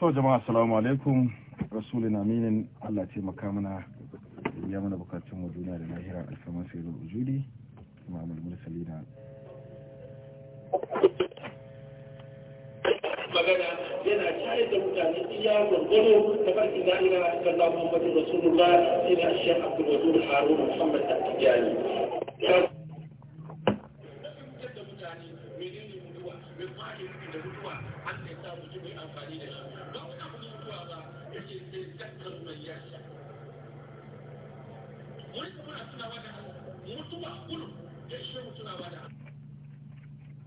to jama'a assalamu alaikum rasulun aminin allah ce makamuna ya mana bukatun wa duniya da lahira alfama sai zo ujudi imamul mursalina magana yana cayar da mutane iya gwargwaro ta farkin da ila da Allah Muhammadu Rasulullah ila Sheikh Abdul Wazir Harun Muhammad Tijani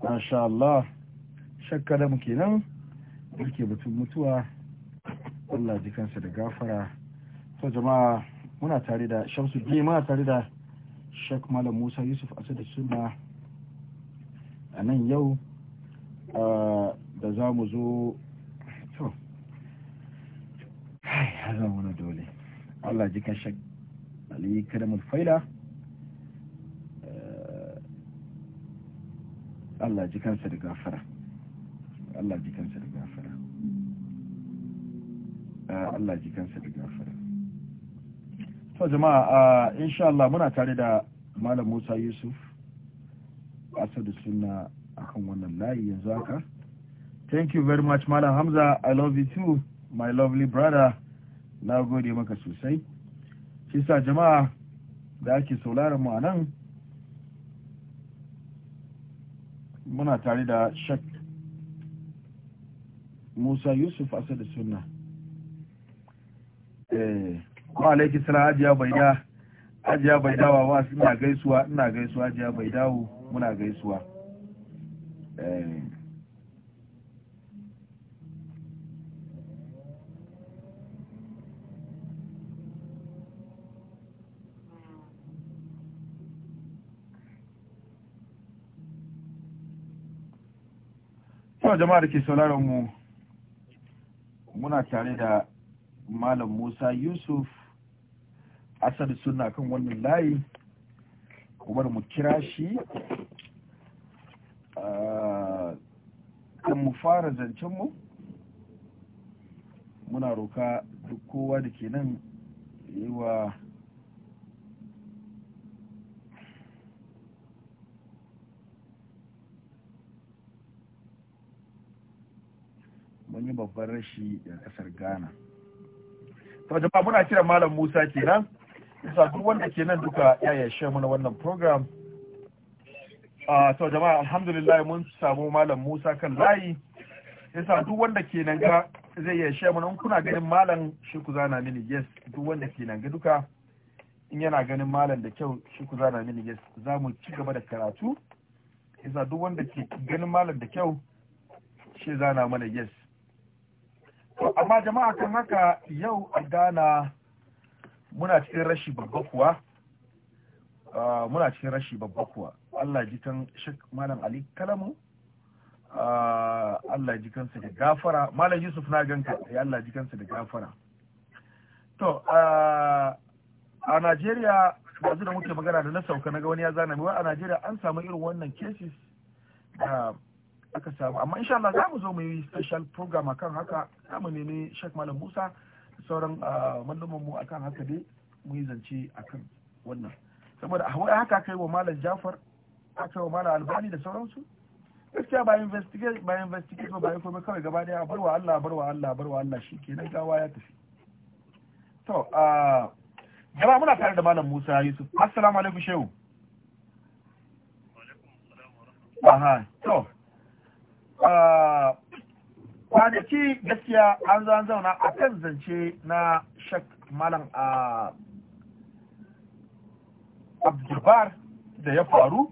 masha Allah shakka da muke nan muke batun mutuwa Allah ji kansa da gafara to jama'a muna tare da shamsu biyu muna tare da shek malam musa yusuf da suna a nan yau da za mu zo to ai ya zama wani dole Allah ji kan shek aliyu karamin faila Allah ji kansa da gafara Allah ji kansa da gafara eh, Allah ji kansa da gafara to jama'a eh, insha Allah muna tare da Malam Musa Yusuf Asadu Sunna akan wannan layi yanzu haka thank you very much Malam Hamza I love you too my lovely brother na gode maka sosai kisa jama'a da ake sauraron mu a nan muna tare da shak musa yusuf asad sunna eh ko alaiki salam ajiya baida ajiya baidawa wa ina gaisuwa ina gaisuwa ajiya baidawo muna gaisuwa eh, to jama'a da ke sauraron mu muna tare da malam musa yusuf asali suna kan wannan layi kuma mu kira shi ah, kan mu fara zancenmu muna roka duk kowa da ke nan yi wa mun yi babban rashi da kasar ghana to jama'a muna kira malam musa kenan isa duk wanda ke nan duka ya yashe mana wannan program a to jama'a alhamdulillah mun samu malam musa kan layi isa duk wanda ke nan ga zai yashe mana in kuna ganin malam shi ku zana mini yes duk wanda ke nan ga duka in yana ganin malam da kyau shi ku zana mini yes za mu ci gaba da karatu isa duk wanda ke ganin malam da kyau shi zana mana yes To amma jama'a kan haka yau a gana muna cikin rashi babba kuwa ah, muna cikin rashi babba kuwa Allah ji kan Sheikh Malam Ali Kalamu ah, Allah ji kansa da gafara Malam Yusuf na ganka ya Allah ji kansa da gafara to ah, a Najeriya yanzu da muke magana da na sauka na ga wani ya zana mai a Najeriya an samu irin wannan cases da aka samu amma insha Allah za mu zo mu yi special program akan haka za mu nemi Sheikh Malam Musa sauran ah, malluman mu akan haka dai mu yi zance akan wannan saboda a haka kai wa Malam Jafar aka wa Malam Albani da sauransu gaskiya ba investigate ba investigate ba kuma kawai gaba daya barwa Allah barwa Allah barwa Allah shikenan gawa ya tafi to a ah, jama'a muna tare da Malam Musa Yusuf assalamu alaikum shehu aha to Ah, kwanaki gaskiya an zan zauna a kan zance na shak malam a ah, abdulbar da ya faru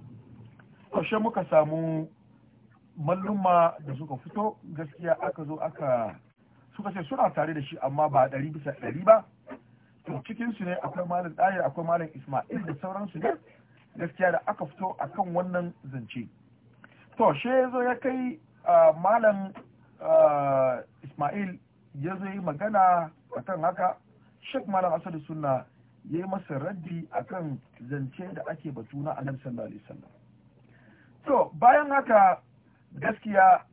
ƙarshe muka samu malluma da suka fito gaskiya aka zo aka suka ce suna tare da shi amma ba ɗari bisa ɗari ba to cikinsu ne akwai malin ɗaya akwai malam ismail da sauransu ne gaskiya da aka fito akan wannan zance to shi ya zo ya kai malam ismail ya zo yi magana a kan haka shek malam asadu sunna ya yi masa raddi a kan zance da ake batu na annabi sallallahu alaihi to bayan haka gaskiya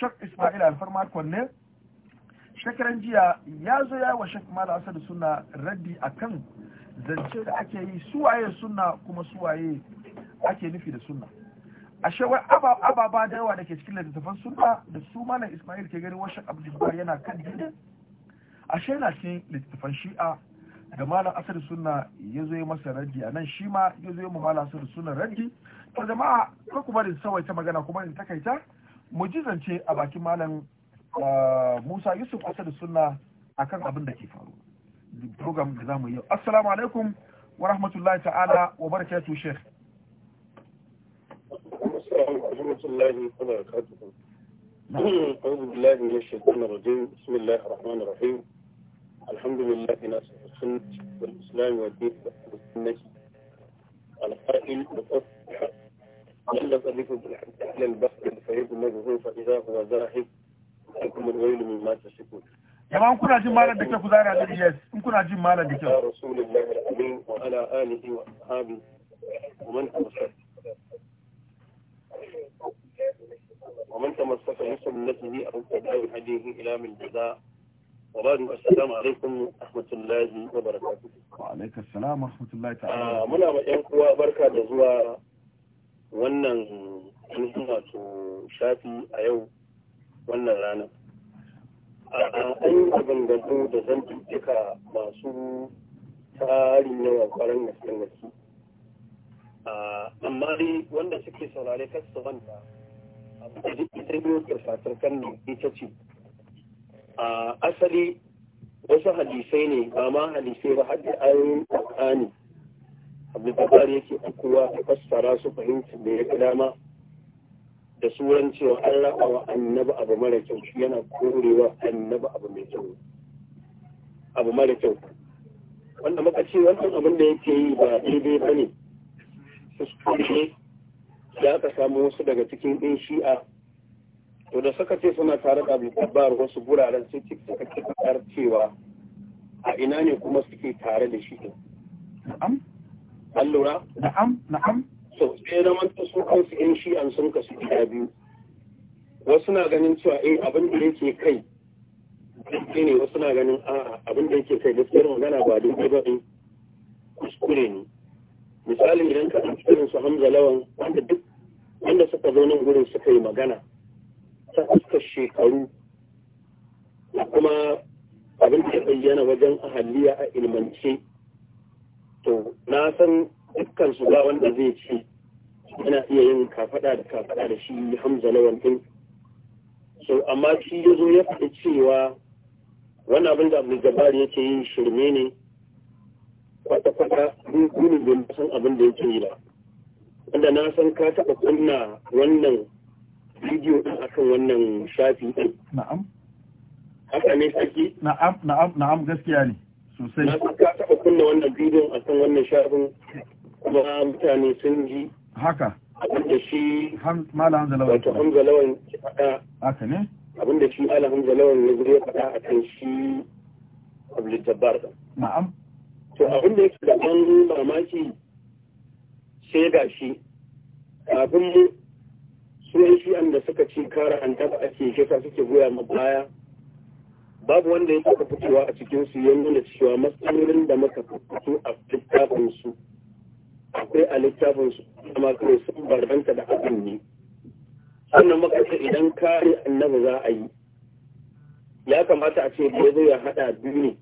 shek ismail alfarmar kwanne shekaran jiya ya zo ya wa shek malam asadu sunna raddi a kan zance da ake yi suwaye suna kuma suwaye ake nufi da sunna ashe wai ababa da yawa da ke cikin littattafan sunna da su mana ismail ke gani washe abu yana kan dide ashe yana cikin littattafan shi'a da malam asar sunna ya zo masa raddi a nan shi ma ya zo yi malam asar sunna raddi to jama'a ko kuma da sawaita magana kuma in takaita mu jizance a bakin malam ah, Musa Yusuf asar sunna akan abin da ke faru program da zamu yi assalamu alaikum wa rahmatullahi ta'ala wa barakatuh sheikh الله وبركاته أعوذ بالله من الشيطان الرجيم بسم الله الرحمن الرحيم الحمد لله ناصر السنة والإسلام والدين والسنة القائل الحق لم ألف بالحق أهل البحر الفريق مجهول فإذا هو ذاهب لكم الويل مما تشكون jama'a kuna jin malam da kyau ku zara da yes in kuna jin malam da kyau rasulullahi alazim wa ومن تمسك بسنته أو اتبع هديه إلى من جزاء وبعد السلام عليكم ورحمة الله وبركاته وعليك السلام ورحمة الله تعالى منا بأيان قوى بركة دزوى wannan ainihin wato shafi a yau wannan rana an yi ما da تاري نوى قرن tarin yawa amma dai wanda suke saurare kasu wanda a da ita yi kirfatar kan ita ce a asali wasu hadisai ne ba ma hadisai ba hadda ayoyin ƙwaƙani abu da yake kukuwa ta fassara su fahimci da ya dama da suran cewa an raba wa annabi abu mara kyau shi yana korewa annabi abu mai kyau abu mara kyau wanda muka ce wannan abin da yake yi ba daidai ba ne kuskure da aka samu wasu daga cikin ɗin shi'a to da suka ce suna tare da abubakar wasu guraren sai ce suka ce fitar cewa a ina ne kuma suke tare da shi na'am an lura na'am na'am so sai na manta su kansu yan shi'an sun kasu gida biyu wasu na ganin cewa eh abin da yake kai gaske ne wasu na ganin a'a abin da yake kai gaskiyar magana ba daidai ba ne kuskure ne misali idan ka ɗauki irin su hamza lawan wanda duk wanda suka zo nan gurin suka yi magana ta fuskar shekaru da kuma abin da ya bayyana wajen ahaliya a ilmance to na san dukkan su ba wanda zai ce yana iya yin kafaɗa da kafaɗa da shi hamza lawan din so amma shi ya zo ya faɗi cewa wani abin da abu jabari yake yin shirme ne kwata-kwata gunin bai san abin da yake yi ba wanda na san ka taɓa kunna wannan bidiyo ɗin akan wannan shafi ɗin na'am haka ne saki na'am na'am na'am gaskiya ne sosai na san ka taɓa kunna wannan bidiyon akan wannan shafin kuma mutane sun ji haka abin da shi mala hamza lawan wato hamza lawan ya faɗa haka ne abin da shi mala hamza lawan ya faɗa akan shi abdul jabbar na'am to abin da yake da an mamaki sai ga shi abin mu sunan shi'an da suka ci kara an taba ake shesa suke goya ma baya babu wanda ya taka fitowa a cikin su yan nuna cewa matsalolin da muka fito a littafin su akwai a littafin su amma kai sun barbanta da abin ne sannan muka ce idan kare annabi za a yi ya kamata a ce da ya ya haɗa biyu ne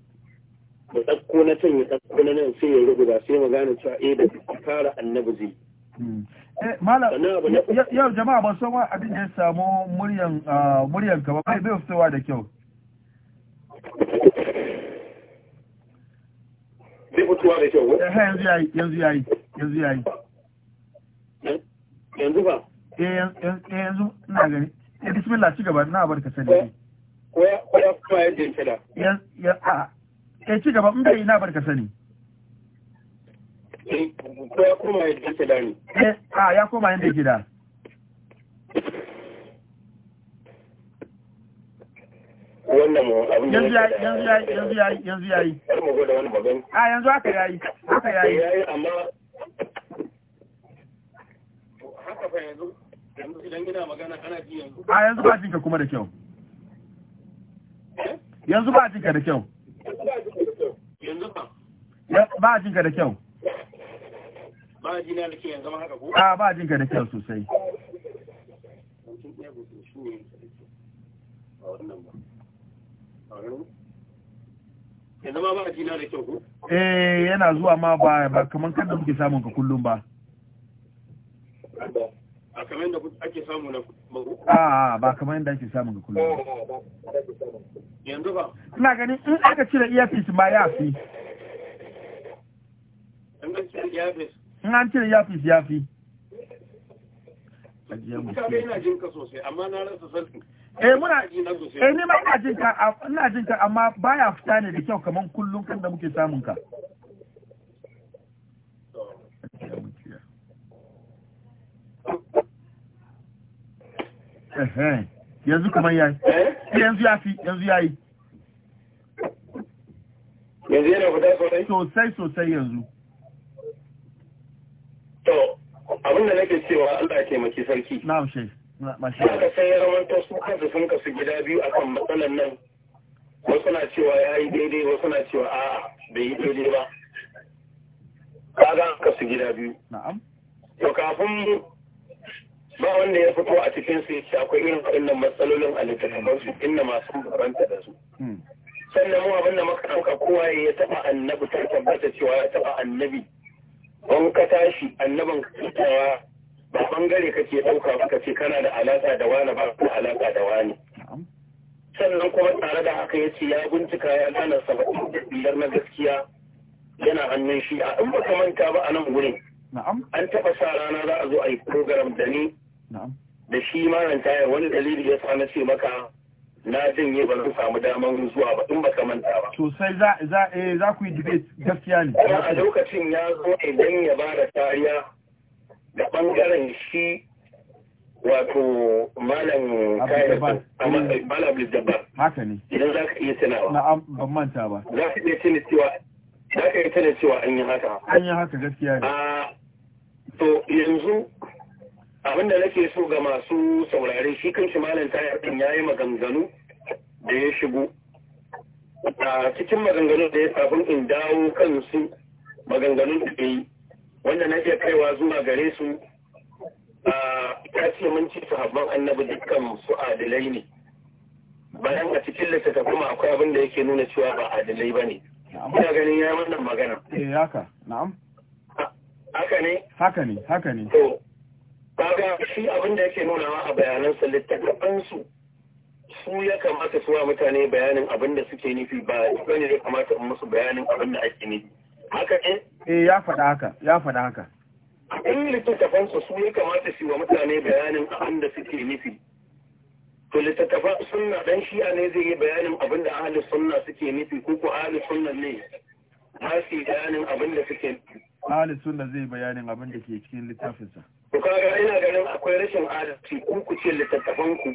ya ɗauko na can ya ɗauko na nan sai ya rubuta sai mu gane cewa eh da fara annabi zai hmm. eh, yau jama'a ban san abin da ya samu muryan ah, muryan ka ba bai bai fitowa da kyau bai fitowa da kyau eh yanzu yayi yanzu yayi yanzu yayi yanzu ba eh, eh yanzu ina gani eh bismillah ci gaba na barka sani ko ya ko ya fara yin fada ya ya eh ci gaba in bai na barka sani eh, ya koma yadda eh ya koma da yanzu ya yi yanzu ya yanzu ya yanzu ya yi a yanzu haka ya yi eh, amma haka fa yanzu idan gina magana ana ji yanzu a yanzu ba jinka kuma da kyau eh? yanzu ba jinka da kyau ba a jinka da kyau ba a da kyau sosai yana zuwa ma ba kamar kan da muke samun ka kullum ba a kamar yadda ake samu na kudu a ba kamar yadda ake samun ga kullum yanzu ba ina ganin in aka cire earpiece ma ya fi in an cire ya fi ina ka amma na eh muna eh ni ma ina jin ka ina jin ka amma baya fita ne da kyau kaman kullum kan da muke samun ka yanzu kuma ya yi. Eh? Eh, yanzu ya fi yanzu ya yi. yanzu yana fita sosai sosai sosai yanzu to abin da nake cewa Allah ke maki sarki Na shai mashi ka sai rawan to su kansu sun kasu gida biyu akan matsalan nan wasu na cewa ya yi daidai wasu na cewa a'a bai yi daidai ba Ka kaga kasu gida biyu na'am to kafin ba wanda ya fito a cikin su yace akwai irin waɗannan matsalolin a littattafansu su inna masu baranta da su hmm. sannan mu abinda da muka ɗauka kowa ya taɓa annabi ta tabbata cewa ya taɓa annabi wani ka tashi annabin kitawa ba bangare kake ɗauka ba ce kana da alaƙa da wani ba ko alaƙa da wani sannan kuma tare da haka ya ce ya bincika ya gane saba'in da biyar na gaskiya yana hannun shi a in ka manta ba a nan wurin. an taɓa sa rana za a zo a yi program da ni da shi maran tayar wani dalili ya sa na ce maka na janye ba zan samu daman zuwa ba in baka manta ba sosai za za eh za ku yi debate gaskiya ne kuma a lokacin ya zo idan ya ba da kariya da bangaren shi wato malam kayan malam abdul haka ne idan za ka iya tunawa na'am ban manta ba za ka iya tuna cewa za ka iya cewa an yi haka an yi haka gaskiya ne ah, to yanzu abinda nake so ga masu saurare shi kan shi malam tayar ya yi maganganu da ya shigo a cikin maganganun da ya sabon in dawo kansu maganganun da yi wanda nake kaiwa zuwa gare su a ta ce mun ci sahabban annabi dukkan su adilai ne bayan a cikin littattafa kuma akwai abin da yake nuna cewa ba adilai ba ne ina ganin ya yi wannan magana eh haka na'am haka ne haka ne haka ne to kaga shi abin da yake nunawa a bayanansa littattafansu su ya kamata su wa mutane bayanin abin da suke nufi ba ne zai kamata in musu bayanin abin da ake nufi haka ne eh ya faɗa haka ya faɗa haka in littattafansu su ya kamata su wa mutane bayanin abin da suke nufi to littattafan sunna dan shi ne zai yi bayanin abin da ahli sunna suke nufi ko ko ahli sunna ne ba su bayanin abin da suke nufi ahli sunna zai bayanin abin da ke cikin littafinsa to kaga ina ganin akwai rashin adalci ku ku ce littattafan ku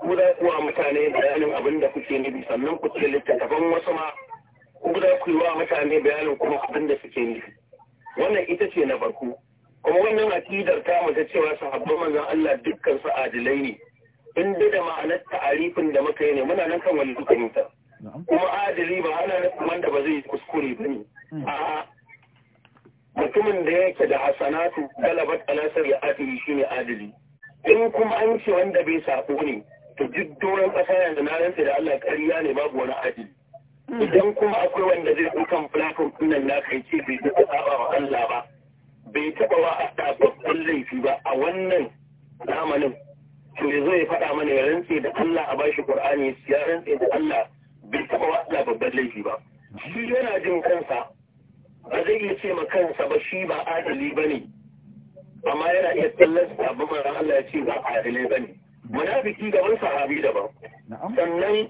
ku za ku wa mutane bayanin abin da kuke nufi sannan ku ce littattafan wasu ma ku za ku yi wa mutane bayanin kuma abin da suke nufi wannan ita ce na farko kuma wannan akidar ta mu ta cewa sahabban manzon Allah dukkan su adilai ne in da ma'anar ta'arifin da muka yi ne muna nan kan wannan fahimta kuma adili ba ana kuma da ba zai kuskure ba ne hmm. a'a mutumin da yake da hasanatu galabat alasar ya adili shine adili in kuma an ce wanda bai sako ne to duk doron kasa yanzu na rantse da Allah kariya ne babu wani adili hmm. idan kuma akwai wanda zai dukan platform dinnan na kai ce bai duka saba wa Allah ba bai taba wa Allah babban laifi ba a wannan zamanin to ya zo ya faɗa mana ya rantse da Allah a bashi Qur'ani ya rantse da Allah bai taba wa Allah babban laifi ba shi yana jin kansa ba zai iya ce ma kansa ba shi ba adali ba ne amma yana iya tallasta abin mara Allah ya ce ba adali ba ne munafiki gaban sahabi daban sannan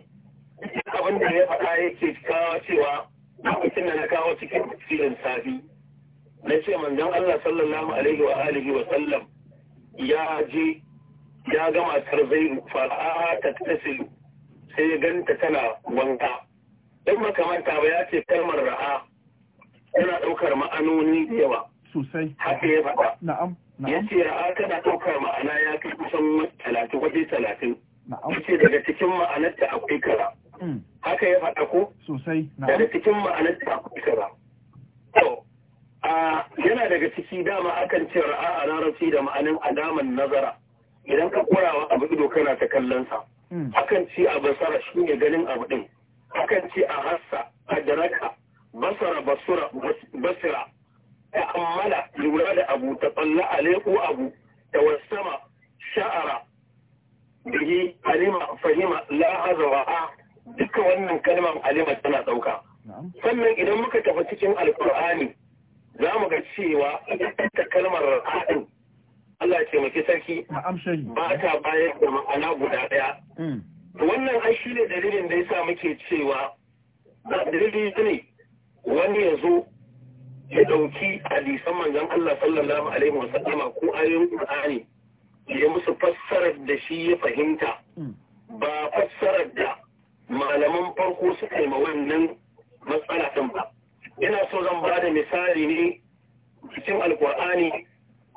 abin da ya faɗa ya ce kawo cewa lokacin da na kawo cikin tafsirin safi na ce manzon Allah sallallahu alaihi wa alihi wa sallam ya je ya gama matar fara'a ta tasilu sai ya ganta tana wanka in makamanta ba ya ce kalmar ra'a yana ɗaukar ma'anoni da yawa sosai haka ya faɗa na'am ya ce ra'a tana ɗaukar ma'ana ya kai kusan talatin waje talatin ce daga cikin ma'anarta akwai kara mm. haka ya faɗa ko sosai daga cikin ma'anarta akwai kara to a yana daga ciki dama akan ce ra'a a larabci da ma'anin alaman nazara idan ka wa abu ido kana ta kallon sa mm. akan ce a basara shi ne ganin abu ɗin. akan ce a hassa a daraka basara basura basira ta'ammala lura da abu ta tsalla alaiku abu ta wasama sha'ara bihi alima fahima la hazawa duka wannan kalmar alima tana dauka sannan idan muka tafi cikin alkur'ani za mu ga cewa ita kalmar ra'adin Allah ce maki sarki ba ta bayar da ma'ana guda daya mm. wannan ai shine dalilin da yasa muke cewa dalili ne wani ya zo ya ɗauki hadisan manzan Allah sallallahu alaihi wa ko ayoyin Qur'ani ya musu fassarar da shi ya fahimta ba fassarar da malaman farko suka yi ma wannan matsala ɗin ba ina so zan ba da misali ne cikin alkur'ani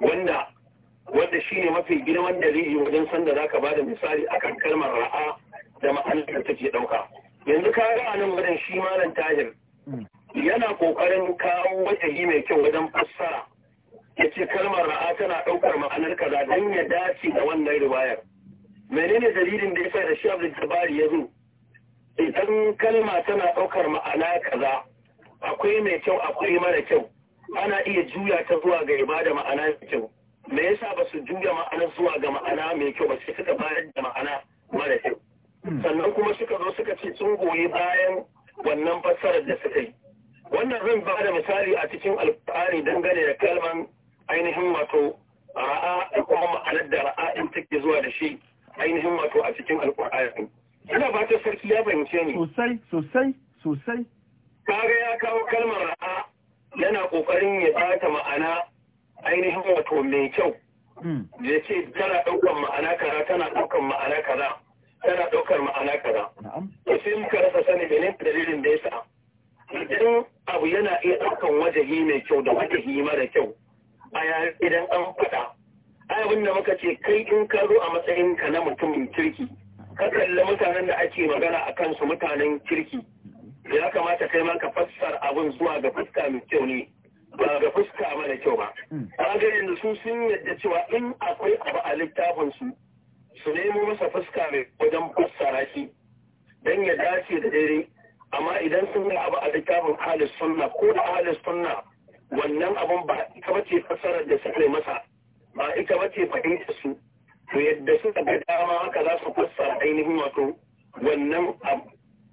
wanda wanda shi ne mafi girman dalili wajen sanda za ka ba da misali akan kalmar ra'a da ma'anar da take ɗauka yanzu ka ga nan wajen shi malam tahir yana kokarin kawo wajahi mai kyau wajen fassara ya ce kalmar ra'a tana ɗaukar ma'anar kaza don ya dace da wannan riwayar menene dalilin da ya sa da shi abdul jabari ya zo idan kalma tana ɗaukar ma'ana kaza akwai mai kyau akwai mara kyau ana iya juya ta zuwa ga ibada ma'ana mai kyau me yasa ba su juya ma'anar zuwa ga ma'ana mai kyau ba sai suka bayar da ma'ana mara kyau hmm. sannan kuma suka zo suka ce sun goyi bayan wannan fassarar da suka yi wannan zan ba da misali a cikin alƙari dangane da kalman ainihin wato ra'a da kuma ma'anar da ra'a in take zuwa da shi ainihin wato a cikin alƙur'ani ina ba ta sarki ya fahimce ni sosai sosai sosai kaga ya kawo kalmar ra'a yana kokarin ya bata ma'ana ainihin wato mai kyau hmm. ya ce tana ɗaukar ma'ana kaza tana ɗaukar ma'ana kaza tana ɗaukar ma'ana kaza to sai muka rasa sani da ne dalilin da ya sa idan abu yana iya ɗaukan wajahi mai kyau da wajahi mara kyau a idan an faɗa ai da muka ce kai in ka zo a matsayin ka na mutumin kirki ka kalli mutanen da ake magana a kansu mutanen kirki ya kamata kai ma ka fassara abin zuwa ga fuska mai kyau ne ba ga fuska mara kyau ba kaga yanzu su sun yadda cewa in akwai abu a littafin su su nemo masa fuska mai wajen fassara shi dan ya dace da daidai amma idan sun ga abu a littafin ahalis sunna ko da ahalis sunna wannan abun ba ita ba ce fasarar da suka masa ba ita ba ce fahimta su to yadda suka ga dama haka za su fassara ainihin wato wannan abu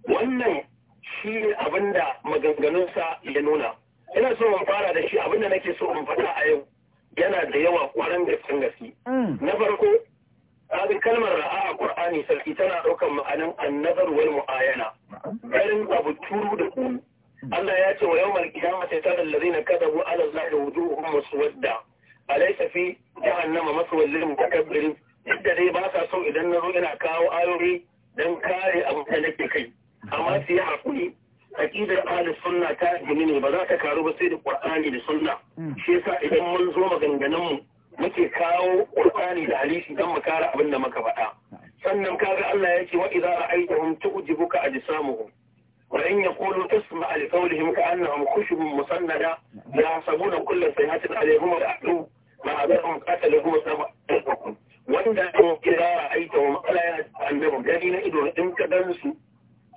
wannan shi ne abin da maganganunsa ya nuna ina so in fara da shi abin da nake so in faɗa a yau yana da yawa kwaran gaske gaske na farko Ra'a a كلمة sarki tana سلكي تنا أوكم mu'ayana النظر abu turu da التورو Allah ya ce wa yau malkiyama sai tara lalazina kadabu ala zahir wujuhum muswadda alaysa fi jahannama maswal lil mutakabbirin duk da dai ba sa so idan na zo ina kawo ayoyi dan kare abu da nake kai amma su yi hakuri aqidar ahlus sunna ta gini ne ba za ta karu ba sai da qur'ani da sunna shi yasa idan mun zo maganganun mu muke kawo Qur'ani da hadisi don mu kare abin da muka faɗa sannan kaga Allah yake wa idza ra'aytahum tu'jibuka ajsamuhum wa in yaqulu tasma' li qawlihim ka'annahum khushubun musannada yahsabuna kulla sayhatin alayhim ra'du ma hadahum qataluhum sama. wanda in idza ra'aytahum ala ya'lamu gani na ido in ka dan su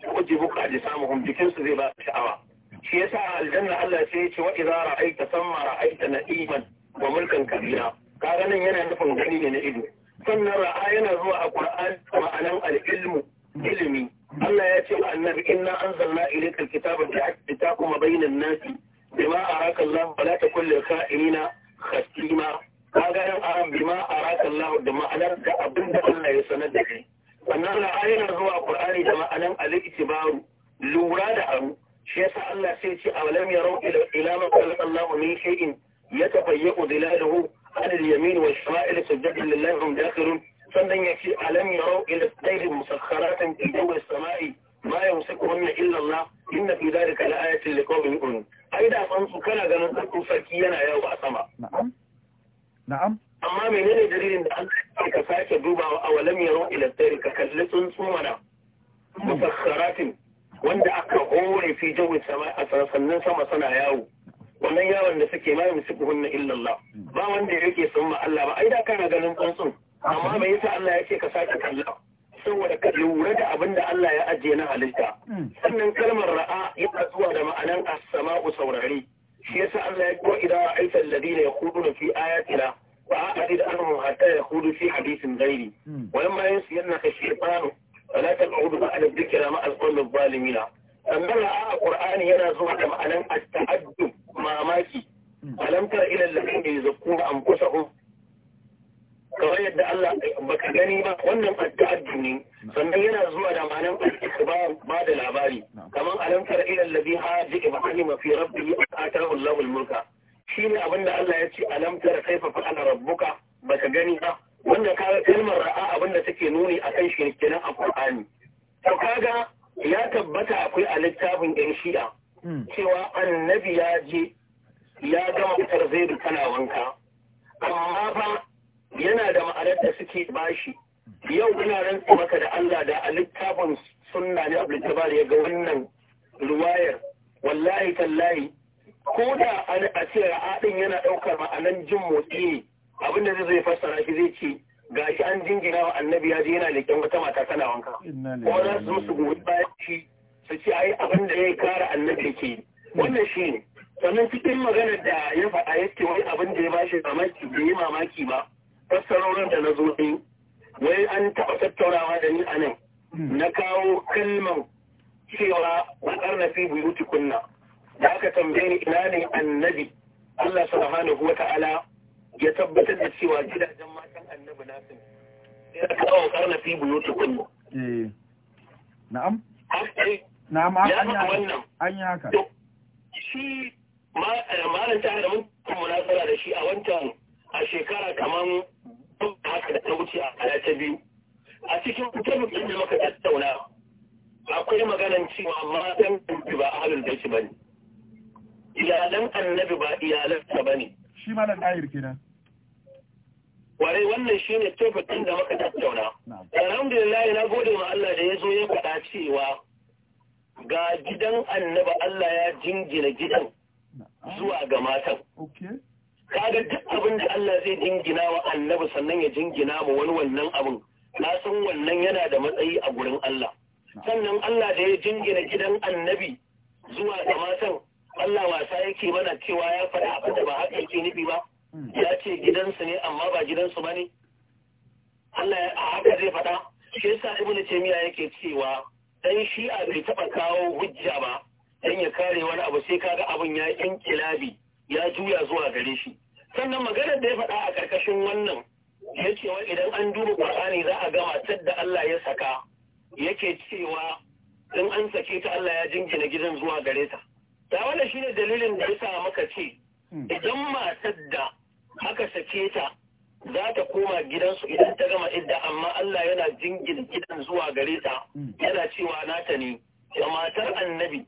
tu'jibuka ajsamuhum jikin su zai ba sha'awa shi yasa aljanna Allah sai ya ce wa idza ra'ayta thamma ra'ayta na'iman wa mulkan kabira kaga nan yana nufin gani da na ido sannan ra'a yana zuwa a qur'ani ma'anan al-ilmu ilimi Allah ya ce wa annabi inna anzalna ilayka al-kitaba litahkuma bayna an-nasi bima araka Allah wa la takun lil kha'inina khasima kaga nan aran bima araka Allah da ma'anar da abinda Allah ya sanar da kai sannan ra'a yana zuwa a qur'ani da ma'anan al-itibaru lura da abu shi yasa Allah sai ya ce awalam yarau ila ila ma khalaqa Allah min shay'in yatabayyu dilaluhu على اليمين والشمائل سجدا لله هم داخلون sannan ya ce alam yarau ila tsairi musakharatin fi jawi samai ma yamsikuhunna illa Allah inna fi dhalika la ayatin liqawmin yu'minun ai da san su kana ganin tsarkin sarki yana yawo a sama amma menene dalilin da Allah ka sake dubawa a walam yarau ila tsairi ka kalli tsuntsu mana musakharatin wanda aka hore fi a sannan sama sana yawo wannan yawon da suke mai musukuhun na illallah ba wanda yake sun ma Allah ba ai da kana ganin tsuntsun amma me yasa Allah ya ce ka sake kalla saboda ka lura da abin da Allah ya ajiye na halitta hmm. sannan kalmar ra'a yana zuwa da ma'anan as-sama'u saurari shi yasa Allah ya ko idan aita alladhina yakhuduna fi ayatina wa a'rid anhum hatta yakhudu fi hadithin ghairi hmm. wa lamma yansiyannaka shaytanu فلا تقعدوا بعد الذكر مع القوم الظالمين tambaya a qur'ani yana zuwa da ma'anan at-ta'addub mamaki alam tara ila alladhina yuzakkuna anfusahum kawai yadda Allah baka gani ba wannan at-ta'addub ne sannan yana zuwa da ma'anan al-ikhbar ba da labari kamar alam tara ila alladhi haji ibrahim fi rabbihi atahu Allahu al-mulka shine abinda Allah ya ce alam tara kaifa fa'ala rabbuka baka gani ba wannan kaga kalmar ra'a abinda take nuni akan shi kenan a Qur'ani to kaga ya tabbata akwai a littafin yan shi'a hmm. cewa annabi ya je ya gama fitar zai tana wanka amma fa yana da ma'anar da suke bashi yau ina rantsa maka da Allah da a littafin sunna ne abu da ya ga wannan ruwayar wallahi tallahi ko da a ce ra'adin yana ɗaukar ma'anar jin motsi ne abin zai fassara shi zai ce gashi an jingina wa annabi ya je yana leƙen wata mata tana wanka ko za su musu goyi bayan shi su ce ai abin da ya kara annabi yake yi wannan shi ne sannan cikin maganar da ya faɗa ya ce wai abin da ya bashi mamaki bai yi mamaki ba fassarorin da na zo ɗin wai an taɓa tattaunawa da ni a nan hmm. na kawo kalman cewa wakar na fi buyuti kunna da aka tambaye ni ina ne annabi Allah subhanahu wa ta'ala ya tabbatar da cewa gidajen matan annabi nasu ya kawo karna fi buyuti kullu eh na'am na'am an yi haka shi malam ta haramun munasara da shi a wancan a shekara kaman haka da ta wuce a kaya ta biyu a cikin tabbatin da muka tattauna akwai maganan cewa matan annabi ba ahlul baiti bane iyalan annabi ba iyalan ta bane shi malam ɗayar kenan Wai wannan shi ne tofatin da maka tattauna alhamdulillah na gode wa Allah da ya zo ya faɗa cewa ga gidan annaba Allah ya jingina gidan zuwa ga matan kaga duk abin da Allah zai jingina wa annaba sannan ya jingina ma wani wannan abin na san wannan yana da matsayi a gurin Allah sannan Allah da ya jingina gidan annabi zuwa ga matan Allah wasa yake mana cewa ya faɗa abin da ba haka yake nufi ba ya ce gidansu ne amma ba gidansu ba ne Allah ya haka zai faɗa shi yasa ce miya yake cewa dan shi'a bai taɓa kawo hujja ba don ya kare wani abu sai kaga abin ya inkilabi ya juya zuwa gare shi sannan maganar da ya faɗa a ƙarƙashin wannan ya ce wa idan an duba ƙur'ani za a gama da Allah ya saka yake cewa in an sake ta Allah ya jingina gidan zuwa gare ta. Da shine dalilin da ya sa maka ce hmm. idan matar da aka sake ta za ta koma gidansu idan ta gama idda amma Allah yana jingin gidan zuwa gare ta hmm. yana cewa nata ne da matar annabi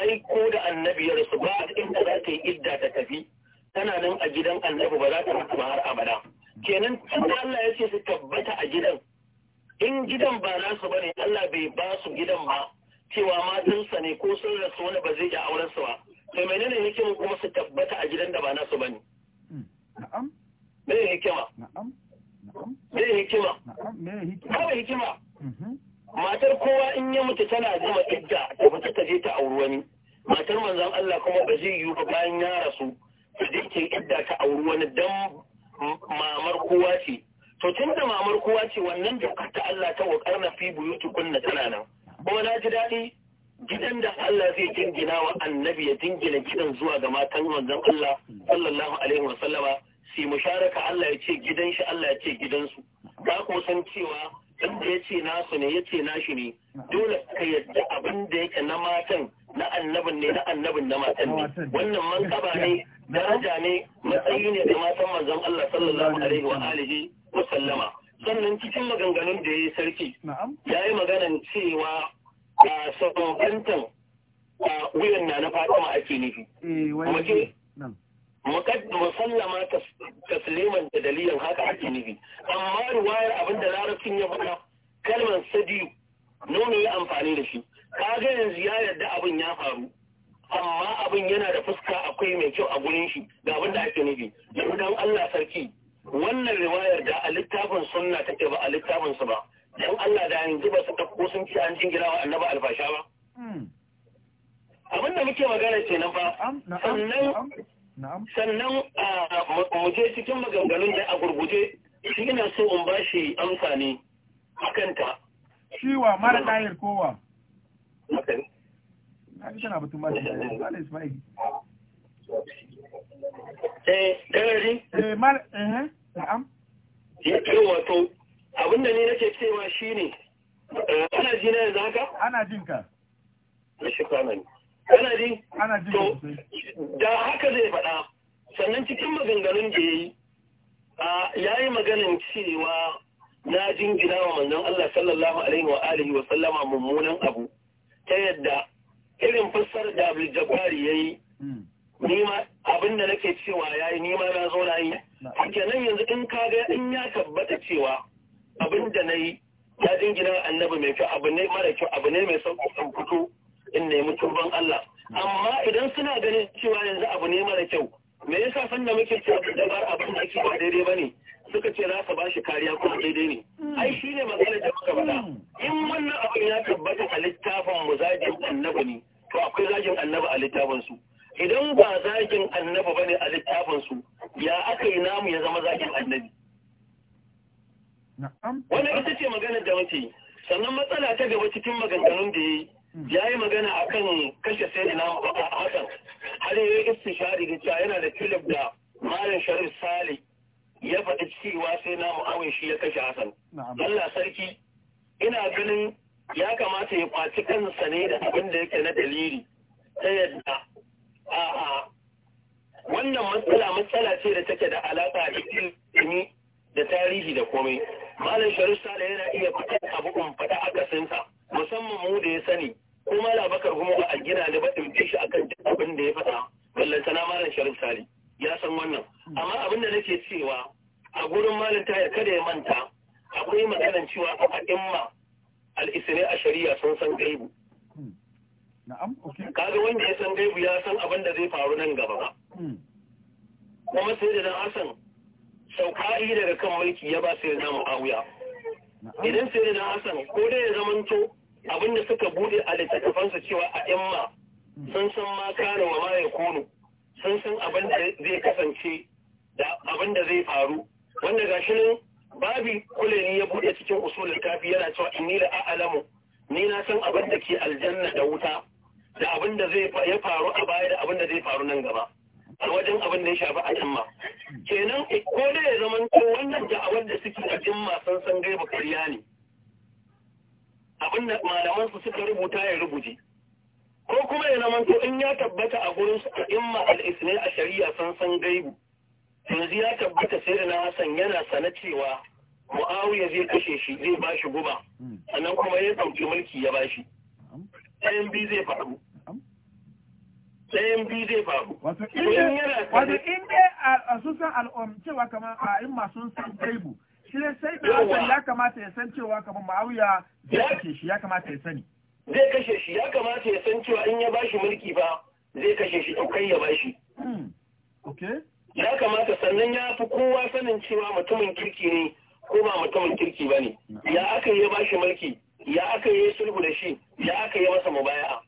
ai ko da annabi ya rasu ba inda za ta yi idda ta tafi tana nan a gidan annabi ba za ta mutu ba har abada kenan tun da Allah ya ce su tabbata a gidan in gidan ba nasu bane Allah bai ba su gidan ba cewa matansa ne ko sun rasu wani ba zai iya auren su ba to menene yake kuma su tabbata a gidan da ba nasu bane na'am me hikima na'am me hikima na'am me hikima hikima matar kowa in ya mutu tana zama idda ta fita ta je ta auri wani matar manzon Allah kuma ba zai yiwu ba bayan ya rasu ta je ta idda ta auri wani dan mamar kowa ce to tun da mamar kowa ce wannan dokar ta Allah ta wakar na fi kunna tana nan kuma na ji daɗi gidan da Allah zai jingina wa annabi ya jingina gidan zuwa ga matan manzon Allah sallallahu alaihi wa sallama sai musharaka Allah ya ce gidan shi Allah ya ce gidansu ka ko san cewa dan da ce nasu ne ya ce nashi ne dole ka yadda abin da yake na matan na annabin ne na annabin na matan ne wannan mankaba ne daraja ne matsayi ne da matan manzon Allah sallallahu alaihi wa alihi wa sallama sannan cikin maganganun da ya yi sarki ya yi maganan cewa a sabantan wuyan na na fatima ake nufi eh, mace musallama tasliman da dalilin haka ake nufi amma ruwayar abin da larabcin ya faɗa kalmar sadiyu nono ya amfani da shi ga yanzu ya yarda abin ya faru amma abin yana da fuska akwai mai kyau a gurin shi ga abin da ake nufi yanzu Allah sarki wannan riwayar da a littafin sunna take ba a littafin su ba don Allah da yanzu ba su ko sun ci an jingina wa annaba albasha ba. Hmm. Abin da muke magana ce nan fa, sannan sannan mu je cikin maganganun da a gurguje shi ina so in ba shi amsa ne a kanta. Shiwa mara ɗayar kowa. Na fi shana Eh, Eh, eh, eh, eh, eh wato, abin da ni nake cewa shi ne. Eh, ana ji na yanzu haka ana jin ka shi kwanan ana ji ana ji da haka zai faɗa sannan cikin maganganun da yayi ya yi maganin cewa na jingina wa manzon Allah sallallahu alaihi wa alihi wa sallama mummunan abu ta yadda irin fassar da Abu Jabari yayi hmm. nima abin da nake cewa yayi nima na zo na yi kenan yanzu in kaga in ya tabbata cewa abin da na yi ya dingina annabi mai kyau abu ne mara kyau abu ne mai sauƙi fito in nemi turban Allah amma idan suna ganin cewa yanzu abu ne mara kyau me yasa san da muke cewa da bar abin da ake ba daidai bane suka ce za ka ba shi kariya kuma daidai ne ai shi ne da muka faɗa in wannan abin ya tabbata a littafin mu zagin annabi ne to akwai zagin annabi a littafin su idan ba zagin annabi bane a littafin su ya aka yi namu ya zama zagin annabi Wannan ita ce maganar da muke sannan matsala ta gaba cikin maganganun da ya yi hmm. ya yi magana a kan kashe sai na hasan har yi istishari da cewa yana da filif da malam sharif sale ya faɗi cewa sai namu awon shi ya kashe hasan allah sarki ina ganin ya kamata ya kwaci kansa ne da abin da yake na dalili ta yadda a wannan matsala matsala ce da take da alaƙa da ilimi da tarihi da komai malam sharif da yana iya fitar abu in faɗa kasinsa musamman mu da ya sani ko ma bakar kuma ba a gina da ba in shi akan duk abin da ya faɗa na malam sharif ne ya san wannan amma abin da nake cewa a gurin malam tayar kada ya manta akwai maganar cewa a ma al'isirai a shari'a sun san gaibu kaga wanda ya san gaibu ya san abin da zai faru nan gaba ba hmm. kuma sai da na asan sauka daga kan mulki ya ba sai zama awuya idan sai na hasan ko dai ya zamanto abinda suka bude a littattafansa cewa a imma sun san ma kare wa maye ya kono sun san abin da zai kasance da abin da zai faru wanda gashi nan babi kuleni ya bude cikin usulul kafi yana cewa inni la a'lamu ni na san abin da ke aljanna da wuta da abin da zai ya faru a baya da abin da zai faru nan gaba a wajen abin da ya shafi a jimma kenan ko da ya zama ko wannan abin da suke a jimma san san ba karya ne abin da malaman su suka rubuta ya rubuce ko kuma ya zama ko in ya tabbata a gurin su a imma al'isne a shari'a san san gaibu yanzu ya tabbata sai da na Hassan yana sana cewa ya zai kashe shi zai bashi guba hmm. sannan kuma ya ɗauki mulki ya bashi ɗayan biyu zai faru ɗayan biyu zai faru. Wato in dai a sun san al'um cewa kamar a in masu san gaibu shi ne sai da hakan ya kamata ya san cewa kamar ma'auya zai kashe shi ya kamata ya sani. Zai kashe shi ya kamata ya san cewa in ya ba shi mulki ba zai kashe shi ɗaukai ya ba shi. Hmm, ya kamata sannan ya fi kowa sanin cewa mutumin kirki ne ko ba mutumin kirki ba ne. Ya aka yi ya bashi mulki, ya aka yi sulhu da shi, ya aka yi masa mubaya'a.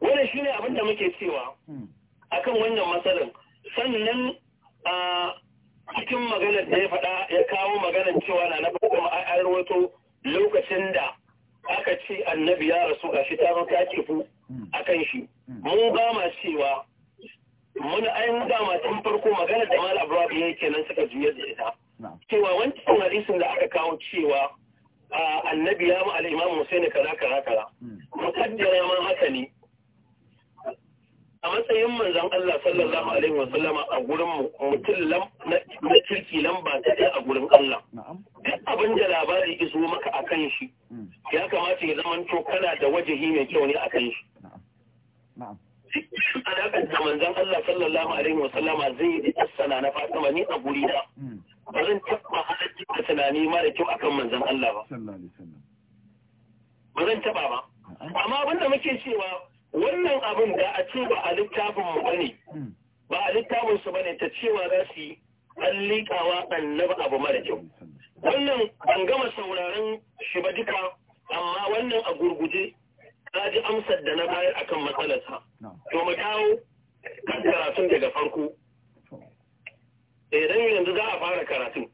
Wannan shi ne abin muke cewa hmm. akan wannan matsalar. Sannan a cikin maganar da ya faɗa ya kawo maganar cewa na nafa kuma an wato lokacin da aka ce annabi ya rasu a shi ta ta kifu hmm. a kan shi. Hmm. Mun ba ma cewa ayin ba ma tun farko maganar da Malam abuwa ya kenan suka juyar da ita. Cewa wancan hadisin da aka kawo cewa annabi ya ma al'imamu ne kaza kaza kaza hmm. mukaddara ma haka ne a matsayin manzon Allah sallallahu alaihi wa sallama a gurin mu mutum lam na kirki lamba ta a gurin Allah duk abin da labari iso maka akan shi hmm. ya kamata ya zama to kana da wajahi mai kyau ne akan shi na'am alaƙar da manzon Allah sallallahu alaihi wa sallama zai yi da na Fatima ni a guri na hmm. ba zan taɓa da tunani mara kyau akan manzan Allah ba. Ba zan taɓa ba. Amma abinda muke cewa wannan abin da a ce ba a littafin mu bane hmm. ba a littafin su ne ta cewa za su yi an liƙawa abu mara kyau. Wannan an gama sauraron shi ba duka amma wannan a gurguje na ji amsar da na bayar akan matsalarsa. To mu dawo kan karatun daga farko. Idan eh, yanzu za a fara karatun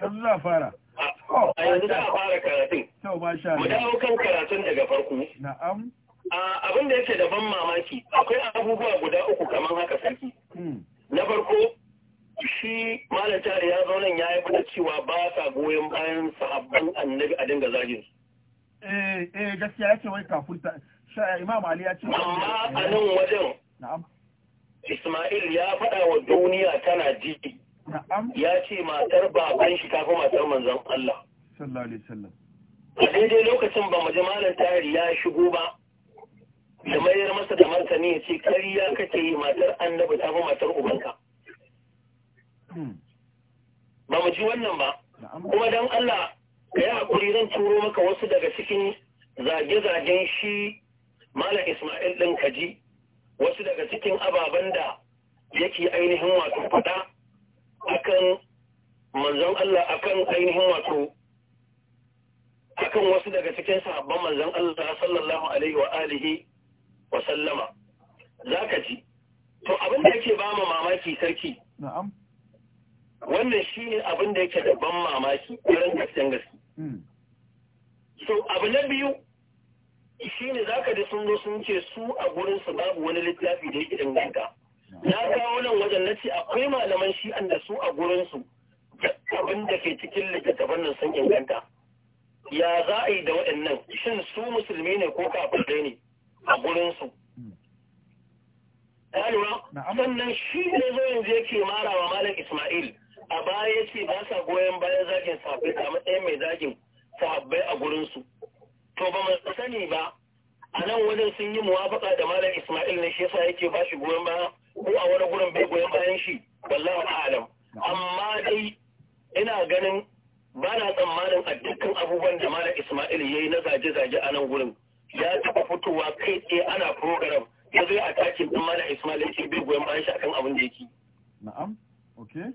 yanzu za a fara a oh, yanzu za a fara karatun mu dawo kan karatun daga farko na'am abin da yake da ban mamaki akwai abubuwa guda uku kamar haka sarki hmm. na farko shi malam tare ya zo nan ya yi mana cewa ba sa goyon bayan sahabban annabi a dinga zagin su eh eh gaskiya yake wai kafurta imam ali ya ce amma a nan wajen Ismail ya faɗa wa duniya tana ji ya ce matar baban shi ta fi matar manzon Allah sallallahu a daidai lokacin ba majalan tari ya shigo ba da mayar masa da martani ya ce 'Karya kake yi matar annabi fi matar ubanka hmm. ba mu ji wannan ba kuma dan Allah ka yi hakuri zan turo maka wasu daga cikin zage-zagen shi Malam Ismail ɗin ka ji. wasu daga cikin ababen da yake ainihin wato faɗa akan manzon Allah akan ainihin wato akan wasu daga cikin sahabban manzon Allah sallallahu alaihi wa alihi wa sallama zaka ji to abin da yake ba mu mamaki sarki na'am wannan shine abin da yake da ban mamaki irin gaskiya gaske hmm. so abu na biyu shi ne za ka ji sun zo sun ce su a gurinsu babu wani littafi da yake danganta. na kawo nan wajen na ce akwai malaman shi an da su a gurinsu abin da ke cikin littattafan nan sun inganta ya za a yi da waɗannan shin su musulmi ne ko kafirai ne a gurinsu Yaluwa, sannan shi ne zo yanzu yake mara wa Malam Ismail a baya ya ce ba sa goyon bayan zagin sahabbai a matsayin mai zagin sahabbai a gurinsu. to ba mu sani ba a nan wajen sun yi muwafaka da malam Ismail ne shi yasa yake ba shi goyon baya ko a wani gurin bai goyon bayan shi wallahi a'lam amma dai ina ganin ba na tsammanin a dukkan abubuwan da malam Ismail ya yi na zage-zage a nan gurin ya taɓa fitowa kai tsaye ana program ya zo a takin ɗin malam Ismail yake bai goyon bayan shi akan abin da yake. Na'am, okay.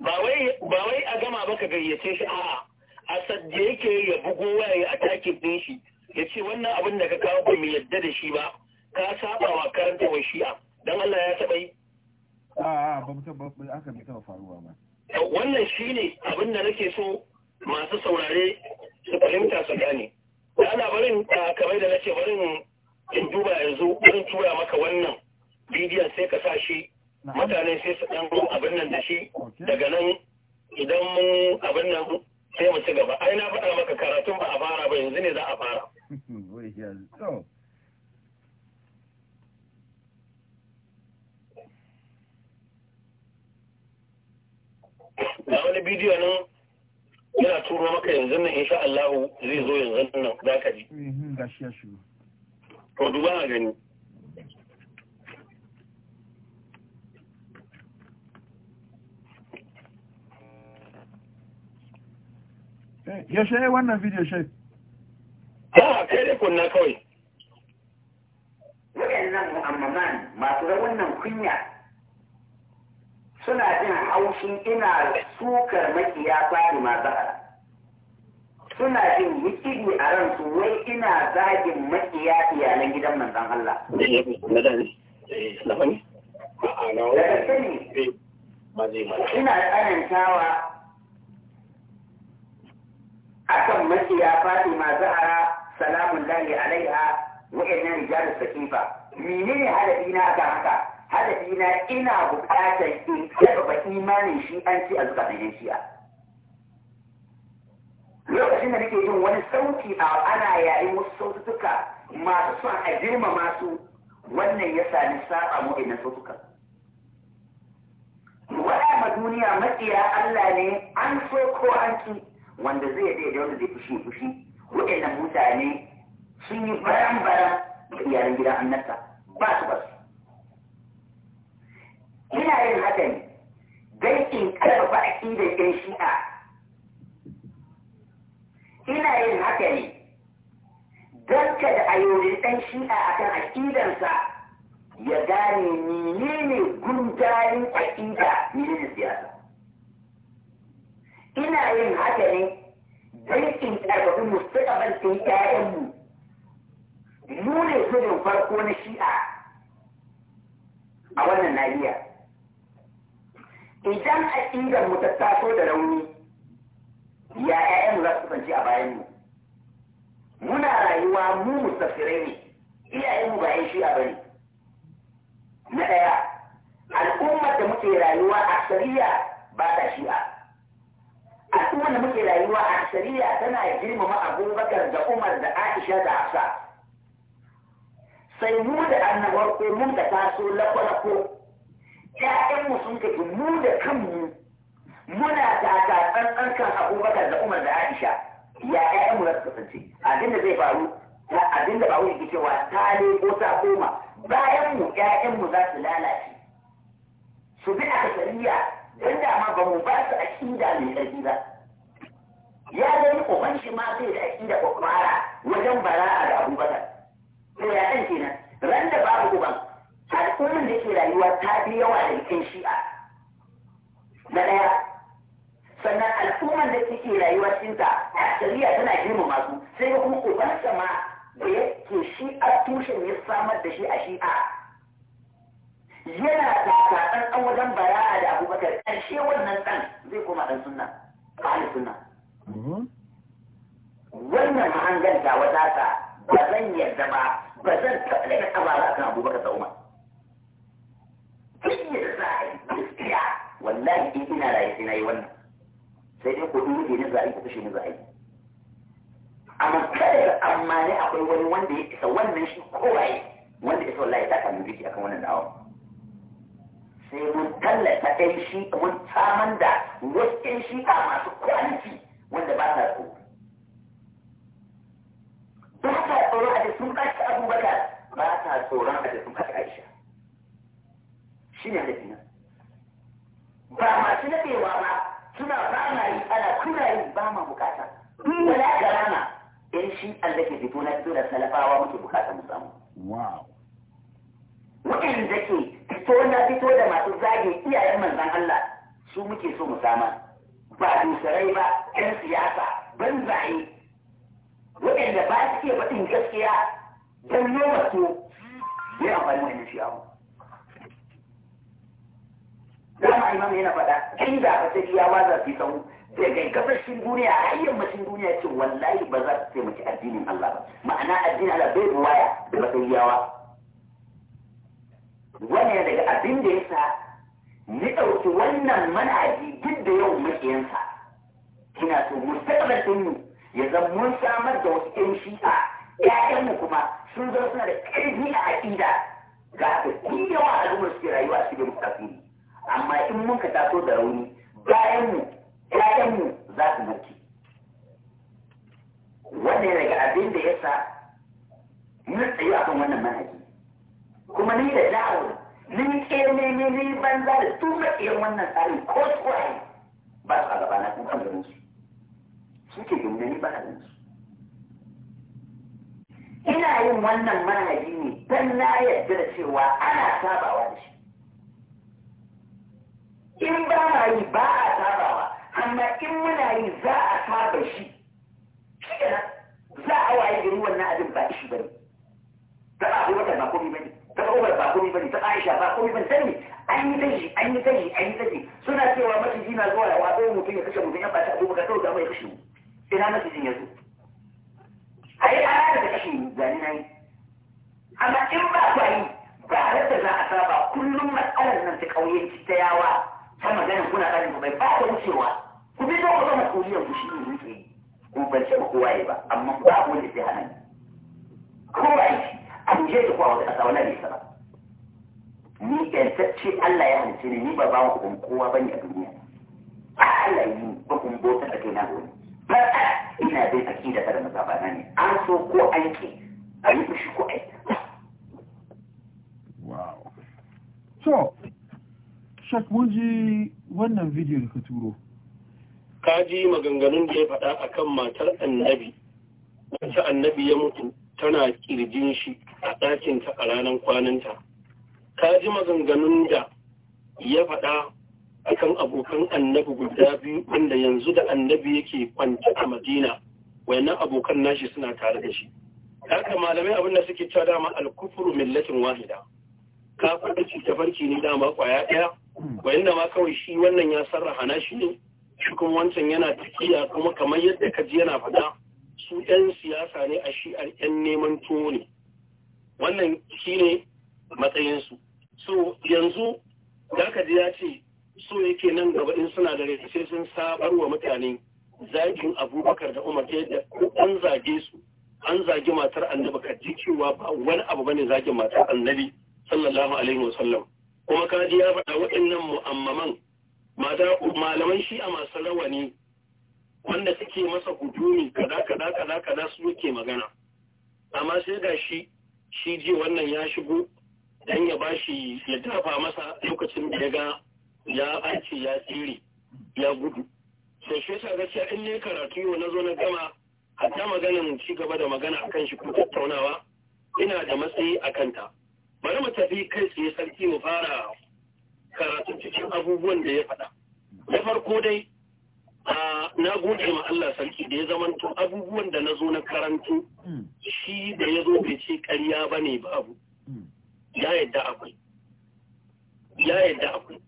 Ba wai a gama ba ka gayyace shi a'a asad da yake ya bugo waya a takin din shi ya ce wannan abin da ka kawo ba mu yadda da shi ba ka saba wa karanta wa shi'a dan Allah ya taba yi a a ba mu taba ba aka taba faruwa ba wannan shine abin da nake so masu saurare su fahimta su gane ana barin kamar da nace barin in duba yanzu barin tura maka wannan bidiyon sai ka sa shi mutane sai su dan abin nan da shi daga nan idan mun abin nan sai mu ci gaba ai na faɗa maka karatun ba a fara ba yanzu ne za a fara ga wani bidiyo nan yana turo maka yanzu nan insha Allah zai zo yanzu nan za ka ji mhm, to duba a gani Eh, ya shaye wannan video shai a ah, kai da kunna kawai waɗannan mu'amman masu da wannan kunya suna jin haushin ina sukar makiya bani masu hada suna jin wikidi a ransu wai ina zagin makiya iyalan gidan manzan Allah. Eh, da gaske eh, Ina tsanantawa akan makiya Fatima Zahara salamun lahi alaiha wa'annan rijal sakifa menene hadafi na akan haka hadafi na ina bukatar in karba imanin shi an ci a zukatan lokacin da nake jin wani sauki a ana yayin wasu sautuka masu son a girmama su wannan ya sami saba mu ina sautuka wa'a ma duniya matsiya Allah ne an so ko an ci? wanda zai daidai wanda zai fushi fushi waɗannan mutane sun yi baran baran da iyalan gidan annabta ba su ba su ina yin haka ne dan in karfafa aƙidar ɗan shi'a ina yin haka ne dan kada a yorin dan shi'a akan aƙidarsa ya gane menene gundarin aƙida menene siyasa ina yin haka ne don in ƙarfafi mustaqbalin ƴaƴanmu mu ne gudun farko na shi'a a wannan nahiya idan a aƙidar mu ta taso da rauni ya ƴaƴanmu za su kasance a bayan mu, muna rayuwa mu musafirai ne iyayen mu bayan shi'a ne na ɗaya al'ummar da muke rayuwa a shari'a ba ta shi'a al'ummar da muke rayuwa a shari'a tana girmama abubakar da umar da aisha da hafsa sai mu da annabar ko mun da taso lakwalako ƴaƴanmu sun tafi mu da kanmu muna taka tsantsan kan abubakar da umar da aisha ya ƴaƴanmu za su kasance abinda zai faru abin abinda ba wuce cewa ta ko ta koma Bayanmu 'ya'yanmu ƴaƴanmu za su lalace su bi a shari'a don dama ba mu ba su aƙida mai ƙarfi ba ya gani uban shi ma zai da aƙida ko kwara wajen bara bara'a da abubakar to ya ɗan kenan ran da babu uban al'ummar da ke rayuwa ta fi yawa da ƴan shi'a na ɗaya sannan al'ummar da ke rayuwa cinta a shari'a tana girmama masu, sai kuma ubansa sama da yake shi tushen ya samar da shi a shi'a yana takatsar an wajen bayana da abubakar ƙarshe wannan ɗan zai koma ɗan sunna ƙwari sunna mhm. wannan mahanganta wata ta ba zan yarda ba ba zan taɓa daga ƙabara akan abubakar da umar yi da za a yi gaskiya wallahi in ina raye sai na yi wannan sai dai ko in ne za a yi ko kashe ne za a yi amma kada amma ne akwai wani wanda ya isa wannan shi kowaye wanda ya sa wallahi ta kan riki akan wannan da'awa sai mun tallata ɗan shi mun samar da wasu ɗan shi a masu kwanci wanda ba sa so. Ba sa tsoron a sun kashe abubakar ba sa tsoron a sun kashe Aisha. Shi ne da fina. Ba masu nadewa ba suna ba na yi ana kuna yi ba ma bukata. Duk wala garama ɗan shi Allah ke fito na fito da salafawa muke bukata mu samu. Wow. da ke fito na fito da masu zage iyayen manzan Allah su muke so mu sama ba dusarai ba ɗan siyasa ban zaye waɗanda ba su iya faɗin gaskiya don noma so ya amfani wani shi abu dama imam yana faɗa in da ba sai ya waza fi sau daga gabashin duniya a yammacin duniya ce wallahi ba za su taimaki addinin Allah ba ma'ana addinin Allah bai ruwaya da ba sai yawa wani daga abin da ya sa ni ɗauki wannan manaji duk da yau maƙiyansa kina so mustaqbal mu ya zan mun samar da wasu ƴan shi'a ƴaƴanmu kuma sun zo suna da ƙarfi a aƙida ga haka kun yawa al'ummar suke rayuwa a cikin kafiri amma in mun ka taso da rauni bayanmu ƴaƴanmu za su mutu wannan daga abin da ya sa mun tsaye akan wannan manaji. kuma ni da dawo ni kene ne ni banza da tuba iya wannan tsarin ko tsuwaye ba su a gaba na kuma garin su suke gumne ni ba halin su ina yin wannan manhaji ne don na yarda da cewa ana sabawa da shi in ba ma yi ba a sabawa amma in muna yi za a saba shi shi za a waye gari wannan abin ba shi bane ta ba wata ba komai bane ta Umar ba komai bane ta Aisha ba komai bane sani an yi daji an yi daji an yi daji suna cewa maciji na zuwa ya wato mutum ya kashe mutum ya bata abubakar kawai da mai kashe mu ina macijin ya zo a yi ara kashe mu gani na yi amma in ba ku yi ba yadda za a saba kullum matsalar nan ta ƙauyenci ta yawa ta maganin kuna ɗari bai ba ta wucewa ku bi zo ku zama kuliyar ku shi ne muke ku ban ce ba kowa ba amma ku ba zai da ni kowa yi an da kuwa wata ƙasa wannan bai ba, ni ƴantacce Allah ya hanci ni ni ba ba ku kowa bane a duniya ba Allah yi ba kun bota da kai na gobe ba ina dai akida da mazaba na ne an so ko aiki a yi fushi ko aiki so shak mun ji wannan vidiyo da ka turo ka ji maganganun da ya faɗa akan matar annabi wacce annabi ya mutu tana kirjin shi a ɗakinta a ranar kwananta ka ji maganganun da ya faɗa a kan abokan annabi guda biyu inda yanzu da annabi yake kwanci a madina wayannan abokan nashi suna tare da shi haka malamai abinda suke cewa dama alkufuru millatin wahida ta farki ne dama ƙwaya ɗaya wayanda ma kawai shi wannan ya sarraha na shi ne shi kuma wancan yana tafiya kuma kamar yadda ka ji yana faɗa su 'yan siyasa ne a shi'ar 'yan neman tuwo ne wannan shine matsayinsu so yanzu da aka ji ya ce so yake nan gaba in suna da rai sai sun sabar wa mutane zagin abubakar da umar ta yadda an zage su an zage matar annabi ka ji cewa ba wani abu bane zagin matar annabi sallallahu alaihi wasallam kuma ka ji ya faɗa waɗannan mu'ammaman malaman shi a masu rawani wanda suke masa hujumi kaza kaza kaza kaza su yake magana amma sai ga shi shi ji wannan ya shigo dan ya bashi ya dafa masa lokacin da ya ga ya aiki ya tsiri ya gudu sai shi ga gaskiya in ne karatu yau na zo na gama hatta magana maganin ci gaba da magana akan shi ko tattaunawa ina da matsayi a kanta bari mu tafi kai tsaye sarki mu fara karatun cikin abubuwan da ya faɗa na farko dai na gode ma Allah sarki da ya zamanto abubuwan da na zo na karantu hmm. shi da ya zo bai ce karya ba ne babu hmm. ya yadda akwai ya yadda akwai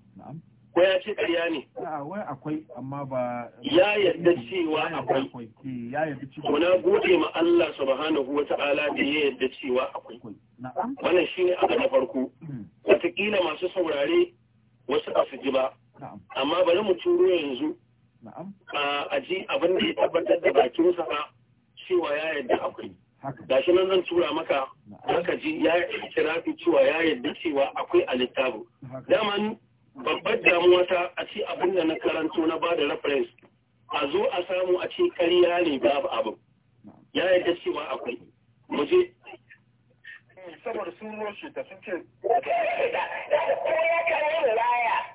ko ya ce karya ne wai akwai amma ba ya yadda cewa akwai eh, ya yadda cewa na gode ma Allah subhanahu Ta'ala da ya yadda cewa akwai wannan ne abu na farko hmm. wataƙila masu saurare wasu ba ba amma bari mu turo yanzu a ji abin da ya tabbatar da bakin sa cewa ya yadda akwai da shi nan zan tura maka za ka ji ya kirafi cewa ya yadda cewa akwai a littafin daman babbar damuwa ta a ce abin da na karanto na ba da reference a zo a samu a ce karya ne babu abin ya yadda cewa akwai mu je eh, saboda sun roshe ta sun ce da ya kare laya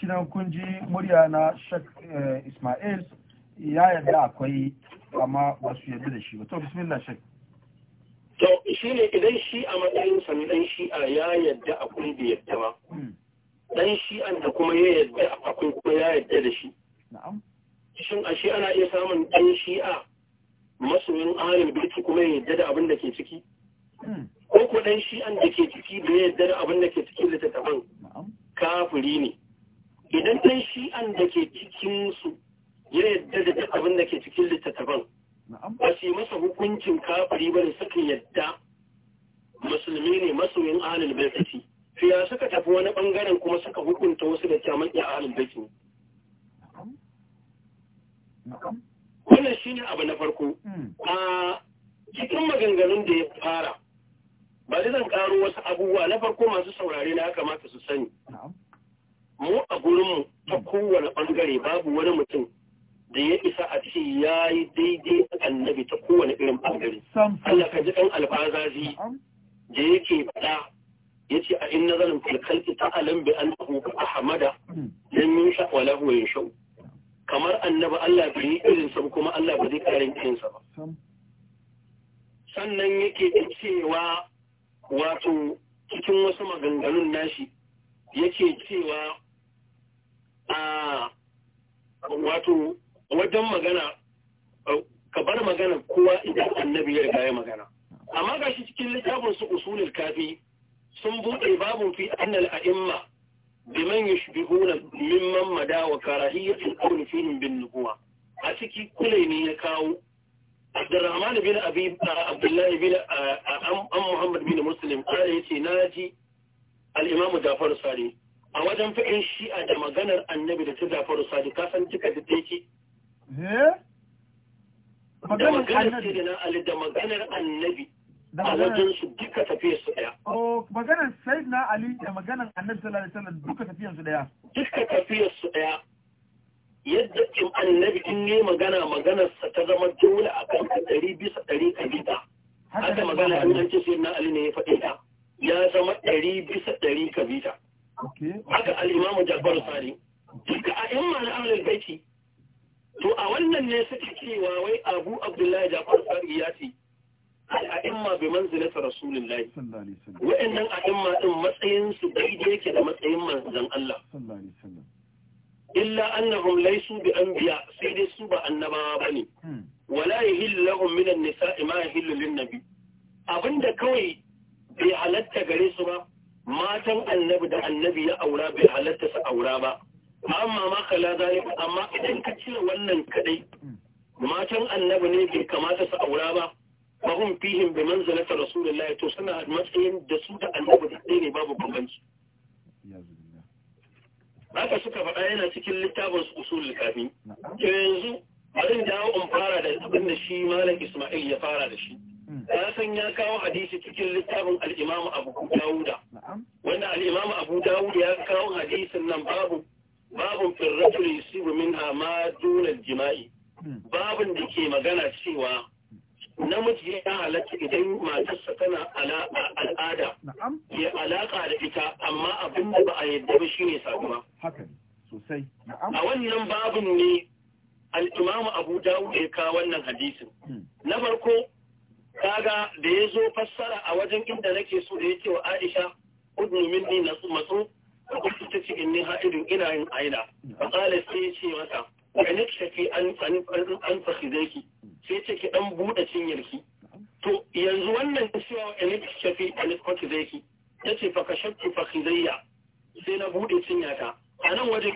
you know,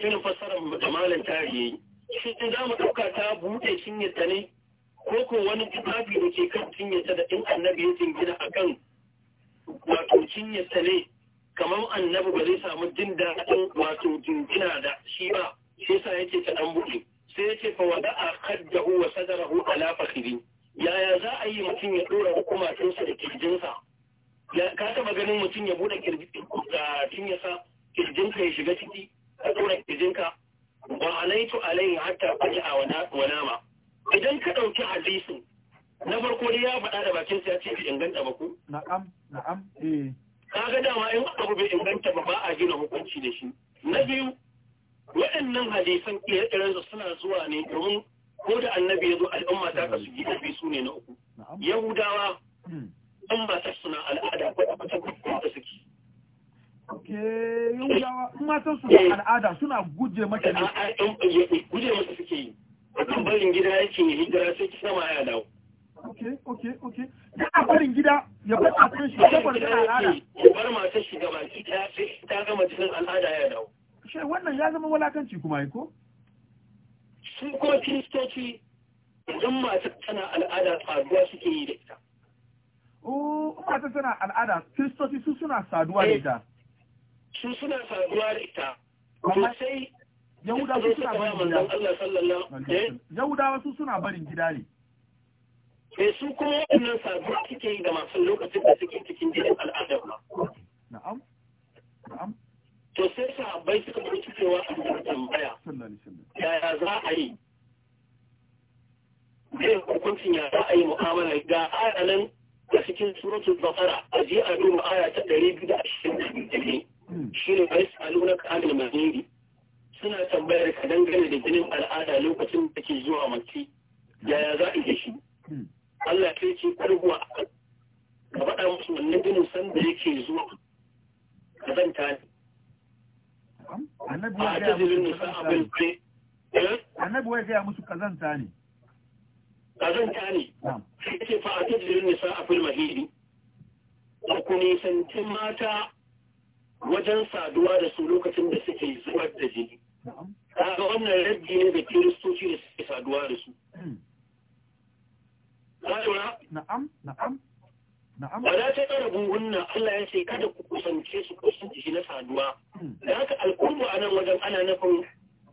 irin fassara da malam yi shi ta za mu ɗauka ta buɗe cinyarta ne ko ko wani tsafi da ke kan cinyarta da in annabi ya jingina a kan wato cinyarta ne kamar annabi ba zai samu jin daɗin wato jingina da shi ba sai sa yake ta ɗan buɗe sai yake fa wada a kaddahu wa sadarahu ala fakhiri yaya za a yi mutum ya ɗora hukumatunsa da kirjinsa ka taɓa ganin mutum ya buɗe kirjinsa kirjinsa ya shiga ciki ka ɗora ka. ba alaitu alayhi hatta faji'a wa nama idan ka ɗauki hadisin na farko dai ya faɗa da bakin sa ya ce in inganta ba ku na'am na'am eh kaga dama in abu bai inganta ba ba a gina hukunci da shi na biyu waɗannan hadisan ire-iren suna zuwa ne domin ko da annabi ya zo al'umma ta kasu gida biyu su ne na uku yahudawa an hmm. ba ta suna al'ada ko a kusa ta suke matan su al'ada suna guje mata ne. Guje mata suke yi. Akan barin gida yake hijira sai ki sama ya dawo. Ok, ok, ok. Da a barin gida ya bar matan shi ta bar al'ada. Ya bar matan shi gaba ki ta sai ta gama cikin al'ada ya dawo. Shi wannan ya zama walakanci kuma yi ko? Sun kuma kiristoci idan matan tana al'ada faruwa suke yi da ita. Oh, matan tana al'ada, kiristoci su suna saduwa da eh, ita. su suna saduwa da ita kuma sai yahudawa su suna barin gida yahudawa su suna barin gida ne sai eh, su kuma wannan saduwa suke yi da masu lokacin da suke cikin gidan al'adar ma na'am na'am to sai abai suka bari cikewa a cikin tambaya yaya za a yi zai hukuncin ya za a yi mu'amala ga ayanan a cikin suratul bakara a je a duba aya ta ɗari biyu da ashirin da biyu shi ne a salu na kamil mahiri suna tambayar ka dangane da jinin al'ada lokacin da ke zuwa mace yaya za a iya shi Allah ta ce kan ka faɗa musu wannan jinin sanda yake zuwa ka zanta ne annabi ya eh? gaya musu kazanta ne kazanta ne sai ce fa a tajirin nisa a filmahiri ku nisanci mata wajen saduwa da su lokacin da suke zubar da jini kaga wannan raddi ne da kiristoci da suke saduwa da su hmm. na'am na'am na'am ta tsara gungunna Allah ya ce kada ku kusance su ko jiki na saduwa hmm. da haka a nan wajen ana nufin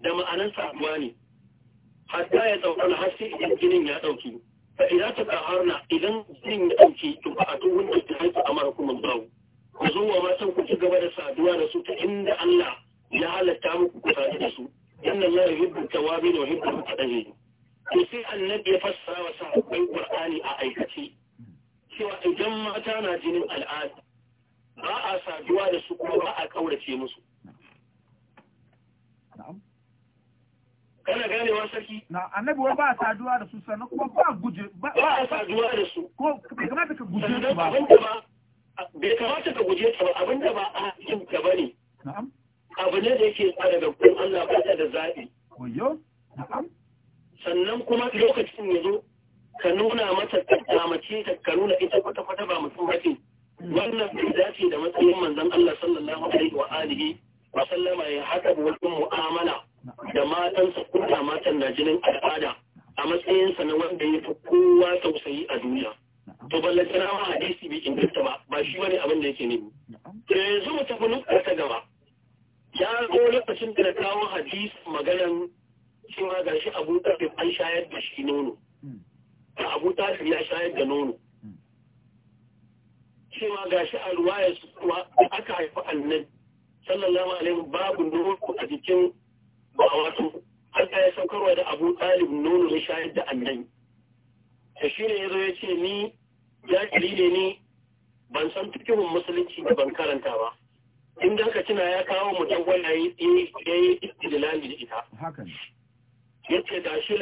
da ma'anan saduwa ne hatta ya tsaukana har sai idan jinin ya ɗauki. fa idan ta ƙaharna idan jinin ya dauki to ba a tuhun da ta haifa mara kuma bawu ku zo wa matan ku ci gaba da saduwa da su ta inda Allah ya halatta muku ku sadu da su inna Allah yuhibbu tawabin wa yuhibbu mutadahin to sai annabi ya fassara wa sahabbai Qur'ani a aikace cewa idan mata na jinin al'ada ba a saduwa da su kuma ba a kaurace musu kana gane wa sarki na annabi wai ba saduwa da su sannan kuma ba guje ba a saduwa da su ko kamar ka guje ba bai kamata ka guje ta ba abinda ba a cikin ka bane abu ne da yake tsara da kun Allah ba ta da zabi sannan kuma lokacin ya zo ka nuna mata mace ta ka nuna ita kwata kwata ba mutum bace wannan bai dace da matsayin manzan Allah sallallahu alaihi wa alihi wa sallama ya haka wasu mu'amala da matansa kuma matan na jinin al'ada a matsayinsa na wanda ya fi kowa tausayi a duniya to ballanta na ma hadisi bai inganta ba ba shi wani abin da yake nemi to yanzu mu tafi nukar ta gaba ya zo lokacin da na kawo hadisi maganan cewa ga shi abu fi an shayar da shi nono hmm. da abu fi ya shayar da nono hmm. cewa ga shi a ruwa ya da aka haifi annan sallallahu alaihi babu nono a jikin ba wato an ya saukarwa da abu ɗalib nono ya shayar da annan da shi ne ya zo ya ce ni jahili ne ni ban san fikihun musulunci da ban karanta ba in ka cina ya kawo mutum wanda ya yi istidlali da ita ya ce da shi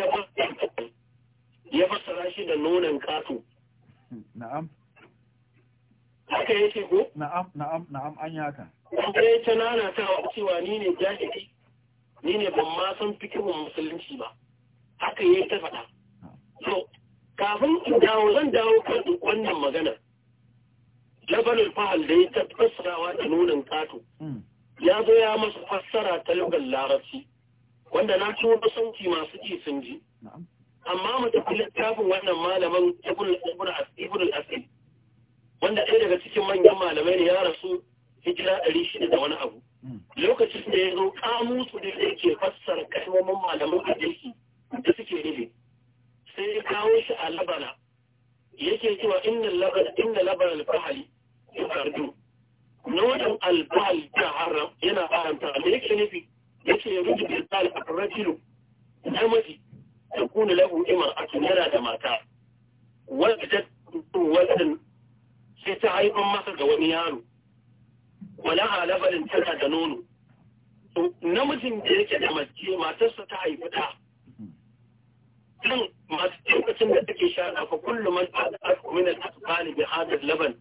ya fassara shi da nonon kato na'am haka ya ce ko na'am na'am na'am an yi haka kuma ya ta nana ta cewa ni ne jajiri ni ne ban ma san fikihun musulunci ba haka ya ta faɗa kafin in dawo zan dawo kan wannan magana jabalul fahal da ya tabbasarawa da nunin kato hmm. ya zo ya masa fassara ta lugar larabci wanda na ci wani masu ke sun ji amma mu tafi littafin wannan malaman ibn al asil wanda ɗaya daga cikin manyan malamai ne ya rasu hijira ɗari shida da wani abu hmm. lokacin da ya zo kamusu da yake fassara kalmomin malaman hadisi da suke ne. sai ya kawo shi a labana yake cewa inna labana alfahali ya kardu nodan alfahal ta haram yana haramta da yake nufi yake ya rubu da tsal a rajilu namiji ta kuna lahu ima a tunera da mata wadda wadda sai ta haifan masa ga wani yaro wala a labarin tana da nono namijin da yake da mace matarsa ta haifi ta kan masu lokacin da take sha fa kullum man ta'aqqu min al-asfali bi laban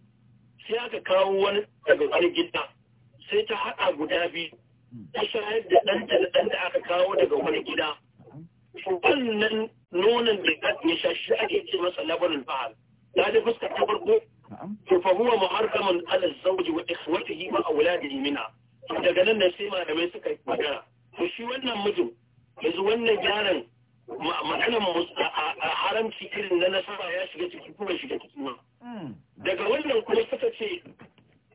sai aka kawo wani daga wani gida sai ta haɗa guda biyu ta shayar da ɗanta da ɗanta aka kawo daga wani gida wannan nonon da ya sha shi ake ce masa labanin fahar. ya da fuskar ta farko to fa huwa muharraman ala zawji wa ikhwatihi ma auladihi minha daga nan ne sai malamai suka yi magana to shi wannan mijin yanzu wannan yaron maganan haramci irin na nasara ya shiga cikin kuma shiga ciki ma hmm. daga wannan kuma suka ce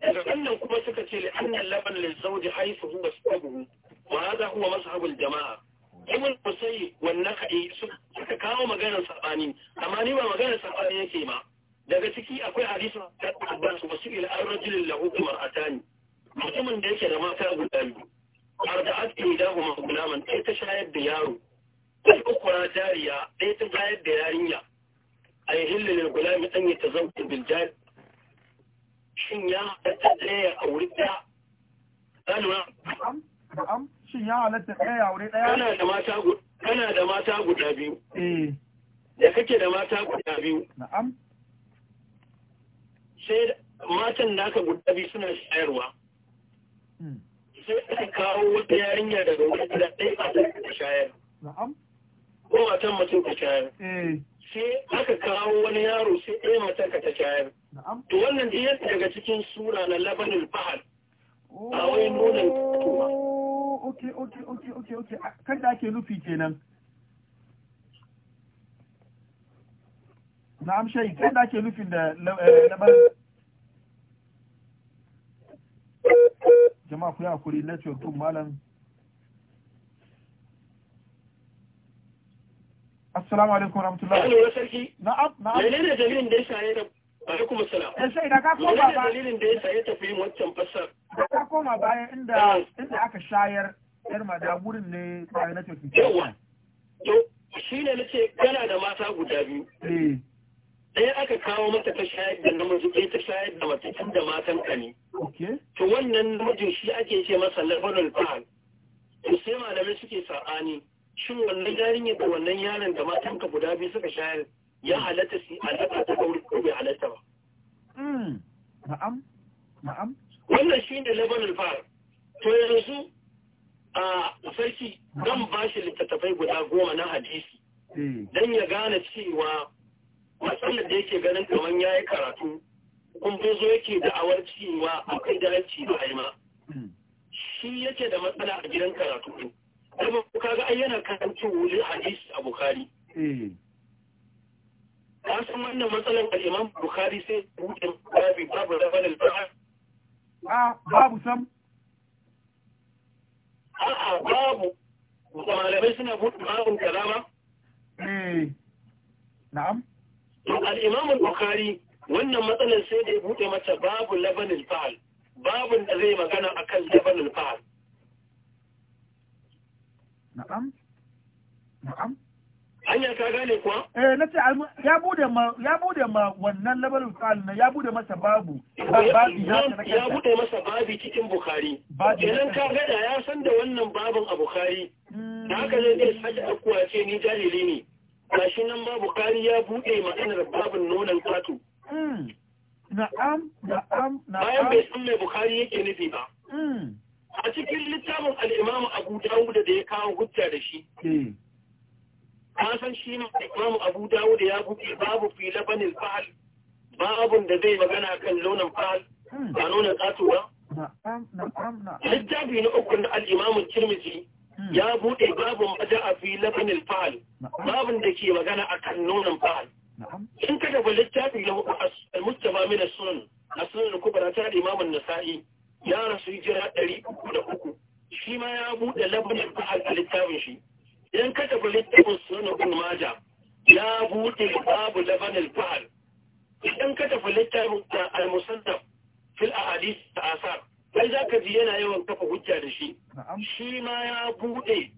daga wannan kuma suka ce li annal laban lil zawji haythu huwa sabu wa hadha Kuma mazhabul jamaa ibn qusay wan nakai suka kawo maganar saɓani, amma ni ba maganar saɓani yake ma daga ciki akwai hadisi ta Abbas wasu ila ar-rajul lahu mar'atani mutumin da yake da mata guda biyu arba'at idahuma gulaman sai ta shayar da yaro الأخرى جارية أي تبعي بيارية أي هل للغلام أن يتزوج بالجار شن يا أتدعي أولدها قالوا نعم shin ya halatta ɗaya aure ɗaya? Kana da mata kana da mata guda biyu. Eh. Da kake da mata guda biyu. Na'am. Sai matan naka guda biyu suna shayarwa. Sai ka kawo wata yarinya daga wani gida ɗaya ba ta shayar. Na'am. ko matan mutum ta shayar eh. sai aka kawo wani yaro sai ɗaya matan ka ta shayar to wannan da yadda daga cikin sura na labanin fahal oh, a wani nuna kuma ok ok ok ok ok kan da ake nufi kenan na'am shayi kan da ake nufin da eh, labanin jama'a ku yi hakuri tun malam assalamu alaikum warahmatullahi alaikum sarki na'am na'am menene dalilin da yasa ya alaikum assalam eh, sai da ka koma ba dalilin da yasa ya tafi wancan fassar da ka koma bayan inda ah. inda aka shayar yar madaburin ne bayan na tafi yawa to shine nace kana da mata guda biyu eh ɗaya aka kawo mata ta shayar da namiji ɗaya ta shayar da mace tun da matan ka ne. To wannan namijin shi ake ce masa labarin fahal. To sai malamai suke sa'ani. shin wannan yarinya da wannan yaron da ka guda biyu suka shayar ya halatta su alaƙa ta aure ko bai halatta ba. Hmm, na'am, na'am. Wannan shi ne Lebanon fara. To yanzu a sarki zan ba shi littattafai guda goma na hadisi. Eh. Dan ya gane cewa matsalar da yake ganin kamar ya yi karatu kun zo yake da'awar cewa akwai dalci da haima. Shi yake da matsala a gidan karatu kuma kaga ai yana karanta wuri hadisi a Bukhari ka eh. san wannan matsalar al-Imam Bukhari sai buɗe babu babu rabal al-Qur'an a babu sam a'a babu malamai suna buɗe babu kalama eh na'am to al Bukhari wannan matsalar sai da ya buɗe mata babu labanin fa'al babun da zai magana akan labanin fa'al na'am na'am hanya ka gane kuwa eh nace ya bude ma ya bude ma wannan labarin qal na ya bude masa babu babu ya bude masa babu cikin bukhari idan ka ga ya san da wannan babin a bukhari hmm. da haka zai iya sace akuwa ce ni jahili ne gashi nan ba bukhari ya bude maganar babin nonon katu hmm. na'am na'am na'am bayan bai san mai bukhari yake nufi ba hmm. a cikin littafin al'imamu abu dawuda da ya kawo hujja da shi hmm. ka san shi ne al'imamu abu dawuda ya buɗe babu fi labanin fahal babun da zai magana kan launin fahal hmm. ba nuna katuwa littafi na uku na al'imamu kirmiji hmm. ya buɗe babun maja a fi labanin fahal babun da ke magana a kan nunan fahal in ka dafa littafi na hudu al-mustafa min as-sunan as-sunan kubra ta imamun nasa'i ya rasu hijira ɗari uku da uku shi ma ya buɗe labanin fahal a littafin shi idan ka tafi littafin suna ibn maja ya buɗe babu labanin fahal idan ka tafi littafin da al-musannaf fil ahadith ta asar ai za ka ji yana yawan kafa hujja da shi shi ma ya buɗe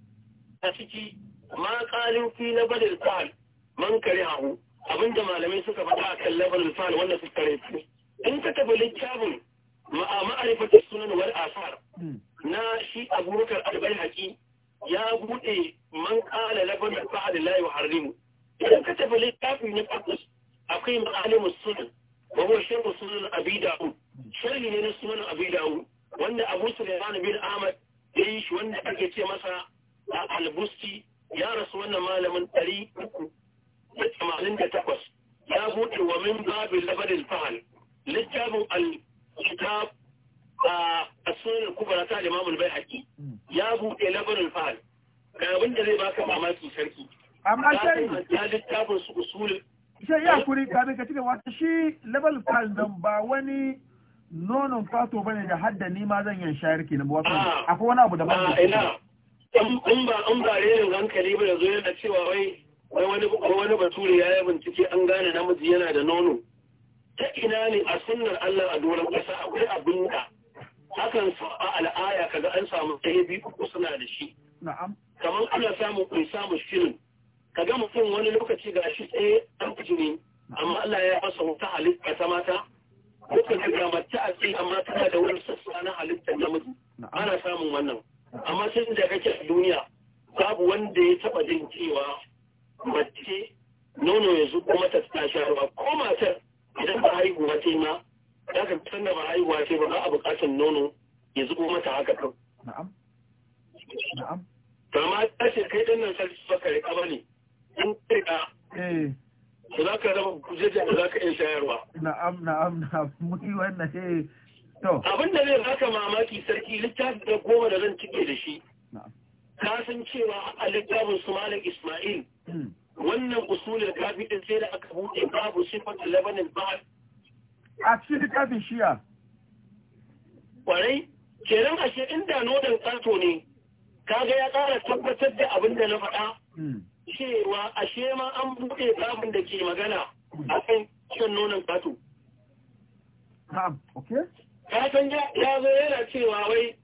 a ciki ma qalin fi labanin fahal man kare hahu abinda malamai suka faɗa akan labanin fahal wanda suka kare in ka tafi littafin al afar hmm. na shi abubakar al-baihaqi da hadda ni ma zan yi shayar kenan wato ah. akwai wani abu da ba ah, ina in ba in ba hankali ba da zo yana cewa wai wai wani wani bature ya yi bincike an gane namiji yana da nono ta ina ne a sunnar Allah a doron ƙasa akwai abin da hakan a al'aya kaga an samu ɗaya biyu uku suna da shi na'am kamar ana samun kun samu shirin kaga mutum wani lokaci ga shi tsaye an ne, amma Allah ya fasa wata halitta ta mata duka daga mace a ce amma tana da wani sassa na halittar namiji ana samun wannan amma sun da kake a duniya babu wanda ya taba jin cewa mace nono ya zuko mata ta sha ruwa ko matar idan ba haihuwa ce ma za ka tunda ba haihuwa ce ba ba a bukatar nono ya zuko mata haka kan na'am na'am ma ta ce kai dinnan sarki baka rika bane in kai ka eh. za ka raba kujejen da za ka iya shayarwa. Na'am na'am na'am muki wannan sai eh. to. Abin da zai baka mamaki sarki littafi da goma da zan cike da shi. Ka san cewa a littafin su Malam Ismail. Hmm. Wannan usulin kafi din sai da aka buɗe babu da labanin ba. A cikin littafin shiya. Kwarai, kenan ashe inda nodan ƙato ne, kaga ya ƙara tabbatar da abin da na faɗa. Hmm. cewa a shema an buɗe babin da ke magana a kan shan nonon fato. Katon ya zo yana cewa wai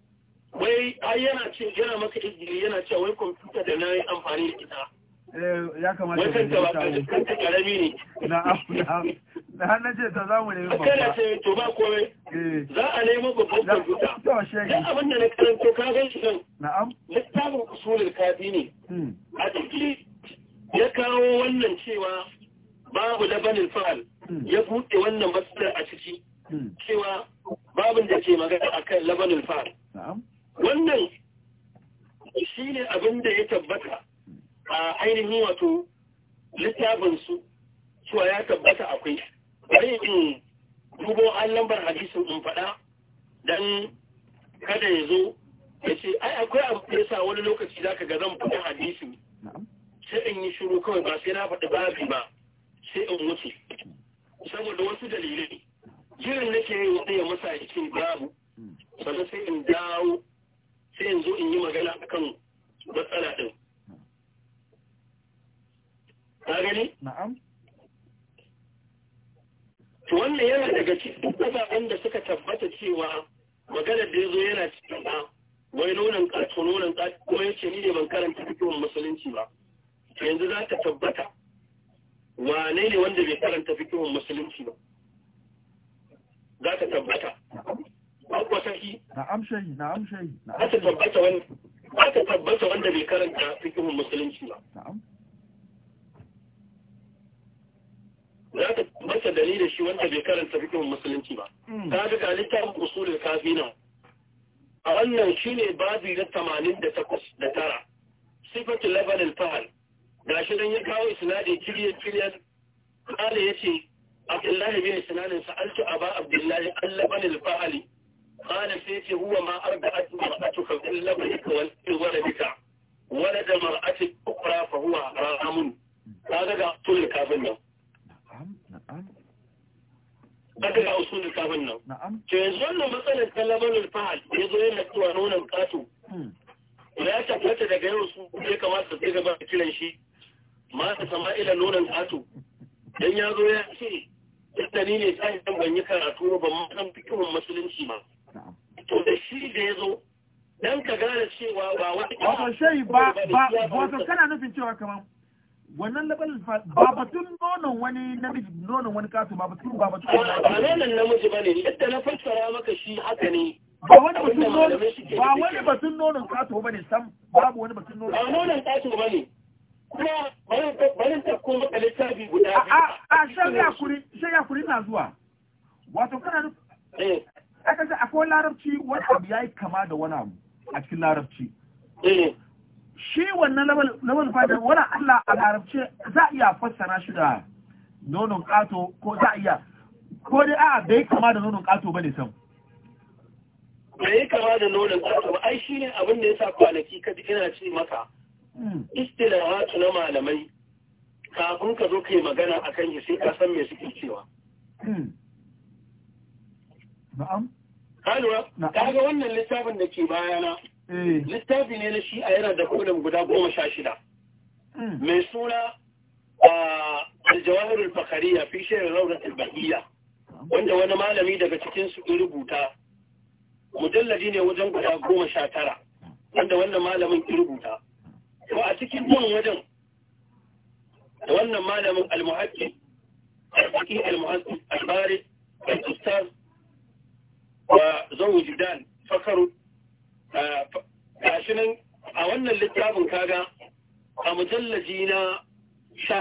wai ai yana ce yana maka izini yana cewa wai kwamfuta da na yi amfani da ita. Eh, ya kamata ka da ta wuce. Kanta karami ne. Na na hannun ce ta zamu nemi babba. Kada ce to ba eh. Za a nemo babban kwamfuta. To abinda abin da na karanto ka gan shi nan. Na'am. Littafin usulul kafi ne. Hmm. A cikin ya kawo wannan cewa babu labanin fa'al hmm. ya buɗe wannan matsalar a ciki hmm. cewa babin da ke magana kan labanin fa'al wannan shi ne abin da ya tabbata a ainihin wato littafinsu cewa ya tabbata akwai bari in dubo an lambar hadisin in faɗa don kada ya zo ya ce ai akwai abu da ya sa wani lokaci za ka ga zan faɗi hadisi sai in yi shiru kawai ba sai na faɗi babi ba sai in wuce saboda wasu dalilai jirin nake yi wani ya masa cikin babu sannan sai in dawo sai in zo in yi magana a kan matsala ɗin Ta gani? na'am to wannan yana daga cikin ababen da suka tabbata cewa maganar da ya zo yana cikin ba wai nunan ƙarfi nunan ƙarfi ko ya ce ni ne ban karanta cikin musulunci ba yanzu za ka tabbata wane ne wanda bai karanta fikihun musulunci ba za ka tabbata abuwa sahi na na za ta tabbata wani. za ka tabbata wanda bai karanta fikihun musulunci ba za ta tabbata dalilin shi wanda bai karanta fikihun musulunci ba ta hmm. ga ta littafin usulul kafina a wannan shi ne babi na 88 da tara sifatul labanil fahar gashi dan ya kawo isnadi kiriyar kiriyar kala yace abdullahi bin sinanin sa'altu aba abdullahi allaban al-fa'ali qala sai ce huwa ma arda'at mar'atuka illa bika wal waladika walad mar'ati ukhra fa huwa haramun kaga ga usul kafin nan kaga ga usul kafin nan to yanzu wannan matsalar talaban al-fa'al yazo yana tuwa nonon katu hmm. ya tabbata daga yau su ya kamata su gaba da kiran shi mata sama'ila nonon ƙato dan ya zo ya ce tattali ne dan ban yi karatu ba ban san fikihun musulunci ba to da shi da yazo zo dan ka gane cewa ba Ba ba shayi ba ba wato kana nufin cewa kaman wannan labarin ba batun nonon wani namiji nonon wani kasu ba batun ba batun ba nonon namiji ba ne yadda na fassara maka shi haka ne ba wani batun nonon ba wani batun nonon kasu ba ne sam babu wani batun nonon ba nonon kasu ba ne kuma barin ta kuma da littafi guda a sai ya kuri sai na zuwa wato kana eh aka ce akwai larabci wani abu yi kama da wani abu a cikin larabci eh. shi wannan laban fadar wani Allah a larabci za iya fassara shi da nonon kato ko za iya ko dai a'a bai kama da nonon kato bane sam bai kama da nonon kato ba ai shi ne abin da ya sa kwanaki kaji ina ce maka istilahatu na malamai kafin ka zo kai magana a kan sai ka san me suke cewa na'am ta ga wannan littafin da ke bayana eh. littafi ne na shi a yana da kolin guda goma sha shida hmm. mai suna aljawahirul fakariya fi shirin raunatul bahiyya wanda wani malami daga cikin su rubuta mujalladi ne wajen guda goma sha tara wanda wannan malamin in rubuta to a cikin nan wajen wannan malamin almuhaddi alfaqi almuhaddi albari al-ustaz wa zawjudan fakaru gashi nan a wannan littafin kaga a mujallaji na sha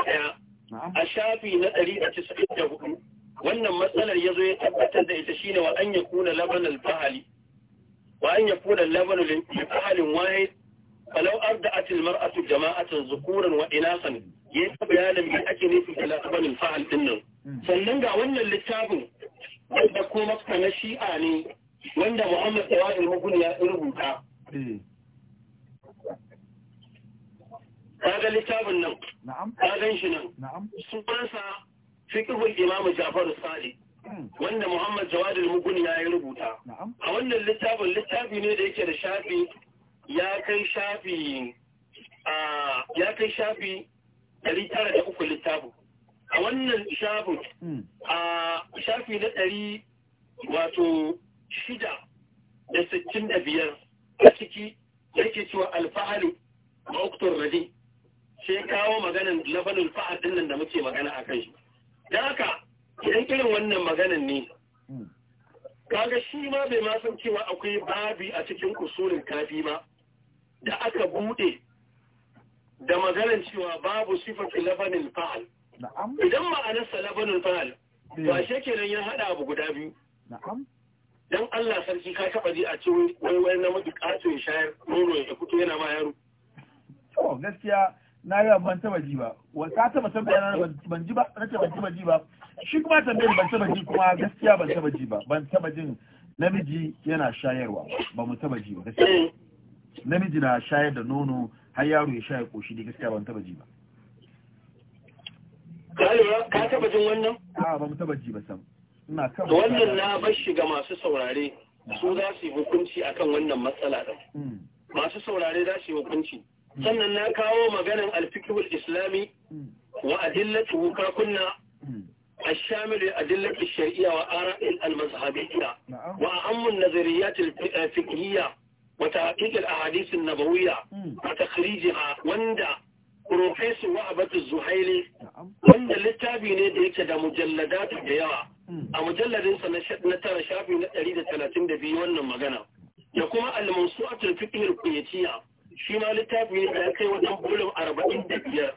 a shafi na ɗari a cikin da hudu wannan matsalar ya zo ya tabbatar da ita shine wa an ya kuna laban wa an ya kuna laban alfahalin wahid falau arda'at almar'atu jama'atan zukuran wa inasan yayi bayanin me ake nufi da lafanin fa'al din nan sannan ga wannan littafin da kuma na shi'a ne wanda Muhammad Tawadu Mugun ya rubuta eh. kaga littafin nan ka gan shi nan sunansa hmm. wanda Muhammad Jawadul Mugun ya rubuta a wannan littafin littafi ne da yake da shafi ya kai shafi ya ɗari tara da uku littafin a wannan shafin hmm. a shafi na ɗari wato shida da sittin da biyar a ciki yake cewa alfahari a oktor radi sai kawo maganan labanin fa'ar ɗin nan da muke magana a kai da haka idan irin wannan maganan ne hmm. kaga shi ma bai ma san cewa akwai babi a cikin kusurin kafi ba da aka bude da maganar cewa babu sifatu labanin fa'al idan ma'anarsa labanin fa'al ba shi kenan ya hada abu guda biyu dan Allah sarki ka taba ji a cikin wai wai na mutu kato shayar nono ya kuto yana ma yaro to gaskiya na ga ban taba ji ba wa ka taba tambaya na ban ji ba na ce ban taba ji ba shi kuma tambayar ban taba ji kuma gaskiya ban taba ji ba ban taba jin namiji yana shayarwa ba mu taba ji ba gaskiya eh. namiji na shayar da nono har yaro ya shayar koshi da gaskiya ban taba ji ba ka taba jin wannan a taba ji ba sam ina wannan na bashi ga masu saurare su za su yi hukunci akan wannan matsala din hmm. masu saurare za su yi hukunci hmm. sannan na kawo maganan alfikihul islami hmm. wa adillatu ka kunna الشامل لأدلة الشرعية وآراء المذهبية وأهم النظريات الفقهية wata hakikar ahadisin nabawiya a takhrijiha wanda Profesor Wa'abatu Zuhaili wanda littafi ne da yake da mujalladatu da yawa a mujalladin sa na tara shafi na ɗari da talatin da biyu wannan magana da kuma almansu a tafiyar kuyaciya shi ma littafi ne da ya kai wajen bulum arba'in da biyar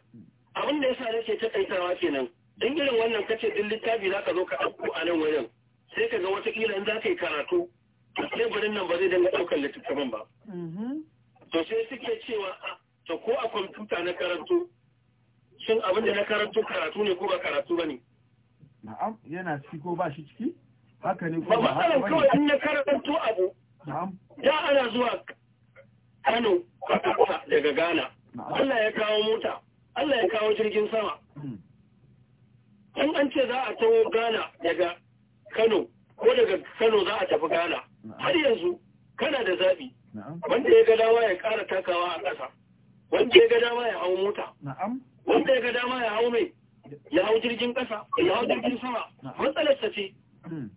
abin da ya sa nake ta kaitawa kenan in irin wannan kace duk littafi za ka zo ka ɗauko a nan wajen sai ka ga wataƙila in za ka yi karatu gudun nan ba zai dinga ɗaukar littattafan ba. Mm-hmm. To sai suke cewa ah, to ko a kwamfuta na karatu. shin abin da na karatu karatu ne ko ba karatu ba ne. Na'am yana ciki ko ba shi ciki? Haka ne ko ba haka ba kawai in na karatu abu. Na'am. Da ana zuwa Kano kwata daga Ghana. Allah ya kawo mota. Allah ya kawo jirgin sama. Mm. In an ce za a taho Ghana daga Kano ko daga Kano za a tafi Ghana. har yanzu kana da zabi wanda ya ga dama ya ƙara takawa a ƙasa wanda ya ga dama ya hau mota wanda ya ga dama ya hau mai ya hau jirgin ƙasa ya hau jirgin sama matsalar ta ce hmm.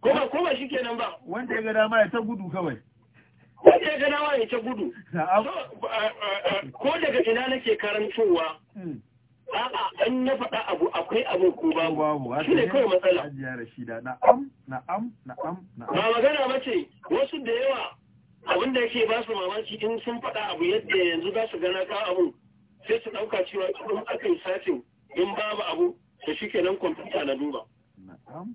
ko ba ko ba nan ba wanda ya ga dama ya ta gudu kawai wanda ya ga dama ya ta gudu ko daga ina nake karantowa hmm. a'a an ya faɗa abu akwai abu ko babu babu shi ne kawai matsala hajiya rashida na'am na'am na'am na'am ba magana ba ce wasu da yawa abin da yake ba su mamaki in sun faɗa abu yadda yanzu za su gana ka abu sai su ɗauka cewa in aka yi satin in babu abu da shi kenan kwamfuta na duba na'am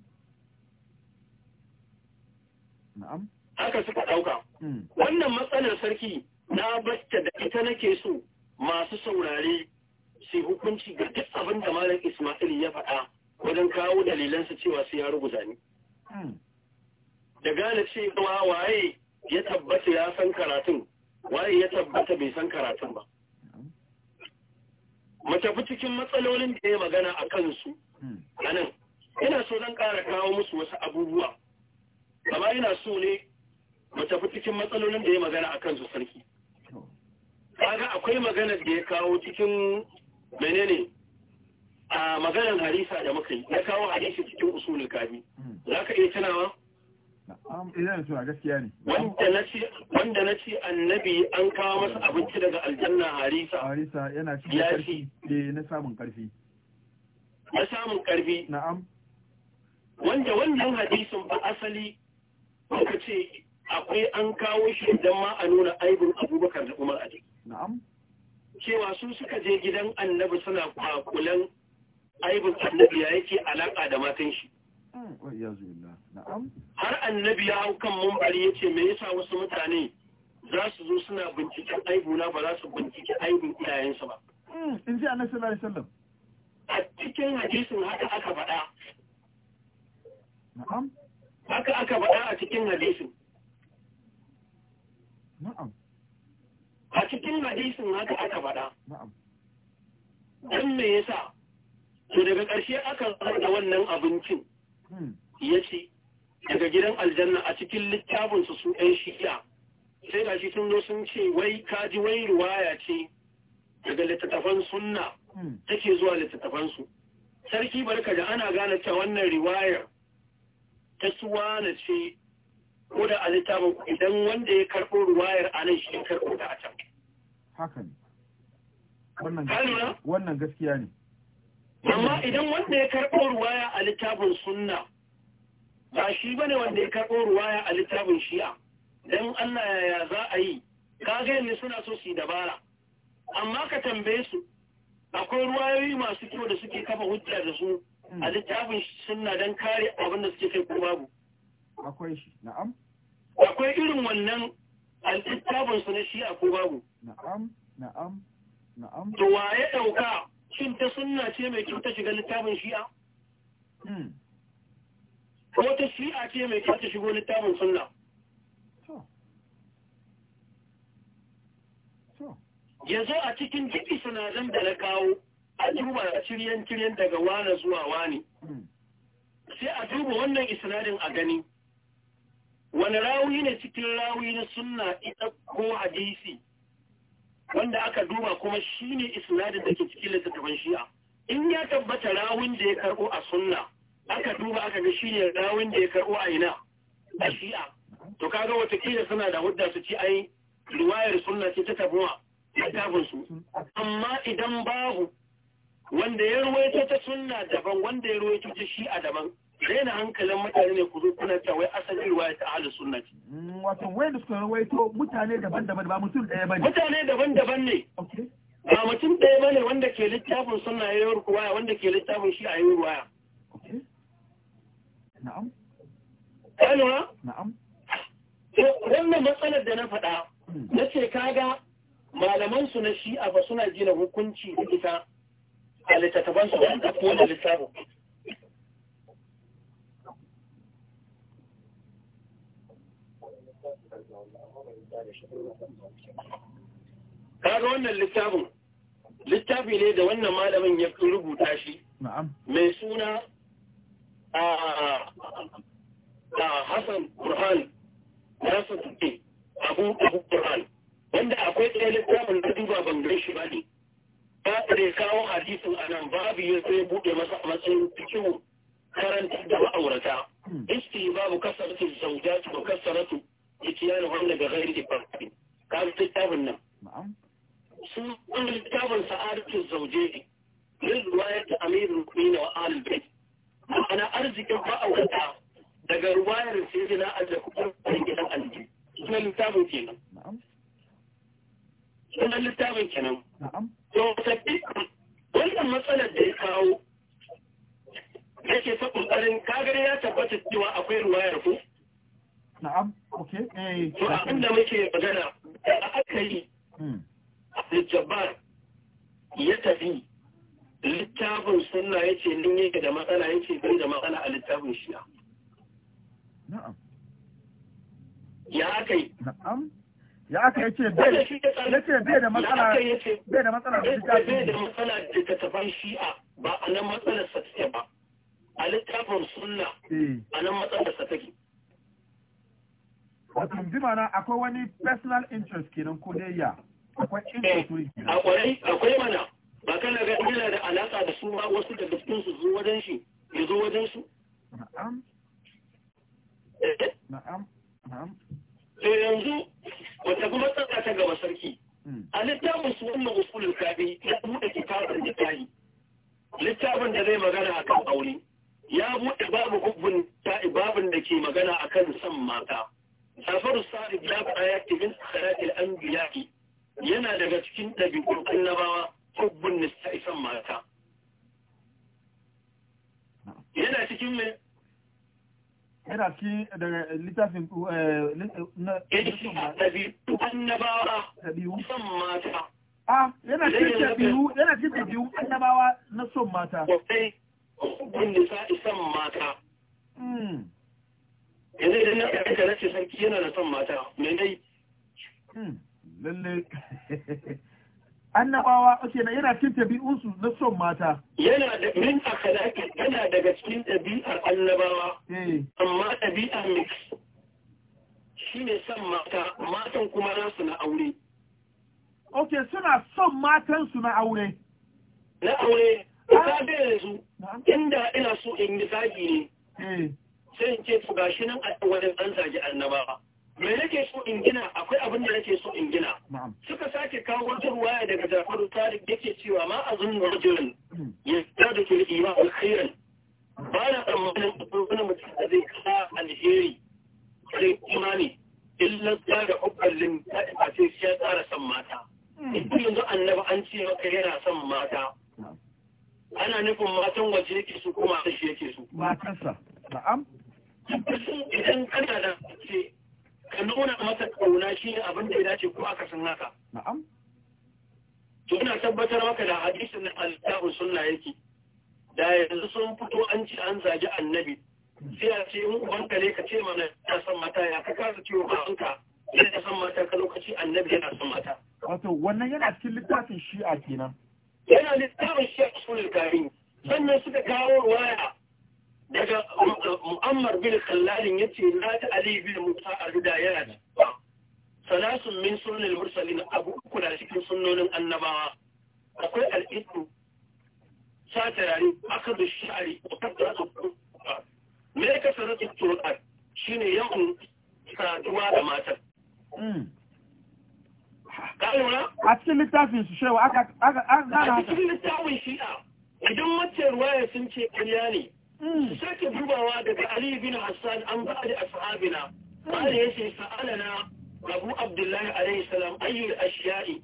na'am haka suka ɗauka hmm. wannan matsalar sarki na basta da ita nake so masu saurare sai hukunci ga duk abin da malam Ismail ya faɗa wajen kawo dalilansa cewa sai ya rubuta ni. Hmm. Da gane cewa waye ya tabbata ya san karatun, waye ya tabbata bai san karatun ba. Matafi cikin matsalolin da ya magana a kansu, hmm. a nan, ina so zan ƙara kawo musu wasu abubuwa, amma ina so ne matafi cikin matsalolin da ya magana a kansu sarki. Kaga akwai maganar da ya kawo cikin menene a maganar harisa da muka yi Na kawo hadisi cikin usulul kafi za ka iya tunawa eh, wanda na ce annabi an kawo masa abinci daga aljanna harisa harisa yana cikin karfi eh, na samun karfi na samun karfi na'am wanda wannan hadisin ba asali muka ce akwai an kawo shi don ma a nuna aibin abubakar da umar a cewa su suka je gidan annabi suna kwakulan aibin annabi ya yake alaƙa da matan shi har annabi ya hau kan mumbari ya ce me yasa wasu mutane za su zo suna binciken aibuna ba za su bincike aibin iyayensu ba hmm, in ji annabi sallallahu alaihi wasallam a cikin hadisin haka aka faɗa haka aka faɗa a cikin hadisin hadisin haka aka faɗa dan me yasa to daga ƙarshe aka da wannan abincin hmm. ya ce daga gidan aljanna a cikin littafinsu su ɗan shi'a sai ga shi sun zo sun ce wai kaji wai ruwaya ce daga littattafan sunna hmm. take zuwa littattafansu sarki barka da ana gane ta wannan riwayar ta suwana ce ko da a littafin idan wanda ya karɓo ruwayar a nan shi karɓo da a can haka ne wannan gaskiya ne amma idan wanda ya karɓo ruwaya a littafin sunna ba shi bane wanda ya karɓo ruwaya a littafin shi'a don Allah yaya za a yi ka ga suna so su dabara amma ka tambaye su akwai ruwayoyi masu kyau da suke kafa hujja da su a hmm. littafin sunna don kare abin da suke kai ko babu akwai shi na'am akwai irin wannan a littafin sunna na shi'a ko babu na'am na'am na'am to wa ya dauka shin ta sunna ce mai kyau ta shiga littafin shi'a hmm. ko ta shi'a ce mai kyau ta shigo littafin sunna yanzu a cikin jiki sinazan da na kawo a duba a ciryen ciryen daga wane zuwa wane hmm. sai a duba wannan isnadin a gani wani rawi ne cikin rawi na sunna ita ko hadisi wanda aka duba kuma shi ne isnadin da ke cikin littattafan shi'a in ya tabbata rawun da ya karɓo a sunna aka duba aka ga shi ne rawun da ya karɓo a ina a shi'a to kaga watakila suna da hudda su ci ai riwayar sunna ce ta tabuwa littafin su amma idan babu wanda ya ruwaito ta sunna daban wanda ya ruwaito ta shi'a daban daina hankalin mutane ne ku zo kuna cewa wai asalin riwaya ta ahlus sunna mm, wato wai da suka rawaito mutane daban-daban ba mutum ɗaya bane mutane daban-daban ne ba mutum ɗaya bane wanda ke littafin sunna ya yi ruwaya wanda ke littafin shi a yi ruwaya na'am kalwa na'am wannan matsalar da na faɗa hmm. na ce kaga malaman su na shi'a ba suna jina hukunci da ita a littattafansu wanda kuma da littafin kaga wannan littafin littafi ne da wannan malamin ya rubuta shi mai suna a Hassan Burhan Nasir Tuke Abu Abu Burhan wanda akwai ɗaya littafin da duba ban shi ba ne ba da kawo hadisin a nan babu ya sai buɗe masa a matsayin cikin karanta da ma'aurata hmm. isti babu kasaratu zaujatu wa kasaratu اتيان هن بغير إبراهيم قال كتاب النم نعم سنة كتاب سعادة الزوجين للرواية أمير المؤمنين وآل البيت أنا أرزق بقى وقتها daga ruwayar sayyidina ajiye kuma ɗan gidan aljihu sunan littafin kenan sunan littafin kenan to sabbi wannan matsalar da ya kawo yake ta ƙoƙarin kagare ya tabbata cewa akwai ruwayar ko na'am ok. eh abin da muke magana da aka yi hmm. jabbar ya tafi littafin sunna yace nin yake da matsala yace bai da matsala a littafin shi'a na'am ya aka yi na'am ya aka yace bai yace bai da matsala bai da matsala bai da matsala da ta tafan shi'a ba anan matsalar sa take ba a littafin sunna eh. anan matsalar sa take wato bi mana akwai wani personal interest kenan ko dai ya akwai eh, interest wuri akwai akwai mana ba kana ga ina da alaka da su ma wasu da cikin su zuwa wajen shi ya zo wajen su na'am eh? na'am na'am to yanzu wata kuma tsaka ta gaba sarki hmm. a littafin su wannan usulul kabi ya buɗe kitabun yi. littafin da zai magana akan aure ya buɗe babu hubbun ta babin da ke magana akan san mata Jafaru Sa'id ya faɗa ya an yana daga cikin ɗabi'un annabawa hubbun isan mata. Yana cikin mai yana daga littafin eh, na cikin ɗabi'u yana annabawa na son mata. mata. Hmm. yanzu idan na da na ce sarki yana da son mata me dai hmm, lalle annabawa ake na yana cikin ɗabi'unsu na son mata yana da min akalaki yana daga cikin ɗabi'ar annabawa eh. amma ɗabi'a mix shine son mata matan kuma nasu na aure ok suna son matansu na aure na aure ta da su, inda ina so in yi zagi ne eh. sai in ce to gashi nan a wajen an zagi annaba me nake so in gina akwai abin da nake so in gina suka sake kawo wata ruwaya daga Jafaru Tariq yake cewa ma azun rajulun yastadiku al-iman khairan ba na tsammanin wani mutum da zai kasa alheri sai imani illa tsara hukullin ba sai shi ya tsara son mata idan hmm. yanzu annaba an ce maka yana son mata ana nufin matan waje yake su kuma matan shi yake su na'am idan kana da ce ka nuna masa kauna shi ne abin da ya dace ko aka san haka na'am to ina tabbatar maka da hadisin al-ta'u sunna yake da yanzu sun fito an ci an zagi annabi sai a ce in ubanka ne ka ce mana ya san mata ya ka kasa ciwo ba anka yana san mata ka lokaci annabi yana san mata wato wannan yana cikin littafin shi'a kenan yana littafin shi'a sunan karim sannan suka kawo waya daga mu'ammar bin kallalin ya ce na ta ali bin musa a ruda yana da salasun min sunan mursalin abu uku na cikin sunonin annabawa akwai al'idu sa tarari aka da shari a tattara tsofin me ya kasar da tsofin shi ne yawan saduwa da matar a cikin littafin su shewa aka zana a cikin littafin shi'a idan mace ruwaya sun ce ƙarya ne Mm. sake dubawa daga Ali bin Hassan an ba da ashabina bare mm. yace sa'alana Abu Abdullahi alayhi salam ayyu al-ashya'i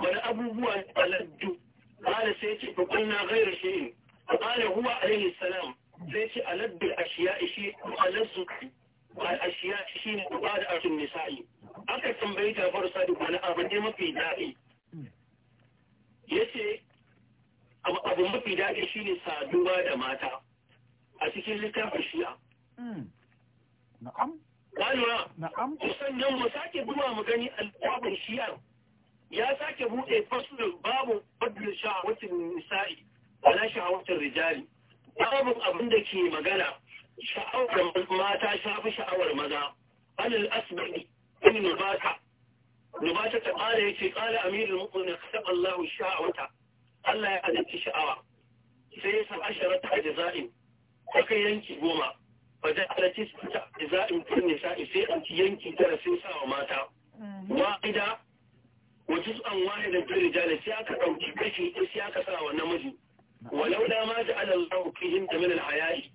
wani abubuwa taladdu bare sai ce yace fa shi ne. A bare huwa alayhi salam sai ce aladdu al-ashya'i shi alazzu al-ashya'i shi ne ubada atun nisa'i aka tambayi ta bar sadu wani abu ne mafi daɗi. Ya ce abu mafi daɗi shi ne saduwa da mata a cikin littafin shi'a mm. na'am Rayuwa, na'am sannan mu sake duba mu gani alƙabar shi'ar. ya sake buɗe fasulun babu fadlin sha'awatin nisa'i na sha'awatin rijali babu abin da ke magana sha'awar mata shafi sha'awar maza alal asbani in nubata nubata ta ƙara ya ce ƙara amirul mu'minin Allahu sha'awata Allah ya halarci sha'awa sai ya san asharar ta aka yanki goma wajen su ta za in kunne sa'i sai an yanki tara sun sa wa mata mm-hmm. wa'ida wajen an waye da jiri jale sai aka ɗauki kashi ɗin sai aka sa wa namiji walau da ma ja'ala Allahu fihim min al-haya'i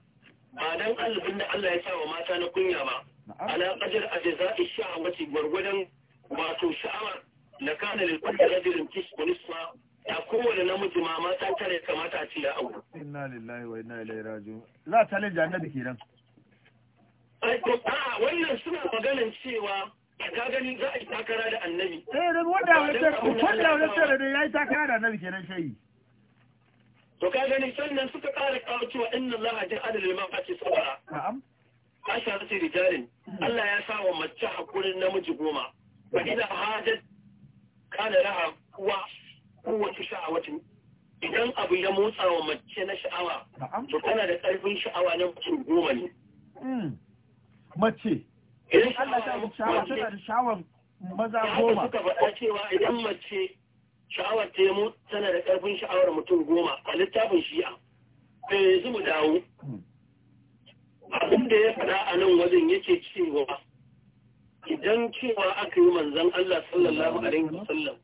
ba dan albin da Allah ya sa wa mata na kunya ba ala qadar ajza'i sha'awati gwargwadon wato sha'awar la lil kulli rajulin tisfu nisfa da kowane namiji ma san tare kamata ci ya aure inna lillahi wa inna ilaihi raji'un za ta le annabi kiran. ai to wannan suna maganan cewa ka gani za a yi takara da annabi eh da wanda wanda wanda wanda da yayi takara da annabi kenan sai to ka gani sannan suka kare kawo cewa inna allaha ja'ala liman qati sabara na'am ashar ce rijalin Allah ya sa wa mace hakurin namiji goma fa idan hajat kana raha wa kowace sha'awatin idan abu ya motsa wa mace na sha'awa to tana da ƙarfin sha'awa na mutum goma ne hmm. mace idan Allah ta yi sha'awa tana da sha'awar maza goma suka faɗa cewa idan mace sha'awar ta yi tana da ƙarfin sha'awar mutum goma a littafin shi'a bai mu dawo hmm. abin da ya faɗa a nan wajen yake cewa idan cewa aka yi manzan Allah sallallahu alaihi wasallam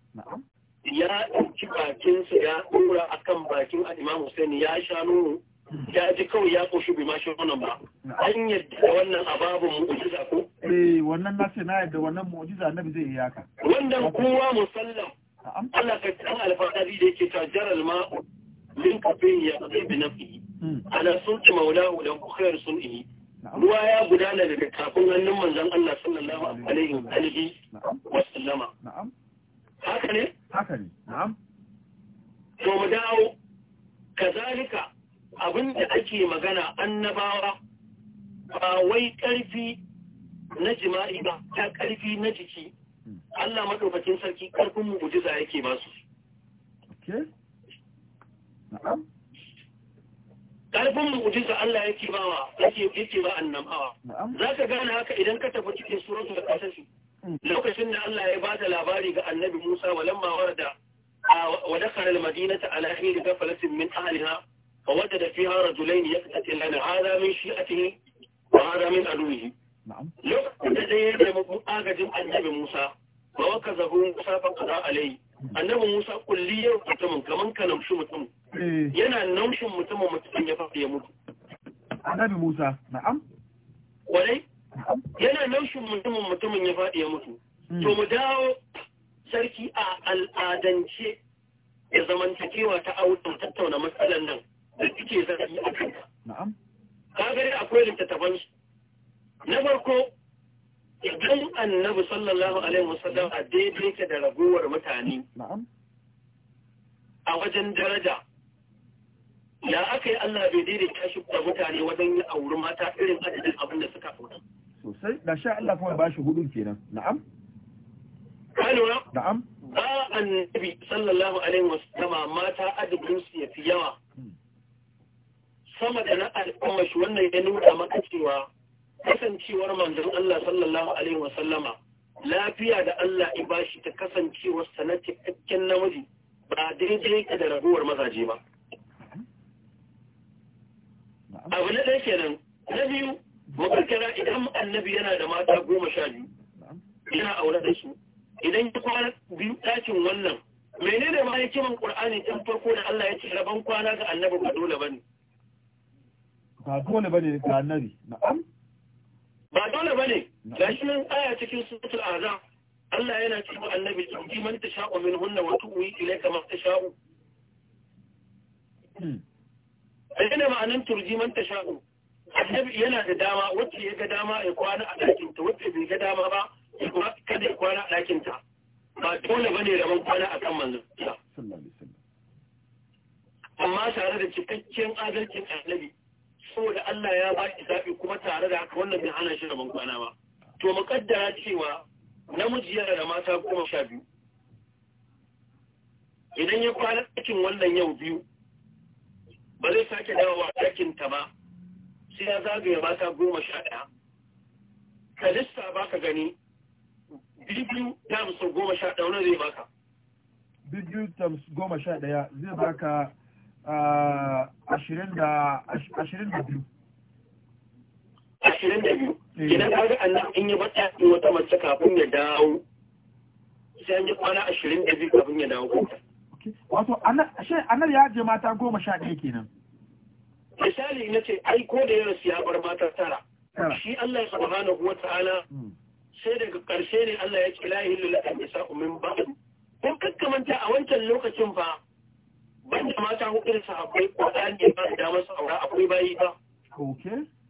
ya ɗauki bakinsa ya ɗora a kan bakin al'imam Hussein ya sha nono ya ji kawai ya ƙoshi bai mashi nonon ba. An yadda da wannan ababin mu'ujiza ko? Eh wannan na ce na yadda wannan mu'ujiza na zai yi haka. Wannan kowa musallam. Allah ka ɗan alfahari da yake jaral alma'u min kafin ya zai bi fi. Hmm. Ana sun ci maula da kukhayar sun ihi. ruwa ya gudana daga kafin hannun manzon Allah sallallahu alaihi wa sallama haka ne haka ne na'am to mu dawo kazalika abinda ake magana annabawa ba wai ƙarfi na jima'i ba ta ƙarfi na jiki hmm. Allah madaukakin sarki ƙarfin mu'jiza yake ba su ƙarfin mu'jiza Allah yake ba wa yake yake ba annabawa za ka gane haka idan ka tafi cikin suratul qasas lokacin da Allah ya bada labari ga annabi Musa walamma warada wa dakhala al-madinata ala hili ghaflatin min ahliha fa wajada fiha rajulayn yaqtatilan hadha min shi'atihi wa hadha min aduwihi lokacin da ya da agajin annabi Musa fa wakazahu Musa fa qada alayhi annabi Musa kulliyar mutumin kaman ka namshi mutum eh. yana naushin mutumin mutum ya faɗi ya mutu annabi Musa na'am walai yana laushin mutumin mutumin ya faɗi ya mutu hmm. to mu dawo sarki a al'adance ya zamantakewa ta auta tattauna matsalan nan da suke zarafi a kanta ka gari akwai littattafan na farko idan annabi sallallahu alaihi wasallam a daidai ke da ragowar mutane a wajen daraja ya aka yi Allah bai daidaita shi da mutane wajen a auri mata irin adadin abin da suka faɗa sosai da sha Allah kuma ba shi hudu kenan na'am kalora na'am ba annabi sallallahu alaihi wasallam mata adabin su yafi yawa hmm. sama da na al'umma shi wannan ya nuna maka cewa kasancewar manzon Allah sallallahu alaihi wasallama lafiya da Allah ya bashi ta kasancewar sanati kakkin namiji ba daidai ka da raguwar mazaje ba hmm. abu na ɗaya kenan na biyu mabarkana idan annabi yana da mata goma sha biyu yana aure da su idan ya kwana biyu ɗakin wannan menene ma ya kiran ƙur'ani tun farko da Allah ya ce rabon kwana ga annabi ba dole bane ba dole bane ga annabi na'am ba dole bane shi nan aya cikin suratul aza Allah yana ma annabi tuji man tasha'u minhunna wa tuwi ilayka ma tasha'u Ayyana hmm. ma'anan turji man tasha'u annabi yana da dama wacce ya ga dama ya kwana a ɗakinta wacce bai ga dama ba kada ya kwana a ɗakinta ba dole ba ne rabon kwana a kan manzo amma tare da cikakken adalcin annabi saboda Allah ya ba shi zaɓi kuma tare da haka wannan bai hana shi rabon kwana ba to muƙaddara cewa namiji yana da mata goma sha biyu idan ya kwana cikin wannan yau biyu ba zai sake dawowa ɗakinta ba sai ya zagaye mata goma sha ɗaya ka lissa ba ka gani bibiyu ta musu goma sha ɗaya wani zai baka bibiyu ta musu goma sha ɗaya zai baka ah, ashirin da biyu ashirin da biyu eh. idan ka ga annan in yi bata in wata mace kafin ya dawo sai an yi kwana ashirin da biyu kafin ya dawo wato annar ya je mata goma sha ɗaya kenan misali na ce ai ko da yawan ya bar matar tara shi Allah hana kuwa ta'ala hmm. sai daga ƙarshe ne Allah ya ce la ilaha illa min ba'd kun kakkamanta a wancan lokacin ba ban da mata hudu da sahabbai ko da ne ba da masu aura akwai bayi ba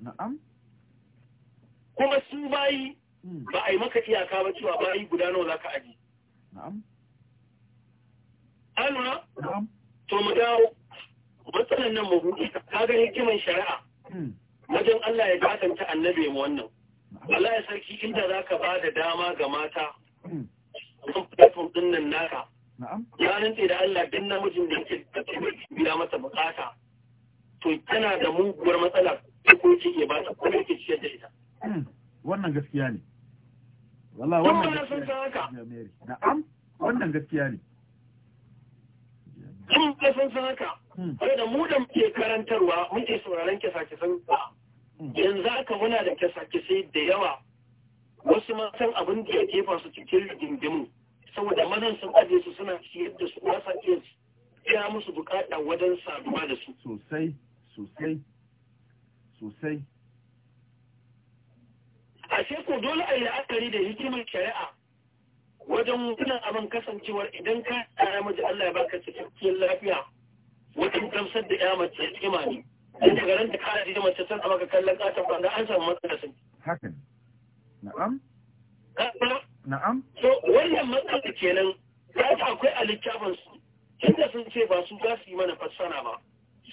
na'am kuma su bayi hmm. ba a yi maka iyaka ba cewa bayi guda nawa zaka aji na'am alwa to mu dawo matsalan nan mu ka ga hikiman shari'a hmm. wajen Allah ya gasanta annabi mu wannan Allah ya sarki inda ka ba da dama ga mata sun hmm. fito ɗin nan naka ya rantse da Allah din namijin da yake biya masa bukata to tana da muguwar matsala ko yake iya ba ta ko ke ciyar da ita hmm. wannan gaskiya ne wallahi wannan gaskiya ne na'am wannan gaskiya ne tun kasan sun san haka hmm. da mu da muke karantarwa muke sauraron kisa-kisan hmm. yanzu haka muna da kisa-kisai da yawa wasu ma san abin da ya kefa su cikin rigingimu saboda mazan sun aje su suna siyar da su wasa iya ya musu bukata wajen saduwa da su sosai sosai sosai ashe ko dole a yi la'akari da hikimar shari'a wajen wannan abin kasancewar idan ka tsara miji Allah ya baka cikakkiyar lafiya wajen gamsar da ya mace imani dan daga ran da kara da mace san maka kallon katon banga an samu matsala sun haka na'am na'am so wannan matsala kenan ya ta akwai a littafin su inda sun ce ba su za su yi mana fassara ba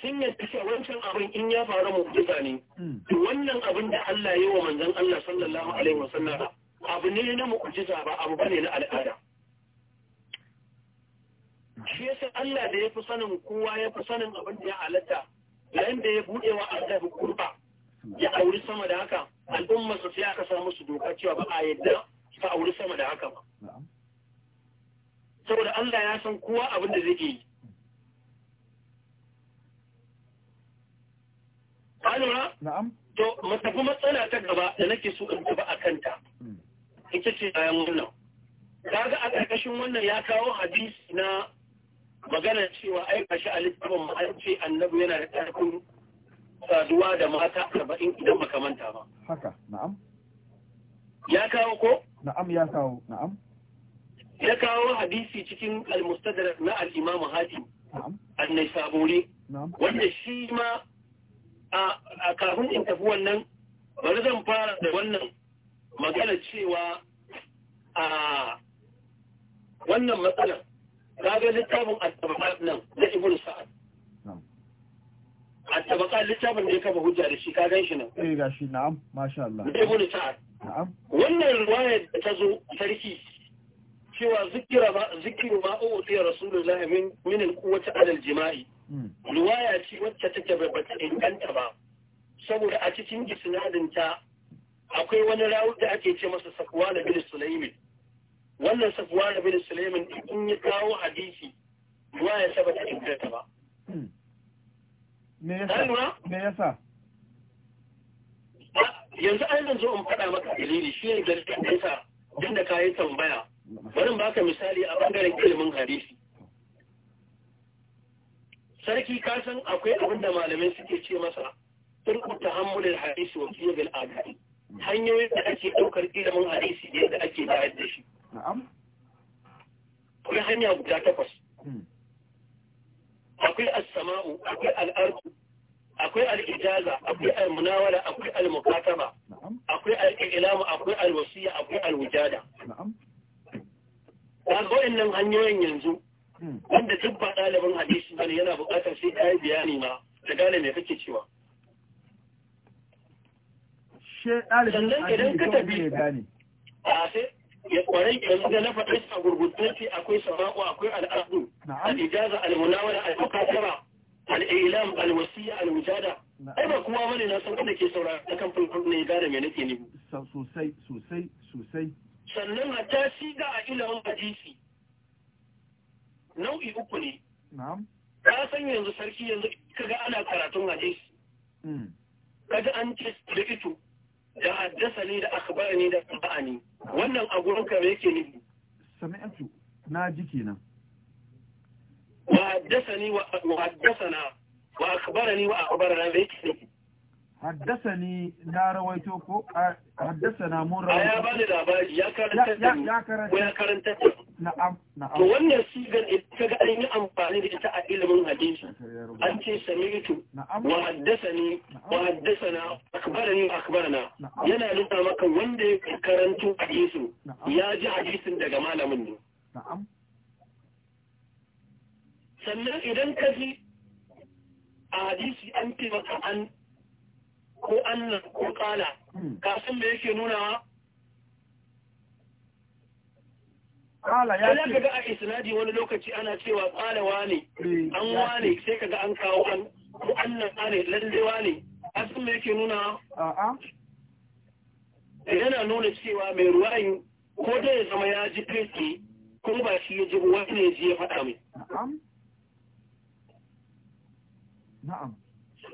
sun yadda cewa wancan abin in ya faru mu ne hmm. wannan abin da Allah ya yi wa manzon Allah sallallahu alaihi wasallam abu ne na mu'jiza ba abu bane na al'ada shi yasa Allah da ya fi sanin kowa ya sanin abin da ya halatta yayin da ya buɗewa wa annabi kurba ya auri sama da haka al'umma su sai aka samu su doka cewa ba a yadda su auri sama da haka ba saboda Allah ya san kowa abin da zai yi To, mu tafi matsala ta gaba da nake so in tafi a kanta. ita ce bayan wannan kaga a ƙarƙashin wannan ya kawo hadisi na magana cewa ai kashi a littafin mu ce annabi yana da ƙarfin saduwa da mata arba'in idan makamanta ba haka na'am ya kawo ko na'am ya kawo na'am ya kawo hadisi cikin al-mustadrak na al-imam hatim annai na'am wanda shi ma a kafin in tafi wannan bari zan fara da wannan magana cewa a wannan matsalar ga littafin al-tabaqat nan na ibnu sa'ad al-tabaqat littafin da ya kafa hujja da shi ka gan shi nan eh shi na'am masha Allah ibnu sa'ad na'am wannan riwaya da ta zo sarki cewa zikira ba zikiru ma utiya rasulullahi min min al adal jimai hmm. riwaya ce wacce take ba inganta ba saboda a cikin isnadin ta akwai wani rawu da ake ce masa Safuwa da bin sulaimin wannan Safuwa safwana bin sulaimin in yi kawo hadisi ruwa ya saba ta inganta ba me yasa me yasa yanzu an zan zo in faɗa maka dalili shi ne da yasa, din da kayi tambaya bari baka misali a bangaren ilimin hadisi sarki ka san akwai abin da malamai suke ce masa turku tahammulil hadisi wa fiye bil adadi hanyoyin da ake ɗaukar ilimin hadisi da yadda ake bayar da shi akwai hanya guda takwas hmm. akwai al samau akwai al'arku akwai al al-ijaza, akwai al-munawala akwai al-mukataba akwai al-ilamu akwai al-wasiya akwai al-wujada ga nan hanyoyin yanzu hmm. wanda duk ba ɗalibin hadisi bane yana buƙatar sai ɗaya bayani ma da gane me kake cewa sannan idan ka tafi a sai ya kwarai yanzu da na faɗa a gurgurtanci akwai sabaqu akwai al'adu al-ijaza al-munawara al-muqaddara al-ilam al-wasiya al ai ba kuma bane na san kada ke saurara kan fulful ne gane me nake nufi sosai sosai sosai sannan a ta siga a ilimin hadisi nau'i uku ne na'am ka san yanzu sarki yanzu ka ga ana karatun hadisi hmm. kaga an ce da ito da haddasani da akhbarani da ba'ani wannan a gurin ka yake nufi sami'atu na ji kenan wa haddasani wa haddasana wa akhbarani wa akhbarana yake nufi haddasani na rawaito ko haddasana mun rawaito ya bani labari ya karanta ya karanta ya karanta na'am na'am to wannan shi ga ita ga ainihin amfani da ita a ilimin hadisi an ce samitu wa haddasani wa haddasana akbarani wa akbarana yana nuna maka wanda ya karanta hadisi. ya ji hadisin daga malamin ne na'am sannan idan ka ji a hadisi an ce maka an ko annan ko kala hmm. kasan da yake nunawa Kala ya ce. a isnadi wani lokaci ana cewa kala wane, eh, an wane sai kaga an kawo an ane lalle wane, me yake nuna? A'a. Eh, yana nuna cewa mai ruwayin ko da ya zama ya ji kai ko ba shi ya ji wani ne ji ya faɗa mai. Na'am.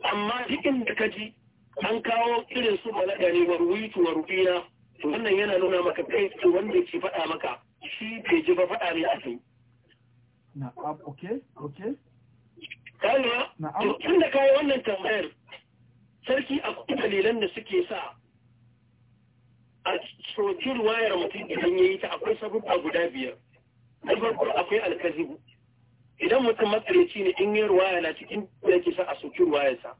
Amma jikin da ka ji an kawo irin su balaga ne warwitu warwiya to wannan yana nuna maka kai to wanda ke faɗa maka shi ke ji ba faɗa ne a kai na ab ok. okay to inda kawo wannan tambayar sarki kuɗi dalilan da suke sa a soki ruwayar mutum idan yi ta akwai sabubba guda biyar na farko akwai alkazibu idan mutum matsalaci ne in yi ruwaya na cikin da ke sa a soki ruwayarsa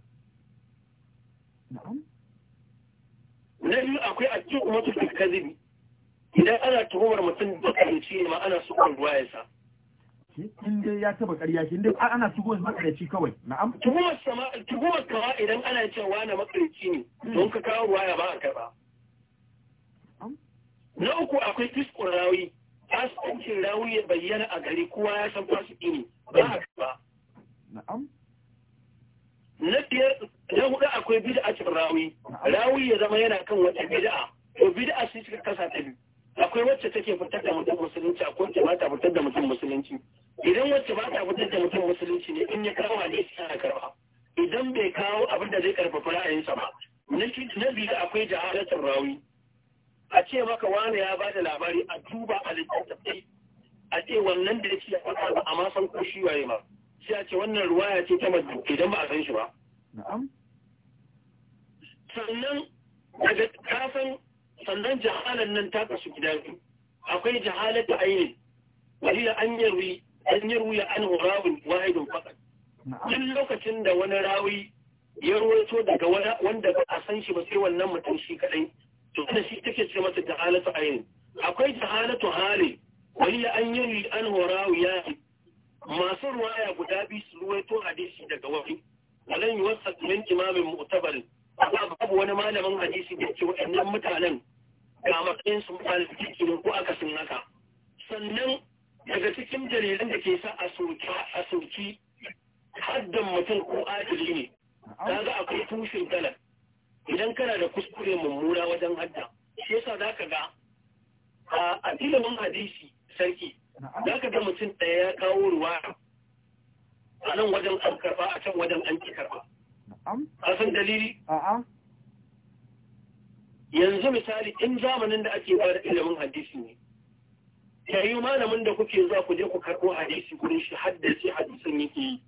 na biyu akwai a cikin mutu idan ana tuhumar mutum da ƙarfi ne ma ana sukon ruwa ya sa in dai ya taba ƙarya shi inda ana tuhumar makarci kawai na'am tuhumar sama tuhumar kawa idan ana cewa na makarici ne don ka kawo ruwa ya ba a karɓa. na uku akwai fiskun rawi fasikancin rawi ya bayyana a gari kowa ya san fasiki ne ba a karɓa. na'am na biyar na hudu akwai bid'a a cikin rawi rawi ya zama yana kan wata bid'a to bid'a a shi cikin kasa ta biyu akwai wacce take fitar da mutum musulunci akwai wacce ba ta fitar da mutum musulunci idan wacce ba ta fitar da mutum musulunci ne in ya kawo a ne sai ana karba idan bai kawo abin da zai karfafa ra'ayin sa ba na biyu akwai jahalatin rawi a ce maka wani ya bada labari a duba a littattafai a ce wannan da ya ce ya faɗa ba a ma san ko shi waye ba sai a ce wannan ruwaya ce ta idan ba a san shi ba sannan daga kafin sannan jahalar nan ta kasu gida biyu akwai jahalatu wani da an yarwi an yarwi an rawin wahidun fakat duk lokacin da wani rawi ya ruwaito daga wanda ba a san shi ba sai wannan mutum shi kadai to da shi take ce mata jahalatu aini. akwai jahalatu hali da an yarwi an rawi ya masu ruwaya guda biyu su ruwaito hadisi daga wani alan yuwassa min imamin mu'tabarin amma babu wani malamin hadisi da ce waɗannan mutanen ga matsayin su mutane da ko aka sun haka sannan daga cikin dalilan da ke sa a soki haddan mutum ko adili ne kaga akwai tushen dalar idan kana da kuskure mummuna wajen hadda shi yasa za ka ga a ilimin hadisi sarki za ka ga mutum ɗaya ya kawo ruwa a nan wajen an karɓa a can wajen an ki karɓa yanzu misali in zamanin da ake bada ilimin hadisi ne yayi malamin da kuke zuwa ku je ku karɓo hadisi gurin shi haddace hadisin yake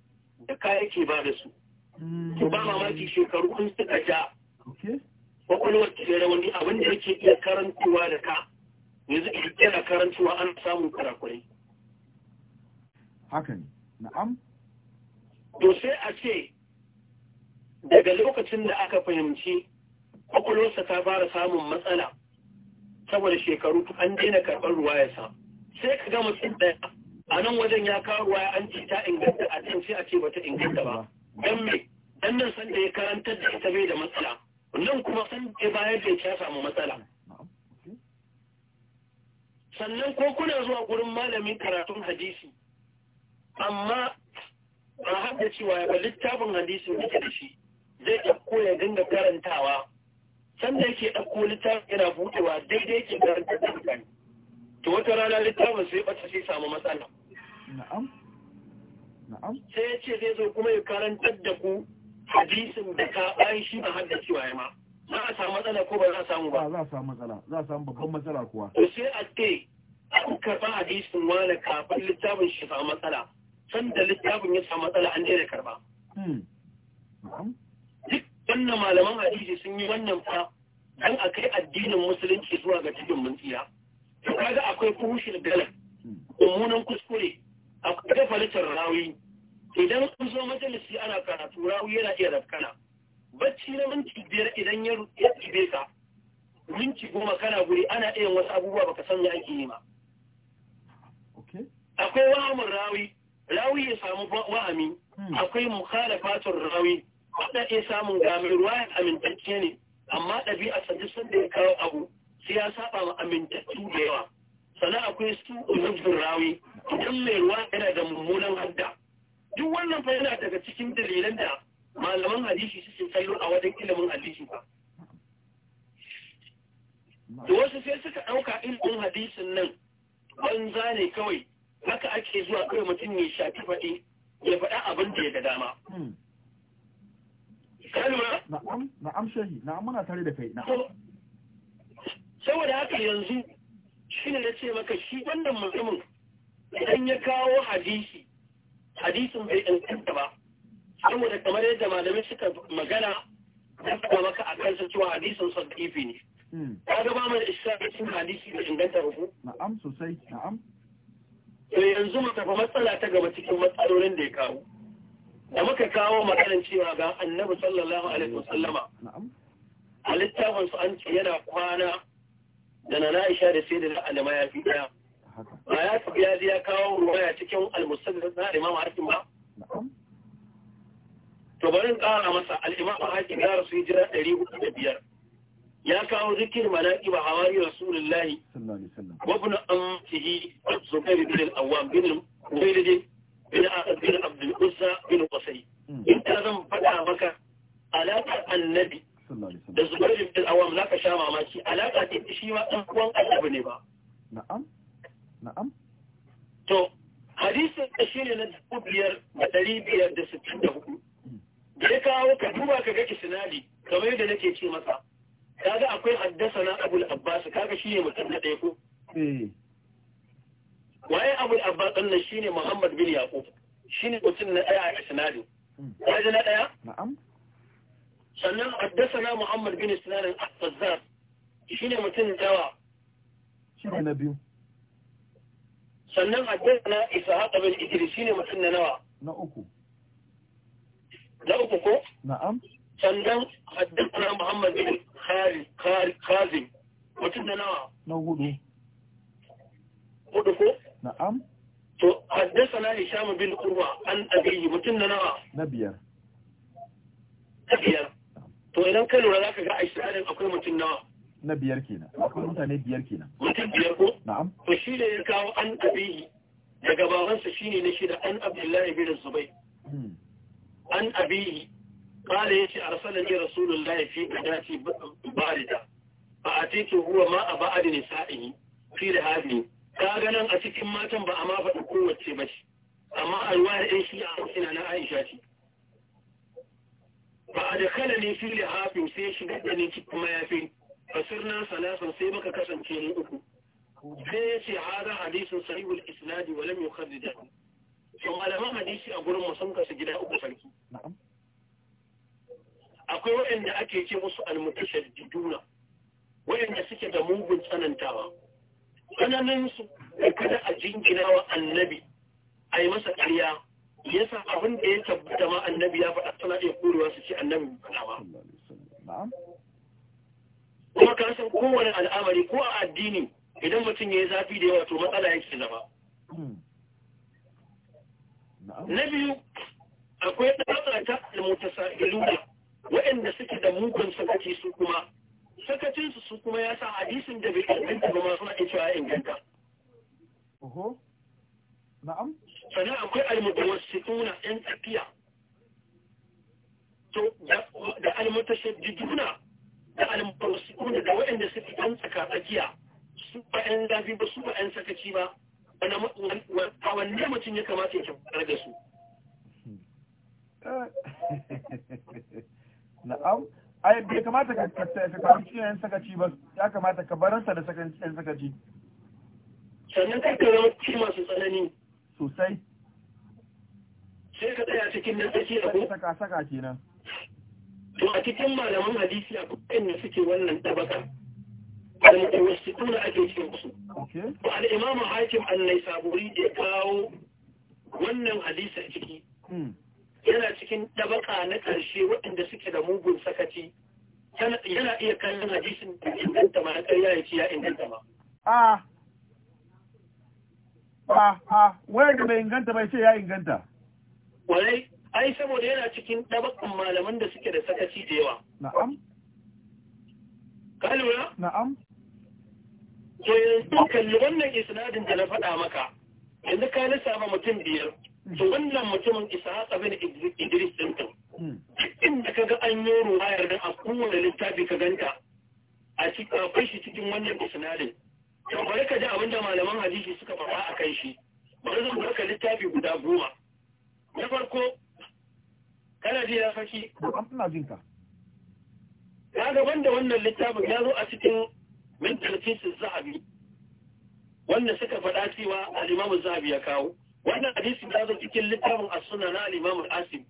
da ka yake ba da su ku hmm. ba mamaki shekaru kun suka ja kwakwalwar ta da wani abin da yake iya karantuwa da ka yanzu yana karantuwa ana samun karakurai haka ne na'am to sai a ce daga lokacin da aka fahimci kwakwalwarsa ta fara samun matsala saboda shekaru an daina karɓar ruwayarsa sai ka gama mutum ɗaya a nan wajen ya kawo ruwaya an ce ta inganta a can sai a ce bata inganta ba don me dan nan sanda ya karantar da ita bai da matsala nan kuma san ya bayar da ya samu matsala sannan ko kuna zuwa gurin malamin karatun hadisi amma ba haɗa cewa ya littafin hadisin da shi zai ɗauko ya dinga karantawa sanda yake ɗauko littafin yana buɗewa daidai yake karanta da mutane to wata rana littafin sai ɓata sai samu matsala na'am na'am sai ya ce zai zo kuma ya karantar da ku hadisin da ka bayan shi ba har da cewa ya ma za a samu matsala ko ba za a samu ba za a samu matsala za a samu babban matsala kuwa to sai a ce an karɓa hadisin wani kafin littafin shi samu matsala sanda littafin ya samu matsala an daina karɓa hmm. wannan malaman hadisi sun yi wannan fa dan a kai addinin musulunci zuwa ga cikin muntsiya to kaga akwai kushin dalar mummunan kuskure akwai falitar rawi idan kun zo majalisi ana karatu rawi yana iya rafkana bacci na minti biyar idan ya be ka minti goma kana guri ana iya wasu abubuwa baka san ya ake yi ma akwai wahamin rawi rawi ya samu wahami hmm. akwai mukhalafatun rawi wanda iya samun gamin ya amintacce ne amma ɗabi'a sanji sun da ya kawo abu sai ya saba ma amintattu da yawa sannan akwai su ulubun rawi idan mai ruwa yana da mummunan hadda duk wannan fa yana daga cikin dalilan da malaman hadisi suke kallo a wajen ilimin hadisi ba da wasu sai suka ɗauka ilimin hadisin nan banza ne kawai haka ake zuwa kawai mutum ne shafi faɗi ya faɗa abin da ya ga dama hmm. na'am na'am shahi na'am muna tare da kai na'am saboda haka yanzu shi ne na ce maka shi wannan mutumin idan ya kawo hadisi hadisin bai inganta ba saboda kamar yadda malamai suka magana da suka maka a kansa cewa hadisin sadifi ne hmm. ka ga ba mu da cikin hadisi da inganta rufu na'am sosai na'am to yanzu mu tafi matsala ta gaba cikin matsalolin da ya kawo da muka kawo maganin cewa ga annabi sallallahu alaihi wasallama a littafin su an yana kwana da na Aisha da sai da alama ya fi daya ba ya tafi ya ya kawo ruwaya cikin almusadda na imam hakim ba to barin ƙara masa al-imam hakim ya rasu hijira ɗari hudu da biyar ya kawo zikir malaki wa hawari rasulullahi wa ibn amtihi zubair bin al-awwam bin al-muhaydin bin abdul usa bin qasai in ta zan faɗa maka alaƙa annabi da zubair bin awam ka sha mamaki alaƙa ce shi ma ɗan uwan annabi ne ba na'am na'am to hadisin da shi ne na biyar da ɗari biyar da sittin da hudu da ya kawo ka duba ka ga kisinadi kamar yadda nake ce masa kaga akwai haddasa na abul abbas kaga shi ne mutum na ɗaya ko eh. waye abu abba din nan shine muhammad bin yaqub shine mutum na daya a sanadin kaji na daya na'am sannan haddathana muhammad bin sinan al-fazzar shine mutum dawa shine na biyu sannan haddathana ishaq bin idris shine mutum na nawa na uku na uku ko na'am sannan haddathana muhammad bin khalid khalid mutum na nawa na hudu hudu ko na'am to haddasa na hisham bin urwa an abiyi mutum na nawa na biyar na biyar to idan kai lura zaka ga a isnadin akwai mutum nawa na biyar kenan akwai mutane biyar kenan mutum biyar ko na'am to shi da ya kawo an abiyi daga babansa shine na shida an abdullahi bin zubair hmm. an abiyi قال يشي أرسلني رسول الله في أداتي باردة فأتيته هو ما أبعد نسائه في رهابه Ka nan a cikin matan ba a ma faɗi kowace ba ce amma a wani ɗin shi a ina na aisha ce ba a da kala ne fi hafin sai shi da ne cikin mayafin fasirna salasan sai maka kasance ne uku zai ya ce hada hadisin sahihul isnadi wa lam to hadisi a gurin mu sun kasu gida uku sarki akwai waɗanda ake ce musu almutashar jiduna waɗanda suke da mugun tsanantawa tsananinsu da kada a jingina wa annabi a yi masa ƙarya ya sa abin da ya tabbata ma annabi ya faɗa tana iya kurewa su ce annabi ba. Kuma ka san kowane al'amari ko a addini idan mutum ya yi zafi da yawa to matsala ya yake zama. Hmm. Na biyu akwai ɗan ta almutasa'iluna waɗanda suke da mugun sakaci su kuma sakacin su su kuma ya sa hadisin da bai inganta ba ma suna cewa ya inganta oho na'am sannan akwai almutawassituna yan tsakiya to da almutashaddiduna da almutawassituna da waɗanda suke yan tsaka tsakiya su ba yan zafi ba su ba yan sakaci ba a wanne mutum ya kamata ya kyautar da su na'am ai bai kamata ka kwaru cikin yan sakaci ba ya kamata ka baransa da yan sakaci sannan kai ka yawanci masu tsanani sosai sai ka tsaya cikin nan tsaki a kuma saka saka kenan to a cikin malaman hadisi a kuɗin da suke wannan tabaka su kuna ake cikin su to al-imam hakim an-naisaburi da ya kawo wannan hadisi a ciki hmm. yana cikin ɗabaka na ƙarshe waɗanda suke da mugun sakaci yana iya kallon hadisin da inganta ma na ƙarya ya ce ya inganta ma. A a a wayar da inganta bai ce ya inganta. Wani ai saboda yana cikin ɗabakan malaman da suke da sakaci da yawa. Na'am. Ka lura? Na'am. Eh, to yanzu kalli wannan isnadin da na faɗa maka yanzu ka lissafa mutum biyar. to wannan mutumin ishaqa bin idris din to hmm. inda kaga an yi ruwayar nan a kowane littafi ka ganta a cikin shi cikin wannan isnadin to bari ka ji abinda malaman hadisi suka faɗa a kan shi bari zan baka littafi guda goma na farko kana ji ya fashi ina jin ka ya gaban da wannan littafin ya zo a cikin min tarkisin zahabi wanda suka faɗa cewa al'imamu zahabi ya kawo wannan hadisin ya zo cikin littafin Asuna na al-imam asim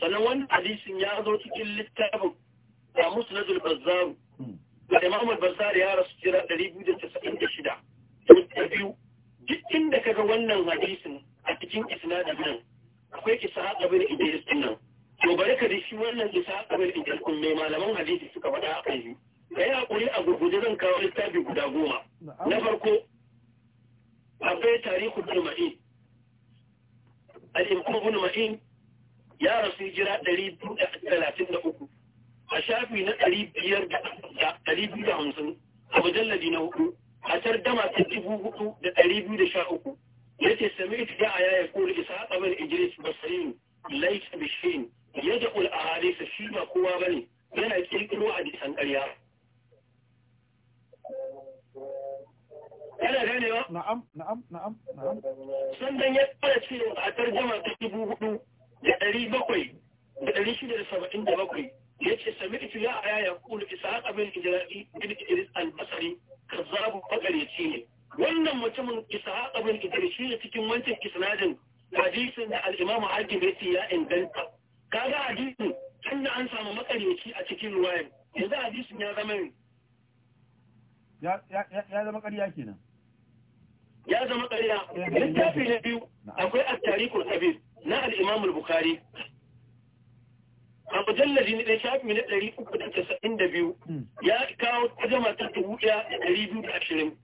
sannan wannan hadisin ya zo cikin littafin da musnad al-bazzar da imam al-bazzar ya rasu jira 296 da biyu duk inda kaga wannan hadisin a cikin isnadin nan akwai isa abin idris din nan to bari ka shi wannan isa abin idris kun mai malaman hadisi suka faɗa a kai kai hakuri a gurguje zan kawo littafi guda goma na farko akwai tarihi kulmai al'imkun bin ma'in ya rasu jira 233 a shafi na 550 a mujalladi na hudu a tardama ta 4213 ya ce sami ta a yaya kuri isa haɓar idris basarin laisa bishin yadda ul'ahadisa shi ba kowa ba ne yana kirkiro a disan ƙarya yana ganewa na'am na'am na'am na'am sannan ya fara cewa a tarjama ta dubu hudu da ɗari bakwai da ɗari shida da saba'in da bakwai ya ce sami itu ya aya ya isa isa'aqa bin ijra'i bin idris al ka kazzabu fakareci ne wannan mutumin isa'aqa bin idris ne cikin wancan isnadin hadisin da al-imam hakim ya ce ya inganta kaga hadisin tunda an samu makareci a cikin ruwayan yanzu hadisin ya zama ya zama ƙarya kenan ya zama ƙarya littafi na biyu akwai at-tariqul kabir na al-imam bukhari a mujalladi ne da shafi na ɗari uku da casa'in da biyu hmm. ya kawo ta jama ta dubu ɗaya da ɗari biyu da ashirin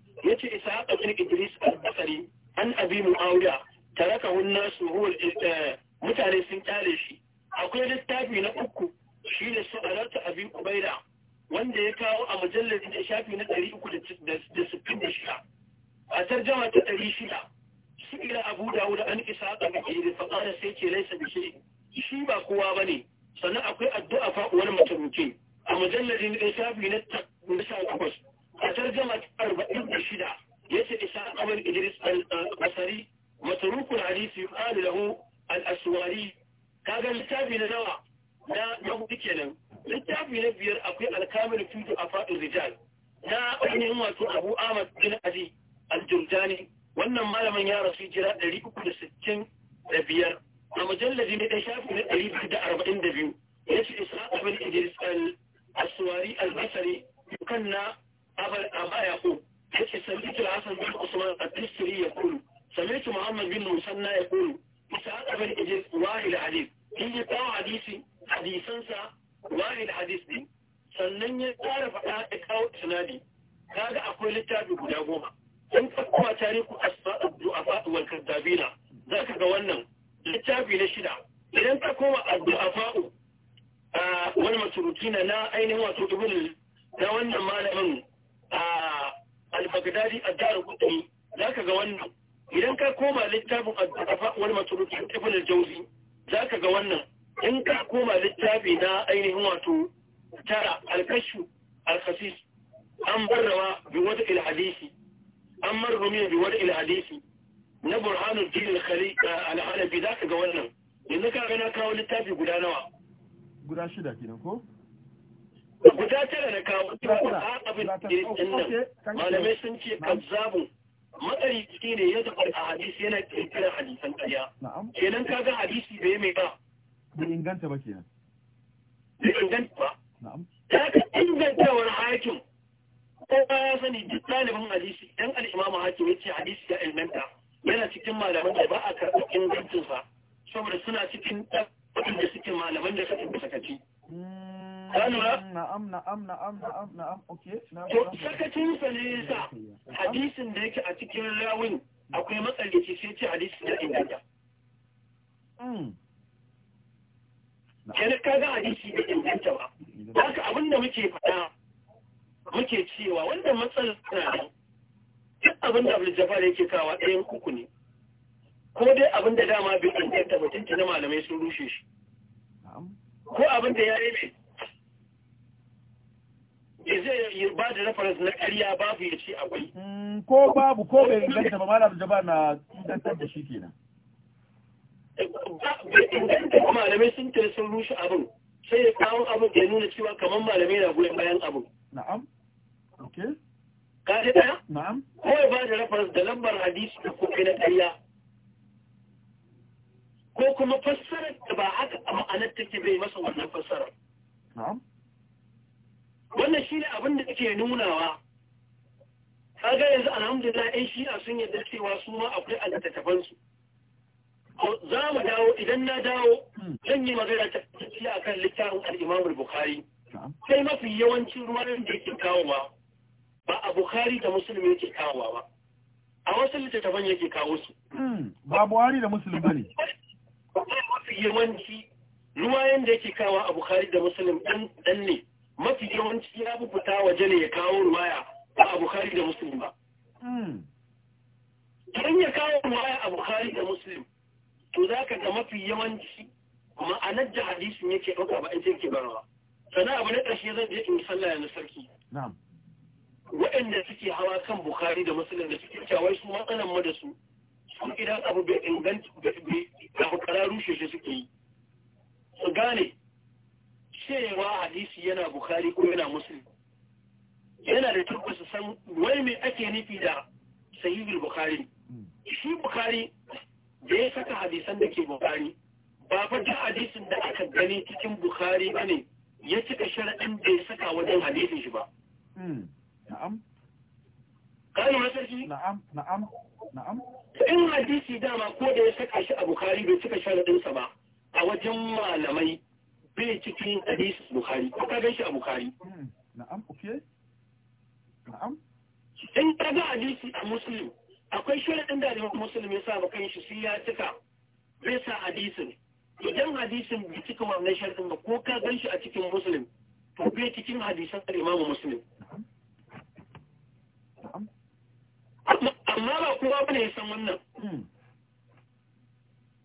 kowa bane ya san wannan hmm.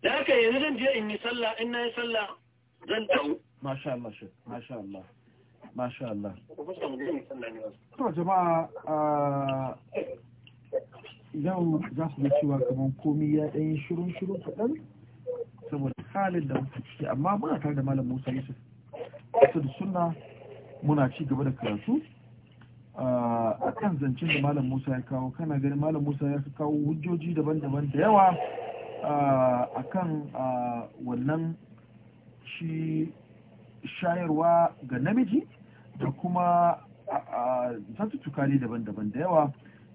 da haka yanzu zan je in yi sallah in na yi sallah zan ta'u. masha Allah masha Allah masha Allah to jama'a ah, yau za su ga cewa kamar komi ya ɗaya shirin shirin kaɗan saboda halin da muka ciki amma muna tare da malam musa yusuf da suna muna ci gaba da karatu a kan zancen da malam musa ya kawo kana ganin malam musa ya kawo hujjoji daban-daban da yawa a kan wannan shi shayarwa ga namiji da kuma zatuttuka ne daban-daban da yawa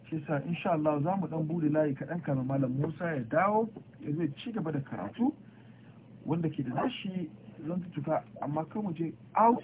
shi sa insha Allah za mu dan buɗe layi kaɗan kama malam musa ya dawo ya zai ci gaba da karatu wanda ke da nashi zantuttuka amma kan mu je out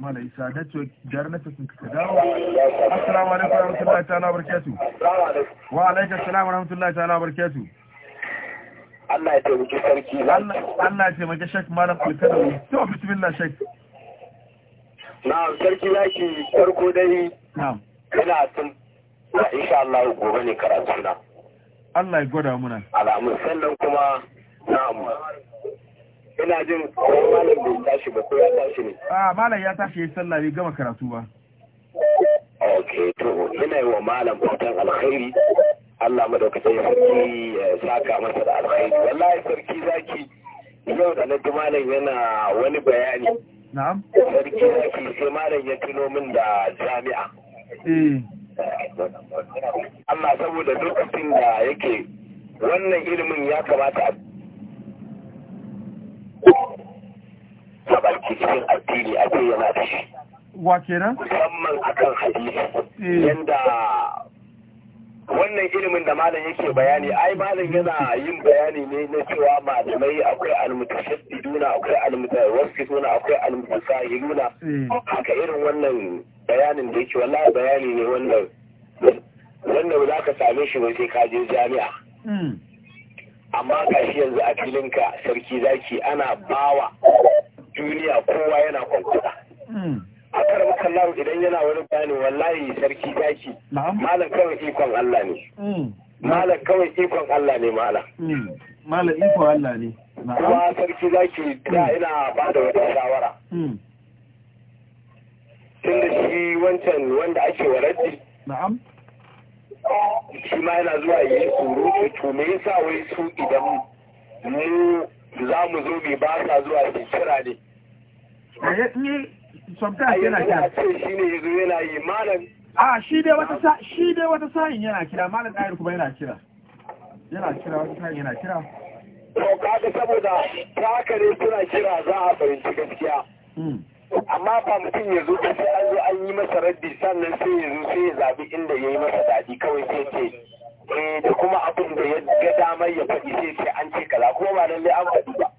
mana isa da ce jar na tafi ka dawo assalamu alaikum warahmatullahi ta'ala barkatu wa alaikum assalamu warahmatullahi ta'ala barkatu Allah ya taimake sarki Allah Allah ya taimake shek malam alkadawi to bismillah shek na sarki zaki farko dai na'am ina tun insha Allah gobe ne karatu na Allah ya gwada muna alamun sannan kuma na'am ina jin tsoron malam bai tashi ba ko ya tashi ne ah malam ya tashi ya sallah bai gama karatu ba ok to ina yi wa malam fatan alkhairi Allah madaukakin sarki ya saka masa da alkhairi wallahi sarki zaki yau da na ji malam yana wani bayani na'am sarki zaki sai malam ya tuno min da jami'a eh. Allah saboda lokacin da yake wannan ilimin ya kamata a taɓa cikin addini a yana da shi. Wa kenan? Musamman akan hadisi. Eh. Yanda wannan ilimin da malam yake bayani ai malam yana yin bayani ne na cewa malamai akwai almutashaddiduna akwai almutawassituna akwai almutasahiluna eh. haka irin wannan bayanin da yake wallahi bayani ne wannan wannan za ka same shi ba sai ka je jami'a hmm. amma ga shi yanzu a filinka sarki zaki ana bawa duniya kowa yana kwankwada hmm. a karam kallon idan yana wani bani wallahi sarki zaki hmm. malam kawai ikon Allah ne malam kawai ikon Allah ne malam malam ikon Allah ne kuma sarki zaki da hmm. ina ba da wata shawara tun da shi wancan wanda ake waraddi shi ma yana zuwa yi surutu to me yasa wai su idan mu za mu zo mai ba sa zuwa su kira ne eh, yana kira shi ne yana yi a ah, shi dai wata sa shi dai wata sa'in yana kira malam ɗayar kuma yana kira yana kira wata sa'in yana kira to kaga saboda ta haka ne suna kira za a fahimci gaskiya hmm. amma ba mutum ya zo sai an zo an yi masa raddi sannan sai ya zo sai ya zabi inda ya yi masa daɗi kawai sai ce eh da kuma abin da ya ga damar ya faɗi sai ce an ce kaza kuma ba lallai an faɗi ba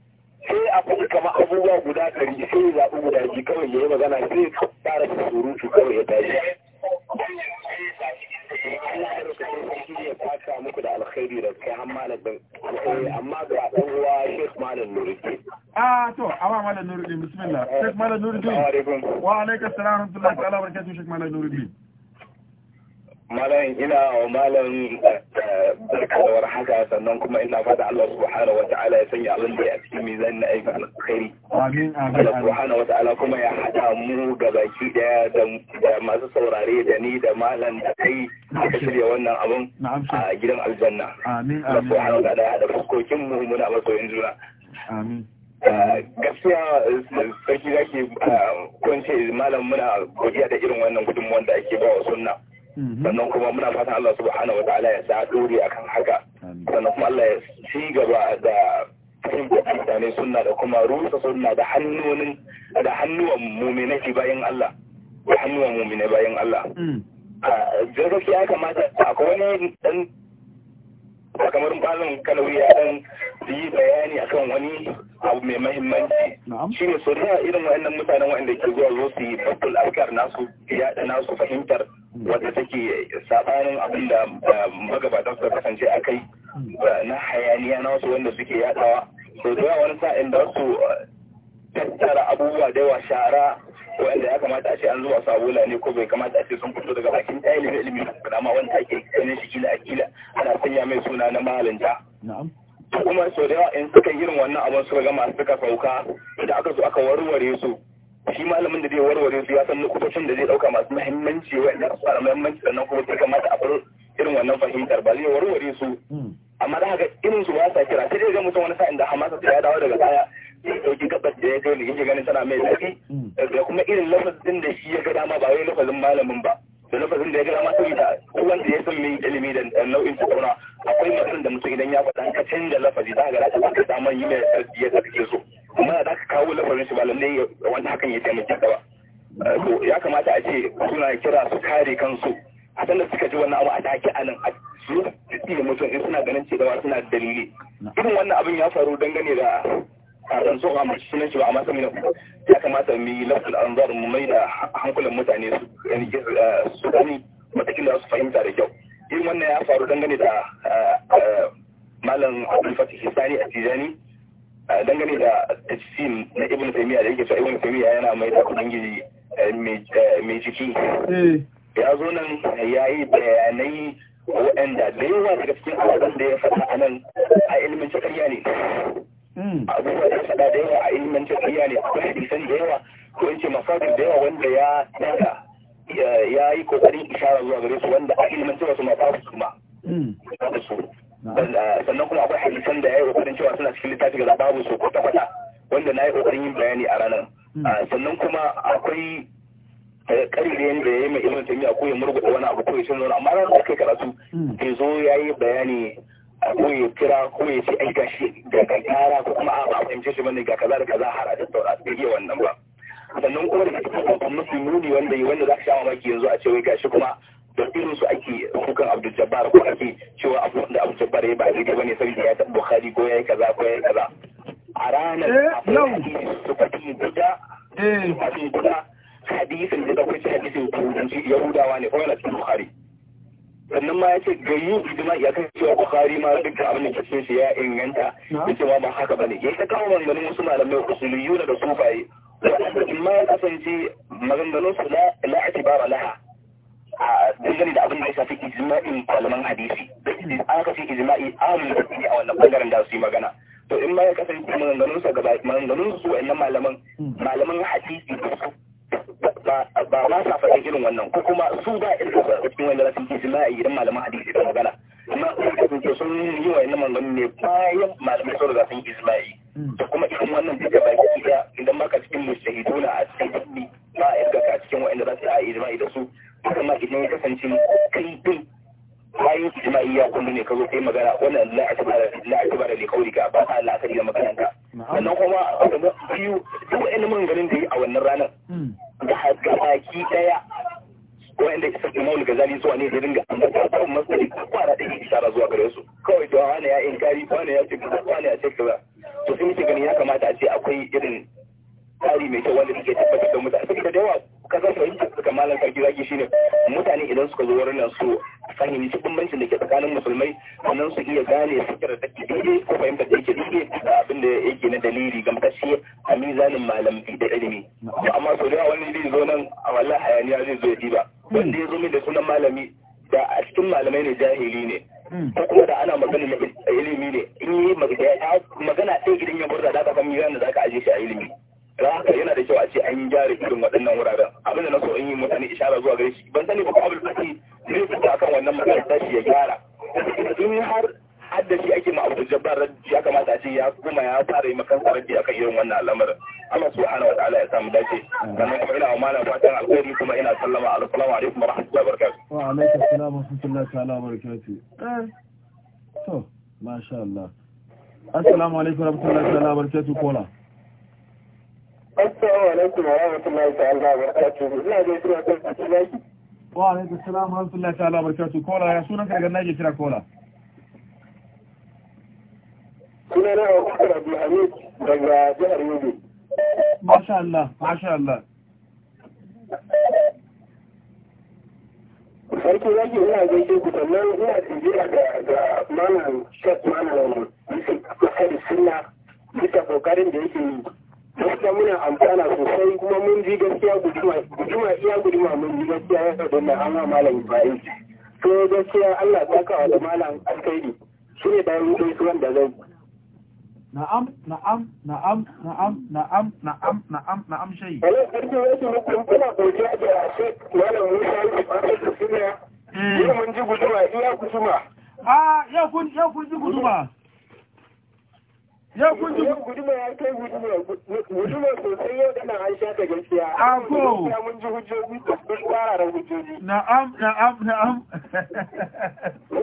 sai a faɗi kamar abubuwa guda ɗari sai ya zaɓi guda biyu kawai ya yi magana sai ya fara surutu kawai ya tashi Allah ya fata muku da Sheikh Ah to awa Malam Nuruddin bismillah Wa alaikum salam wa rahmatullahi wa barakatuh Sheikh Malam Nuruddin. malam ina wa malam eh, barka da haka. sannan kuma ina fata Allah subhanahu wata'ala ya sanya abin da ya cikin mizan na aiki alkhairi amin amin Allah subhanahu wata'ala kuma ya hada mu ga baki daya da masu saurare da ni da malam da kai aka shirya wannan abun a gidan aljanna amin amin Allah subhanahu wata'ala ya hada fuskokin mu muna masoyin juna amin eh, gaskiya eh, sarki zaki kunce malam muna godiya da irin wannan gudunmuwan da ake ba wa sunna Mhm. sannan kuma muna fatan Allah subhanahu wataala ya sa dore akan haka sannan kuma Allah ya ci gaba da fahimtar mutane sunna da kuma rusa sunna da hannunin da hannuwan muminai bayan Allah da hannuwan muminai bayan Allah Jirgin mm. ya kamata akwai wani dan ba kamar malam kalawi ya dan yi bayani akan wani abu mai mahimmanci shine so da irin wa'annan mutanen wa'anda ke zuwa zo su yi fatul alkar nasu ya da nasu fahimtar wadda take sabanin abin da eh, magabatan suka kasance a kai na hayaniya na wasu wanda suke yadawa so da wani sa'in da su eh, tattara abubuwa da yawa shara wanda ya kamata a ce an zuwa sabula ne ko bai kamata a ce sun fito daga bakin ɗaya ilimin ilimin da ma wanda ake ganin shi kila a kila ana sanya mai suna na malinta kuma sau da yawa in suka irin wannan abin suka gama suka sauka da aka zo aka warware su shi malamin da zai warware su ya san lokacin da zai ɗauka masu muhimmanci wa'anda su da muhimmanci sannan kuma sai kamata a faru irin wannan fahimtar ba zai warware su hmm. amma da haka irin su ba sa kira sai dai ga mutum wani sa'in da hamasa ta ya dawo daga baya ɗauki gabar da ya kai yake ganin tana mai zafi mm. da kuma irin lafazin da shi ya ga dama ba wai lafazin malamin ba da lafazin da ya ga dama saboda da ya san min ilimi da nau'in tsakona akwai mutum da mutum idan ya faɗa ka canza lafazi za ka ga za ka samu yi mai sarki ya sarki so kuma da ka kawo lafazin shi ba lallai wanda hakan ya taimake ka ba eh, ya kamata a ce suna kira su kare kansu a da suka ji wannan abu a take a nan a su da mutum in suna ganin cewa suna dalili irin wannan abin ya faru dangane da a ranzu a mace sunan shi ba amma sami mai kuma ya kamata mai yi lafil mu mai da hankulan mutane su eh, gani matakin da su fahimta da kyau yin wannan ya faru dangane da eh, eh, malam abdul hisani a tijani dangane da tajsim na ibn taymiya da yake cewa ibn taymiya yana mai da ubangiji mai jiki ya zo nan ya yi bayanai wa'anda da yawa daga cikin abubuwan da ya faɗa a nan a ilimin ƙarya ne Hmm. abubuwa da faɗa da yawa a ilimin tafiya ne ko hadisan da yawa ko in ce masajin da yawa wanda ya daga ya yi kokarin ishara zuwa gare su wanda a ilimin tafiya su ma babu su ma hmm. ah, sannan kuma akwai hadisan da ya yi kokarin cewa suna cikin littafi ga babu su ko kwata wanda na yi kokarin yin bayani a ranar hmm. ah, sannan kuma akwai karirin eh, da ya yi mai ilimin tafiya ko ya murgwada wani abu ko ya shi amma ranar da kai karatu bai zo ya yi bayani ko ya kira ko ya ce ai gashi daga gara ko kuma a fahimce shi bane ga kaza da kaza har a da a da iya wannan ba sannan kuma da cikin babban musulmi wanda wanda za ka sha mamaki yanzu a ce wai gashi kuma don irin su ake hukun Abdul Jabbar ko ake cewa abu da Abdul Jabbar ya ba ne bane saboda ya tabbata Bukhari ko yayi kaza ko yayi kaza a ranar eh, suka ci guda eh. suka ci guda hadisin da kuka ci hadisin yahudawa ne ko yana cikin Bukhari sannan ma ya ce gayu hidima ya kan cewa bukari ma duk da abin da cikin shi ya inganta ya ce ba haka bane ya ta kawo maganganun wasu malamai usuliyu da da sufaye wadanda ma ya kasance maganganun su la la atibara laha a dangane da abin da ya shafi ijma'in malaman hadisi an kashe ce ijma'i amin da a wannan bangaren da su yi magana to in ma ya kasance maganganun sa gaba maganganun su wa'annan malaman hmm. malaman hadisi da su ba ba sa faɗin irin wannan ko kuma su ba irin da cikin wanda su yi suna idan malaman hadisi da magana amma in ka ce sun yi wa yana magana ne bayan malamai sun za su yi isma'i da kuma irin wannan da ba ki da idan ba ka cikin na a cikin dabbi ba a yarda ka cikin wanda za su yi isma'i da su kuma idan ya kasance kai din bayan su ma iya kullu ne ka zo kai magana wannan la atibara la atibara li qawlika ba ta la kariya maganarka sannan kuma wanda biyu duk wa'annan maganganun da yi a wannan ranar da hmm. haka baki daya wa'anda isa imamul gazali zuwa ne da dinga ambata kan masali kwara da yi isara zuwa gare su kawai to wani ya inkari wani ya ce kaza wani ya ce kaza to sai muke ganin ya kamata a ce akwai irin tsari mai kyau wanda suke tabbatar da mutane saboda da yawa ka san fahimta suka malam sarki zaki shine mutane idan suka zo wurin nan su fahimci bambancin da ke tsakanin musulmai sannan su iya gane fikir da ke daidai ko fahimtar da yake daidai da abin da yake na dalili gamsashe a mizanin malam da ilimi amma sau da yawa wani zai zo nan a wallahi hayaniya zai zo ya diba wanda ya zo min da sunan malami da a cikin malamai ne jahili ne hmm. ko kuma da ana magana na ilimi ne in yi magana ɗaya idan ya burza da ka san mizanin da za ka ajiye shi a ilimi da haka yana da kyau a ce an gyara irin waɗannan wuraren abinda na so in yi mutane ishara zuwa gare shi ban sani ba ko abin fasi zai fita akan wannan makarantar shi ya gyara in har hadda shi ake abu jabbar raddi ya kamata a ce ya kuma ya fara yi makansa a akan irin wannan al'amarin Allah subhanahu wataala ya samu dace sannan kuma ina amana fatan alkhairi kuma ina sallama assalamu alaikum wa rahmatullahi wa barakatuh wa alaikum assalam wa rahmatullahi ta'ala wa barakatuh to masha Allah assalamu alaikum wa rahmatullahi ta'ala wa barakatuh kola Assalamu alaikum wa rahmatullahi ta'ala wa barakatuhu. Ina da kira kan Abdullahi. Wa alaikum assalam wa rahmatullahi ta'ala wa barakatuhu. Kola ya sunan ka ga nake kira kola. Suna na da Abdulhamid daga jihar Yobe. Masha Allah, masha Allah. Sarki zaki ina gaishe ku sannan ina tsibiya ga malam Sheikh Malam Yusuf da Sunna bisa kokarin da yake yi gaskiya muna amfana sosai kuma mun ji gaskiya guduma iya guduma mun ji gaskiya ya sa don an ma malam ibrahim to gaskiya allah ta kawo da malam alkhairi shi ne bayan gaisuwan da zai na'am na'am na'am na'am na'am na'am na'am na'am shayi wala karfi wasu mutum kuna godiya da shek malam musa yi fara da suna yi mun ji guduma iya guduma a ah, yau kun ji guduma ya kunji guduma ya kai guduma sosai yau dana an ta gaskiya a ko ya mun ji hujjoji Na'am. Na'am. hujjoji na'am na'am na'am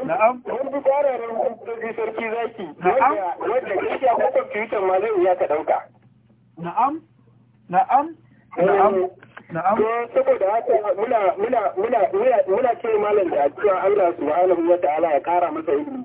na'am mun bi Na'am. hujjoji sarki zaki na'am wanda gaskiya ko ma zai iya ka dauka na'am na'am na'am na'am eh, saboda haka muna muna muna muna ce malam da addu'a Allah subhanahu wa ta'ala ya kara masa ilimi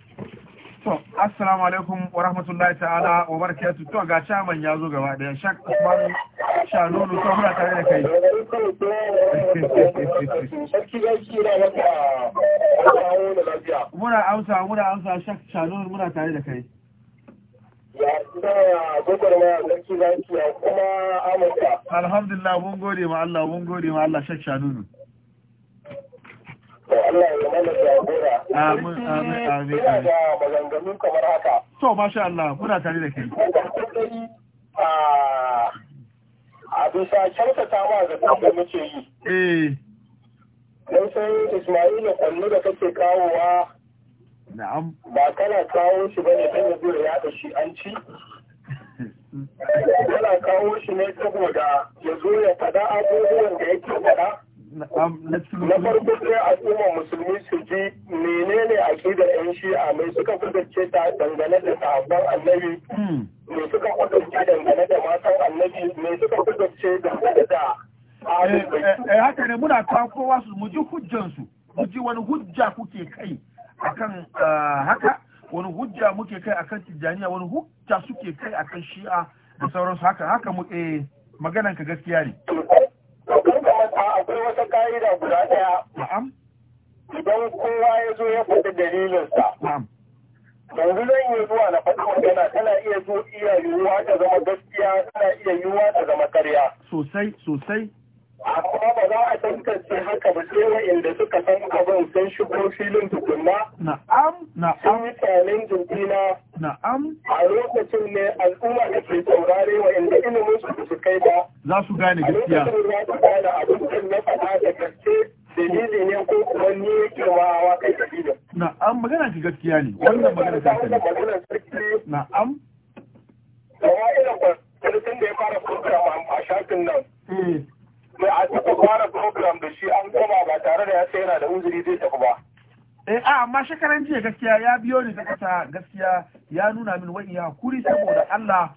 To, assalamu alaikum wa rahmatullahi ta'ala wa barakatuh. To ga chairman ya zo gaba da shak kuma sha nono to muna tare da kai. Muna amsa muna amsa shak sha nono muna tare da kai. Alhamdulillah mun gode ma Allah mun gode ma Allah shak sha nono Allah ya mana jagora. Amin amin amin. Ina da maganganu kamar haka. To masha Allah muna tare da kai. A bisa kyautata ma da da muke yi. Eh. Dan sai Ismailu kwallo da kake kawowa. Na'am. Ba kana kawo shi ba ne kan zo ya yaɗa shi an ci. Yana kawo shi ne saboda ya zo ya faɗa abubuwan da yake faɗa. na farko sai al'umma musulmi su ji menene da yan shi'a mai suka kudurce ta dangane da sahabban annabi mai hmm. suka kudurce dangane da matan annabi mai suka kudurce dangane da eh, eh, eh haka ne muna kowa su mu ji hujjansu mu ji wani hujja kuke kai akan ah, haka wani hujja muke kai akan tijjaniya wani hujja suke kai akan shi'a da sauransu haka haka mu eh maganan ka gaskiya ne akwai wata ka'ida guda ɗaya. Idan kowa ya zo ya faɗi dalilinsa. Yanzu zan iya zuwa na faɗi magana tana iya zo iya yiwuwa ta zama gaskiya tana iya yiwuwa ta zama karya. Sosai sosai. amma ba za a tantance haka ba sai wa'inda suka san abin sun shigo filin tukunna na'am Na'am! sun yi tsanin jirgina na'am a lokacin ne al'umma da ke saurare wa'inda ilimin su su kai ba za su gane gaskiya a lokacin za su gane abin na faɗa da gaske dalili ne ko kuma ni yake wa kai dalilin na'am magana ki gaskiya ne wannan magana ta ne. na'am da wa'ilan kwarfin da ya fara kurkura a shafin nan eh. mai a cikin fara program da shi an gama ba tare da ya ce yana da uzuri zai tafi ba. Eh a amma shekaran jiya gaskiya ya biyo ni ta kasa gaskiya ya nuna min wani ya Kuri saboda Allah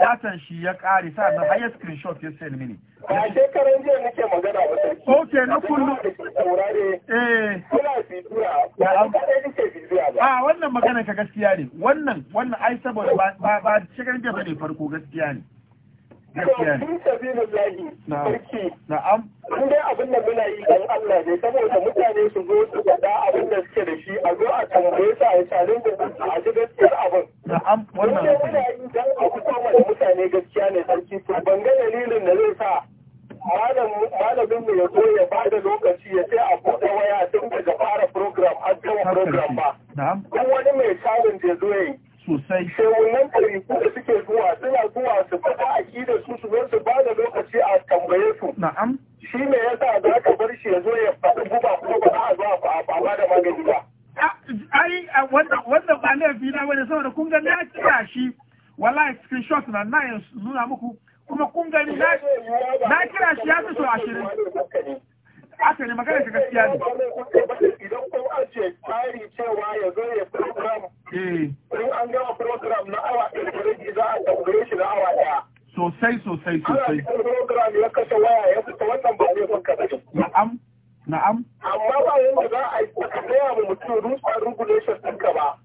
datan shi ya kare sa na higher screenshot ya send mini. A shekaran jiya nake magana ba sai. Okay na kullu. Eh. Kuna tura Ba an kada nake fitura ba. A wannan magana ka gaskiya ne. Wannan wannan ai saboda ba ba shekaran jiya bane farko gaskiya ne. Fi sabilillahi sarki. Na'am. dai abin muna yi dan Allah ne saboda mutane su zo su faɗa da suke da shi a zo a a da a Na'am muna yi a da mutane gaskiya ne sarki to ban ga dalilin da zai sa malamin mu ya zo ya bada lokaci ya ce a buɗe waya tun daga fara program har program ba. Na'am. wani mai challenge ya zo ya yi. sosai shehunan ɗariku da suke zuwa suna zuwa su faɗa da su su zo su ba da lokaci a tambaye su na'am shi ne yasa za ka bar shi ya zo ya faɗi guba kuma ba a zo a ba da magani ba ai wannan ba laifi na wani saboda kun ga na kira shi wallahi screenshot na na yanzu nuna muku kuma kun gani na kira shi ya fi so ashirin haka ne magana ka gaskiya ne idan ko an ce tsari cewa ya zo ya program eh. in an gama program na awa ɗaya za a tambaye shi na awa ɗaya sosai sosai sosai program ya kashe waya ya fita wannan ba ne son kaɗa na'am na'am amma ba yanda za a yi ka wa mutum rusa regulation ɗinka ba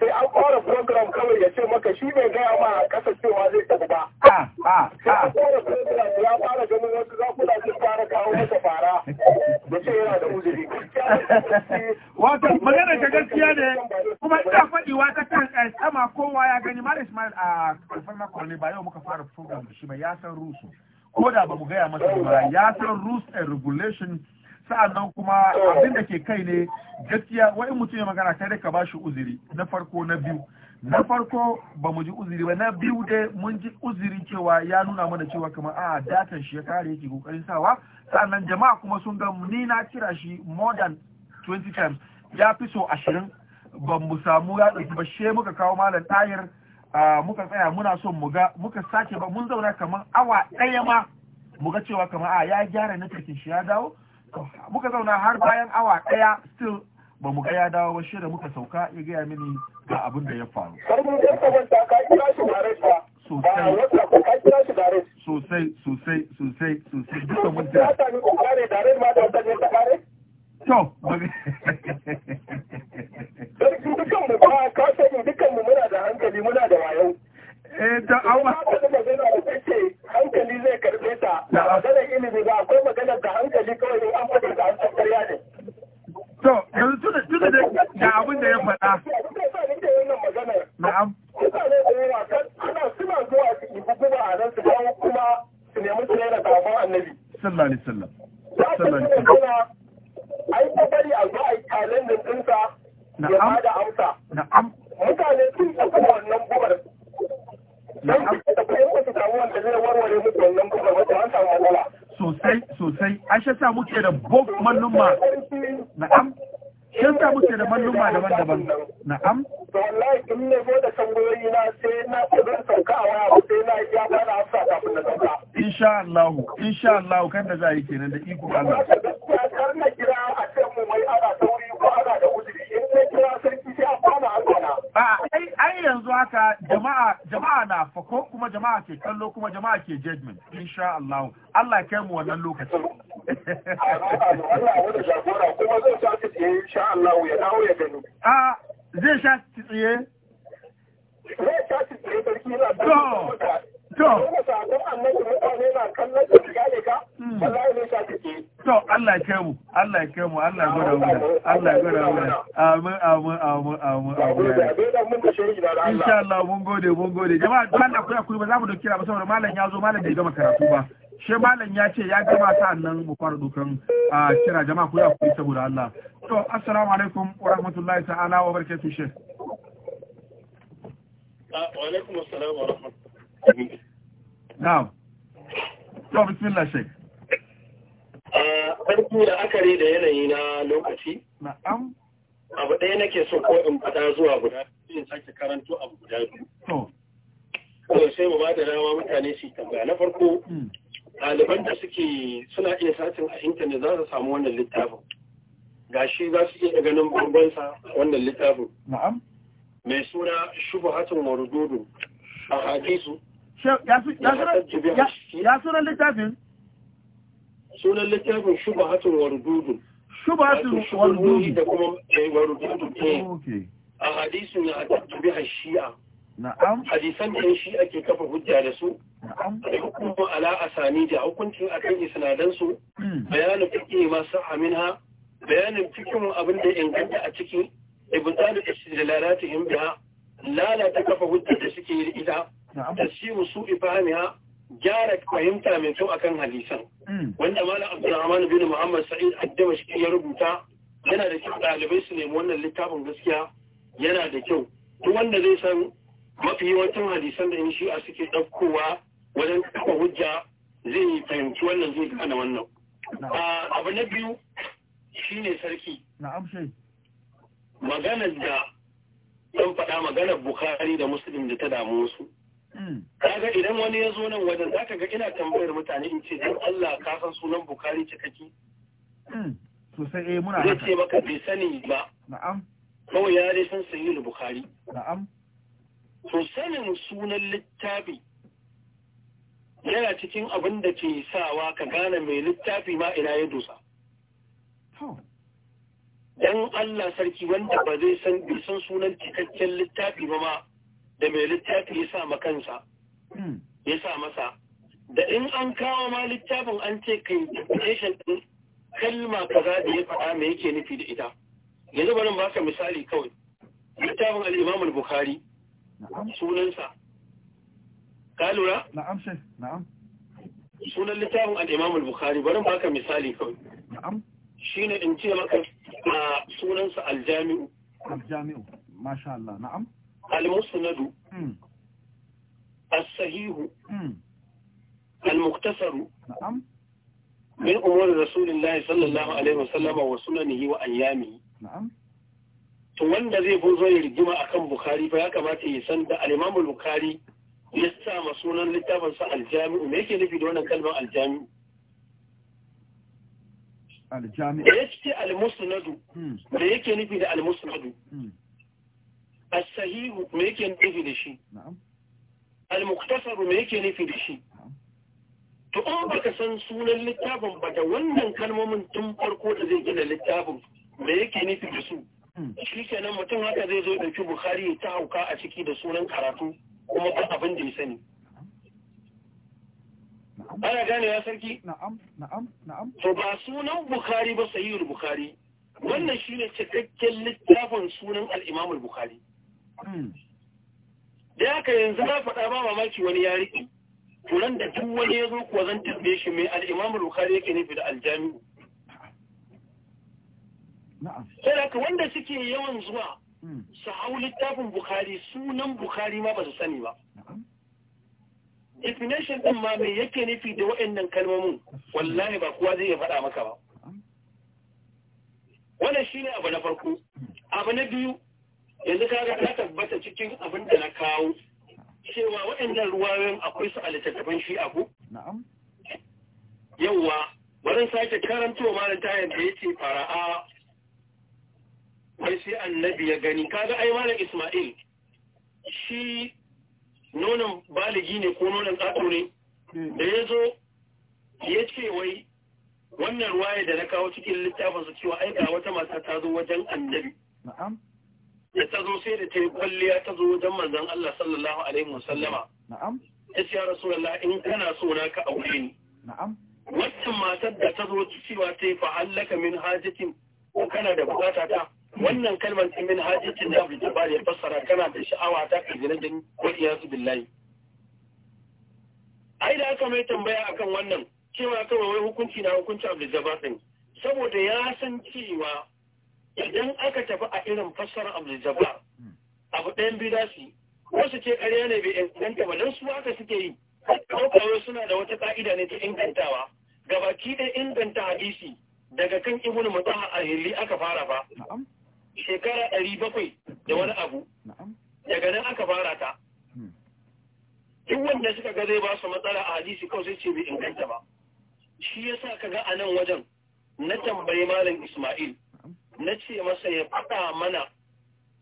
sai an fara program kawai ya ce maka shi bai gaya ma a cewa zai tafi ba. Sai an fara program ya fara ganin wasu zakuna sun fara kawo masa fara da ce yana da uzuri. Wato magana ta gaskiya ne kuma ina faɗiwa ta kan eh, sama kowa ya gani Malik Ismail a Alfarma Kwale ba yau muka fara program da shi ba ya san rusu. Ko da ba mu gaya masa ba ya san rules and regulation sa'annan kuma eh. abin da ke kai ne gaskiya wain mutum ya magana kai ka ba shi uziri na farko na biyu na farko ba mu ji uzuri ba na biyu dai mun ji uziri cewa ya nuna mana cewa kamar a datan shi ya kare yake kokarin sawa sannan jama'a kuma sun ga ni na kira shi modern than 20 times ya fi so ashirin ba mu samu ya ɗauki ba she muka kawo malam tayar muka tsaya muna son mu ga muka sake ba mun zauna kamar awa ɗaya ma mu ga cewa kamar a ya gyara na shi ya dawo muka zauna har bayan awa ɗaya still ba mu ga dawo ba shida muka sauka ya gaya mini ga abin da ya faru. Sosai, sosai, sosai, sosai, duka mun jira. To, Sarki mu ba, ka sani dukkan mu muna da hankali muna da wayo. eh ta awa hankali zai karbe ta da ilimi ba akwai magana da hankali kawai in an faɗi da an to da abin da ya faɗa mutane suna zuwa su yi hukuma a nan su kawo kuma su nemi su yana sabon annabi sallallahu alaihi wasallam sallallahu alaihi wasallam ai a zuwa ai kalendar dinsa ya bada amsa na'am mutane sun ɗauki wannan buwar don da kuɗin ba su samu zai warware muku wannan buga ba an samu matsala sosai sosai a shi sa muke da bok malluma na'am shi sa muke da malluma daban-daban na'am to wallahi in ne zo da tambayoyi na sai na zan sauka a waya sai na ya fara hafsa kafin na sauka insha Allah insha Allah kan da za a yi kenan da iko Allah kar na kira a ce mu mai ana sauri ko ana ai yanzu haka jama'a jama'a na fako kuma jama'a ke kallo kuma jama'a ke judgment insha Allah Allah kai mu wannan lokaci a ah, zai sha tsiye zai sha tsiye Allah To. Hmm. To Allah ya mu, Allah ya kai mu, Allah ya gwada ya gwada Amin, amin, amin, amin, amin. da kuya za mu dauki ba saboda malam ya zo malam bai gama karatu ba. She malam ya ce ya gama ta nan mu fara dukan kira wa rahmatullahi ta'ala ah, alaikum na'am to bismillah shek da akare da yanayi na lokaci na'am abu ɗaya nake so ko in fada zuwa guda in sake karanto abu guda biyu to sai mu ba da dama mutane su tambaya na farko hmm. ɗaliban da suke suna iya satin a intanet za su samu wannan littafin gashi za su iya ganin bambansa wannan littafin na'am mai suna shubuhatun warududu a hadisu ya sunan littafin sunan littafin shubahatun wardudu shubahatun wardudu da kuma eh, wardudu ne eh. a hadisun ya tattabi a shi'a na'am hadisan da shi'a ke kafa hujja da su na'am da hukumu ala asani da hukuncin akan isnadan su hmm. bayanin fiqi masu sa'a bayanin cikin abin da inganta a ciki ibn talib istidlalatihim biha lalata kafa hujja da suke yi ita tafsiru su ifahamiha gyara fahimta mai kyau akan hadisan hmm. wanda malam abdulrahman bin muhammad sa'id Adama shi ya rubuta yana da kyau ɗalibai su nemi wannan littafin gaskiya yana da kyau duk wanda zai san mafi yawancin hadisan da in a suke ɗaukowa wajen kafa hujja zai yi fahimci wannan zai gane wannan ah, abu na biyu shine sarki maganar da ɗan faɗa maganar bukari da musulun da ta damu wasu Hmm. kaga idan wani ya zo nan wajen zaka ga ina tambayar mutane in ce don Allah ka san sunan Bukhari cikaki hmm. sosai eh muna haka ce maka bai sani ba na'am kawai ya dai san sahih Bukhari na'am to sanin sunan littafi yana cikin abin da ke sawa ka gane mai littafi ma ina ya dosa dan Allah sarki wanda ba zai san bai san sunan cikakken littafi ba ma da mai littafi ya sa makansa hmm. ya sa masa da in an kawo ma littafin an ce kai definition din kalma kaza da ya faɗa me yake nufi da ita yanzu bari ba ka misali kawai littafin al-Imam al-Bukhari sunansa ka lura na'am sai na'am sunan littafin al-Imam al-Bukhari bari ba ka misali kawai na'am shine in ce maka sunansa al-Jami'u al-Jami'u masha Allah na'am المسند الصحيح المختصر من أمور رسول الله صلى الله عليه وسلم وسننه وأيامه نعم to wanda zai zo ya rigima kan Bukhari ba ya kamata ya san da al-Imam Bukhari ya sa sunan littafin me yake nufi da wannan kalmar Aljami'u? ya hmm. yake nufi da al as-sahihu me yake nufi da shi al-mukhtasaru me yake nufi da shi to an baka san sunan littafin ba da wannan kalmomin tun farko da zai gina littafin me yake nufi da su shi kenan mutum haka zai zo ɗauki bukhari ta hauka a ciki da sunan karatu kuma ba abin da ya sani ana gane ya sarki to ba sunan bukhari ba sahihul bukhari wannan shi ne cikakken littafin sunan al-imam bukhari da haka yanzu na faɗa ba mamaki wani ya riƙe turan da duk wani ya zo kuwa zan tambaye shi mai al'imamu bukari yake nufi da aljami'u sai da wanda suke yawan zuwa hmm. su hau littafin bukari sunan bukari ma ba su sani ba definition din ma mai yake nufi da waɗannan kalmomin wallahi ba kowa zai faɗa maka ba wannan shine abu na farko abu na biyu yanzu ka ga ta tabbata cikin abin da na kawo cewa waɗannan ruwayoyin akwai su a littattafan shi abu na'am yawwa bari sake karanto malam ta yadda yace fara'a wai sai annabi ya gani kaga ai malin Isma'il shi nonon baligi ne ko nonon tsato ne hmm. da ya zo ya ce wai wannan ruwaya da na kawo cikin littafin su cewa ai ga wata mata ta zo wajen annabi da ta zo sai da ta yi kwalliya ta zo wajen manzon Allah sallallahu alaihi wasallama na'am ya ce ya rasulullah in kana so na ka aure ni na'am wannan matar da ta zo cewa ta yi fa'allaka min hajatin ko kana da bukata ta wannan kalmar ta min hajatin da Abu Jabbar ya fassara kana da sha'awa ta ka jira jini ko iyasu billahi ai da aka mai tambaya akan wannan cewa kawai wai hukunci na hukunci Abu Jabbar saboda ya san cewa idan aka tafi a irin fassara Abu jabbar abu ɗayan biyu da su wasu ce ƙarya ne bai inganta ba don su haka suke yi ɗaukawa suna da wata ƙa'ida ne ta ingantawa gabaki ɗaya inganta hadisi daga kan ibn mutaha a hilli aka fara fa shekara ɗari bakwai da wani abu daga nan aka fara ta hmm. duk wanda suka ga zai ba su matsala a hadisi kawai sai ce bai inganta ba shi yasa ka ga a nan wajen na tambayi malam ismail na ce masa ya faɗa mana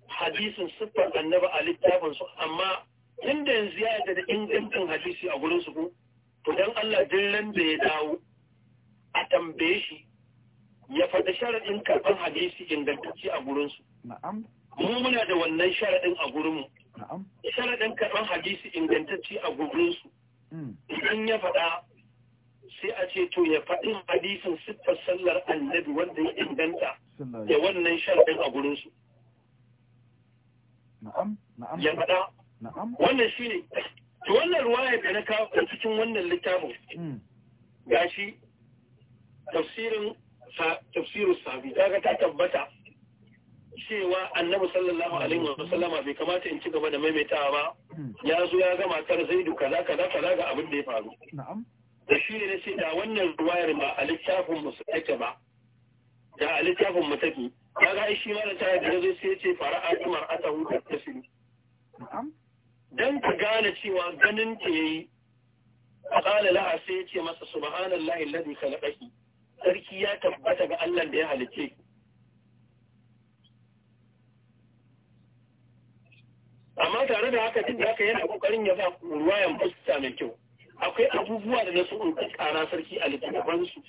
hadisin siffar annaba a littafinsu amma inda yanzu ya yadda da ingancin hadisi a gurin su to dan Allah dillan da ya dawo a tambaye shi ya faɗi sharaɗin karɓar hadisi ingantacce a gurin su mu muna da wannan sharaɗin a gurin mu sharaɗin karɓar hadisi ingantacce a gurin su mm. idan ya faɗa sai a ce to ya faɗi hadisin siffar sallar annabi wanda ya inganta da wannan sharɗin a su Ya faɗa. Wannan shi ne. To wannan ruwaya da na kawo cikin wannan littafin. Hmm. Gashi tafsirin tafsirin sabi kaga ta tabbata cewa annabi sallallahu alaihi wa sallama bai kamata in ci gaba da maimaitawa ba hmm. ya zo ya gama kar za ka kaza kaza kaza ga abin da ya faru. Na'am. da shi ne sai da wannan ruwayar ba a littafin musu ake ba da a littafin mu ya ga shi ma da ta da zai sai ce fara'a kamar ata hu da tasiri dan ka gane cewa ganin ta yayi qala la'a sai ya ce masa subhanallahi alladhi khalaqaki sarki ya tabbata ga Allah da ya halice amma tare da haka tun da haka yana kokarin ya ba ruwayan fusta mai kyau akwai abubuwa da na so kara sarki a littattafansu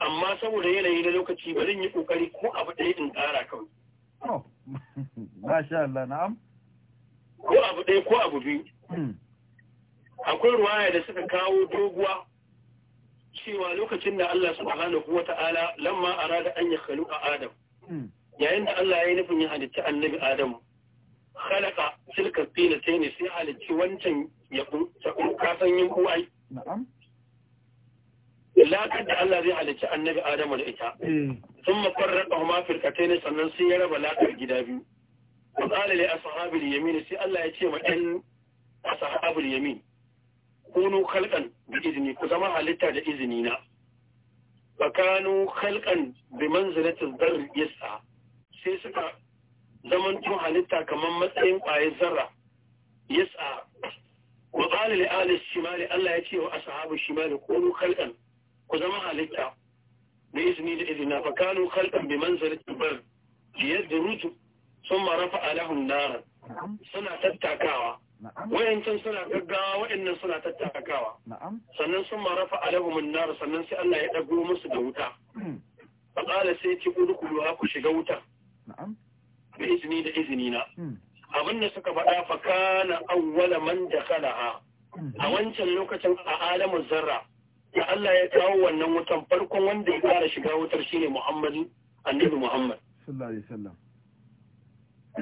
amma saboda yanayi na lokaci ba yi kokari ko abu ɗaya in ƙara kawai oh, Masha Allah na'am ko abu ɗaya ko abu biyu hmm. akwai ruwaya da suka kawo doguwa cewa lokacin da Allah subhanahu wa ta'ala lamma arada an yi khalu a Adam hmm. yayin da Allah ya yi nufin ya halitta annabi Adamu. khalaqa tilka tina tayni sai halicci wancan ya ka yin ai lakar da Allah zai halicci annabi Adamu da ita eh. sun mafarraɗa huma firkatai sannan sai ya raba lakar gida biyu wa ƙala ne ashabul yamin sai Allah ya ce ma ɗan ashabul yamin kunu khalqan da izini ku zama halitta da izini na fa kanu khalqan bi manzilati yas'a sai suka Zaman tun halitta kamar matsayin ƙwayar zarra yasa wa qala da ahli shimali Allah ya ce wa ashabu shimali qulu khalqan ku zama halitta da izini da izina fa kanu khalqan bi da bar yadruju thumma rafa'a lahum nar suna tattakawa wayancan suna gaggawa wayannan suna tattakawa sannan sun marafa alahum an-nar sannan sai Allah ya dago musu da wuta hmm. fa qala sai ci udkhulu ku shiga wuta da izini da hmm. abin da suka faɗa fa kana awwala man dakhalaha hmm. a wancan lokacin a alamin zarra da Allah ya kawo wannan wutan farkon wanda ya fara shiga wutar shine Muhammadu annabi Muhammad sallallahu alaihi wasallam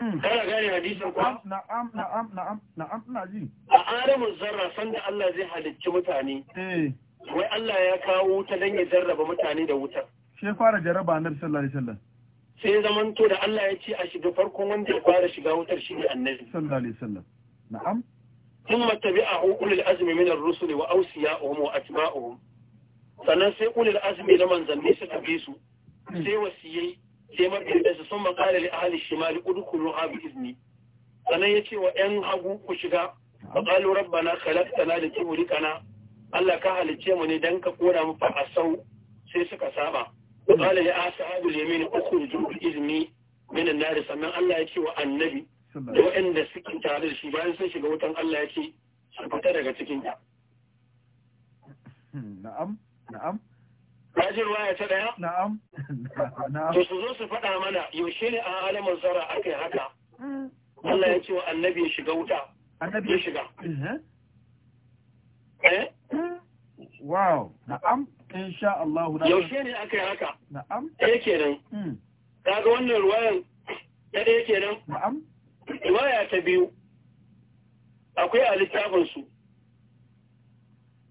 hmm. kana gane hadisin kuwa na'am na'am na'am na'am ina ji a alamin zarra sanda Allah zai halicci mutane eh wai Allah ya kawo wuta dan ya jarraba mutane da wutar shi fara jarraba annabi sallallahu alaihi wasallam sai zamanto da Allah ya ce a shiga farkon wanda ya fara shiga wutar shi ne annabi sallallahu alaihi wasallam na'am ثم min ar الأزم wa الرسل وأوسياؤهم وأتباؤهم sannan sai ulil azumi na manzanni suka bi su sai wasiyai sai su sun makala li ahli shimali udkhulu ha bi izni sannan ya ce wa yan hagu ku shiga fa qalu rabbana khalaqtana li tuhrikana Allah ka halice mu ne dan ka kora mu fa asau sai suka saba وقال يا أصحاب اليمين أخرجوا بإذني من النار sannan Allah ya ce wa annabi da waɗanda suke tare bayan sun shiga wutan Allah ya ce fita daga Na'am, Rajin ruwa ta ɗaya? Na'am, na'am. To su zo su faɗa mana yaushe ne a alamar zara aka yi haka. Allah ya ce wa annabi ya shiga wuta. Annabi ya shiga. Eh? Wow, na'am. insha Allah na yaushe ne aka yi haka na'am nan. Ta ga wannan ruwayan ɗaya ke nan? na'am ruwaya ta biyu akwai a littafinsu.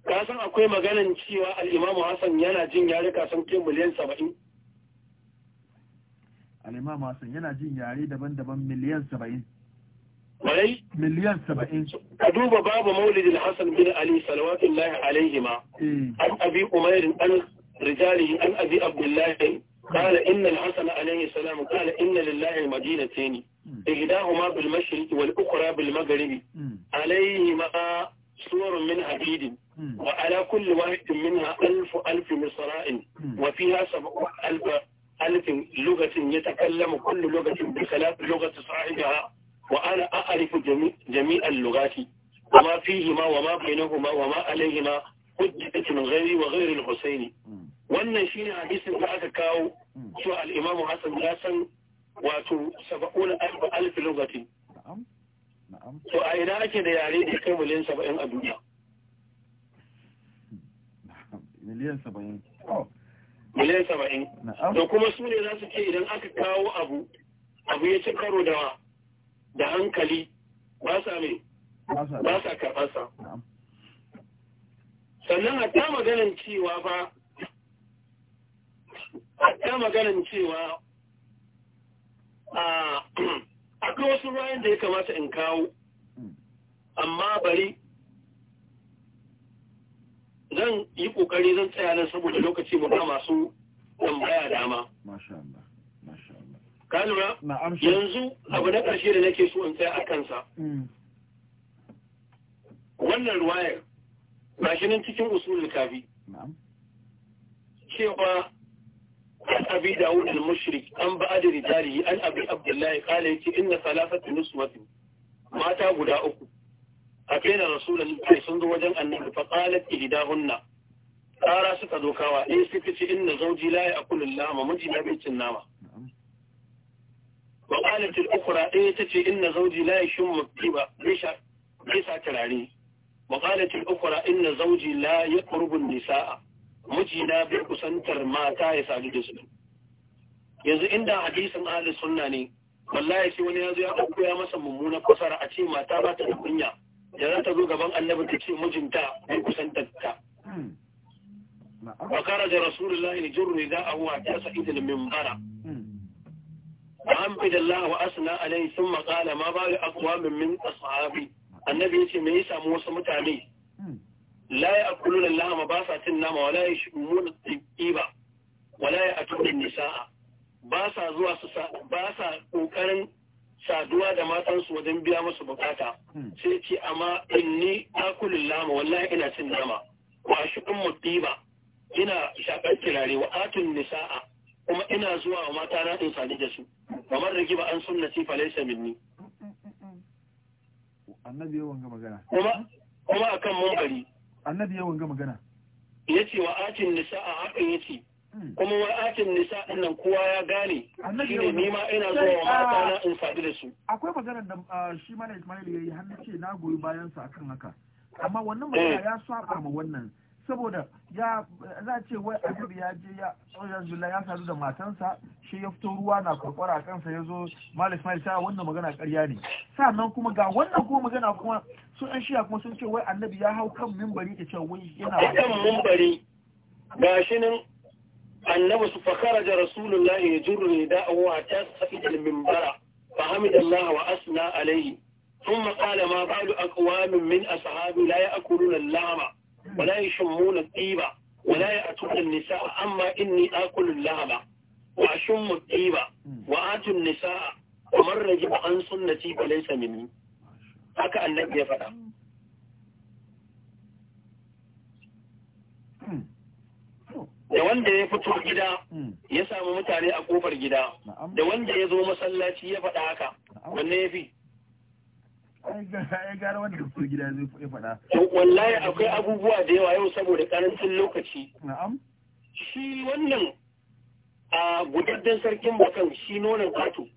ka san akwai maganin cewa al’imamu Hassan yana jin ka san ke miliyan saba'in. Al’imamu Hassan yana jin yare daban-daban miliyan saba'in. miliyan saba'in أدوب باب مولد الحسن بن علي صلوات الله عليهما alaihima إيه. أبي أمير أن رجاله أن أبي عبد الله قال إن الحسن عليه السلام قال إن لله مدينتين إيه. إحداهما بالمشرق والأخرى بالمغرب إيه. عليهما صور من عبيد وعلى كل واحد منها ألف ألف مصراء وفيها سبع ألف ألف لغة يتكلم كل لغة بخلاف لغة صاحبها وأنا أعرف جميع اللغات lugati wa ma بينهما wa ma bainahuma wa ma وغير الحسين wa wannan shine hadisin da aka kawo cewa al-imamu Hassan ya san wato 70000 lugati to a ina ake da yare da kai miliyan 70 a duniya miliyan 70 miliyan da kuma su ne za su ce idan aka kawo abu abu ya ci karo da da hankali ba sa ne ba sa karɓarsa sannan a ta maganin cewa ba a ta maganin cewa a ga wasu ruwayen da ya kamata in kawo hmm. amma bari zan yi kokari zan tsaya nan saboda lokaci mu ba masu tambaya dama. Masha Allah. ka lura yanzu abu na ƙarshe da nake so in tsaya a kansa mm. wannan ruwayar ba shi nan cikin usulul kafi cewa an abi dawud al-mushrik an ba da rijali an abi abdullahi kala yace inna salafatu nuswatu mata guda uku a kaina rasulullahi sun zo wajen annabi fa qalat ihdahunna Kara suka zo kawa in eh, suka ce inna zauji la ya'kulu lama miji na bai cin nama وقالت الأخرى إيه تتي إن زوجي لا يشم الطيبة ليس تراني وقالت الأخرى إن زوجي لا يقرب النساء مجينا بكسنتر ما تايس على جسم yanzu inda hadisin ahli sunna ne wallahi sai wani yazo ya dauko ya masa mummunan fasara a ce mata ba ta da kunya da za ta zo gaban annabi ce mijinta bai kusantar ta hmm. wa وحمد الله وأثنى عليه ثم قال ما بال أقوام من أصحابي النبي يتي ما يسمى وسمتاني لا يأكلون اللهم باسا تنام ولا يشمون الطيبة ولا يأتون النساء باسا زوا باسا kokarin saduwa da matansu wajen biya musu bukata sai ce amma inni akulul lama wallahi ina cin zama. wa shukum mutiba ina shakar kirare nisa'a kuma ina zuwa wa mata na in sani da su kamar ba an sun fa laysa minni annabi yawan ga magana kuma kuma akan munkari annabi yawan ga magana yace wa atin nisa a hakan yace hmm. kuma wa atin nisa din nan kowa ya gane shine ni ma ina zuwa wa mata ah, na in sani da su akwai magana da ah, shi mana ya yayi hannu ce na goyi bayan sa akan haka amma wannan magana eh. ya saba ma wannan saboda ya za ce wai abin ya je ya yanzu ya sadu da matansa shi ya fito ruwa na kwakwara kansa ya zo malik malis ta ah, wannan magana karya ne sannan kuma ga wannan kuma magana kuma sun an shiya kuma sun ce wai annabi ya hau kan mimbari ya ce wai yana kan mimbari ga shi nan annabi su fakara da rasulullah ya jurru ne da awa ta safi da mimbara fa hamidallah wa asna alaihi ثم قال ما بعد a من أصحابي لا يأكلون اللحم wala yashmuna tiba wala ya'tuna an-nisaa amma inni akulu al-lahaba wa wa atu an-nisaa wa man rajiba an sunnati fa laysa minni haka annabi ya faɗa da wanda ya fito gida hmm. ya samu mutane a ƙofar gida da wanda ya zo masallaci ya faɗa haka wanne ya fi wallahi akwai abubuwa da yawa yau saboda karancin lokaci shi wannan a gudaddan sarkin bakan shi nonon kato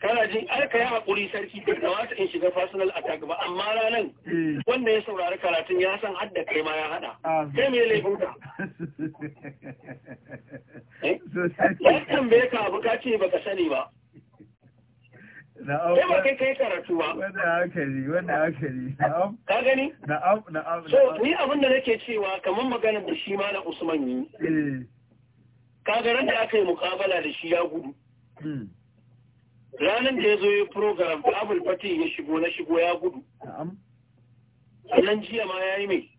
kana jin alka ya haƙuri sarki da kamata in shiga personal attack ba amma ranan eh. wanda ya saurari karatun ya san hadda kai ma ya hada kai mai laifin ka ya ka abu ka ce baka sani ba sai ba kai kai karatu ba wanda aka yi, wanda aka yi, na'am ka gani na'am na'am so ni abin da nake cewa kamar maganar da shi ma na Usman yi eh. ka ga da aka yi mukabala da shi ya gudu hmm. ranar da ya zo yi program da abul fati ya shigo na shigo ya gudu sannan jiya ma ya yi mai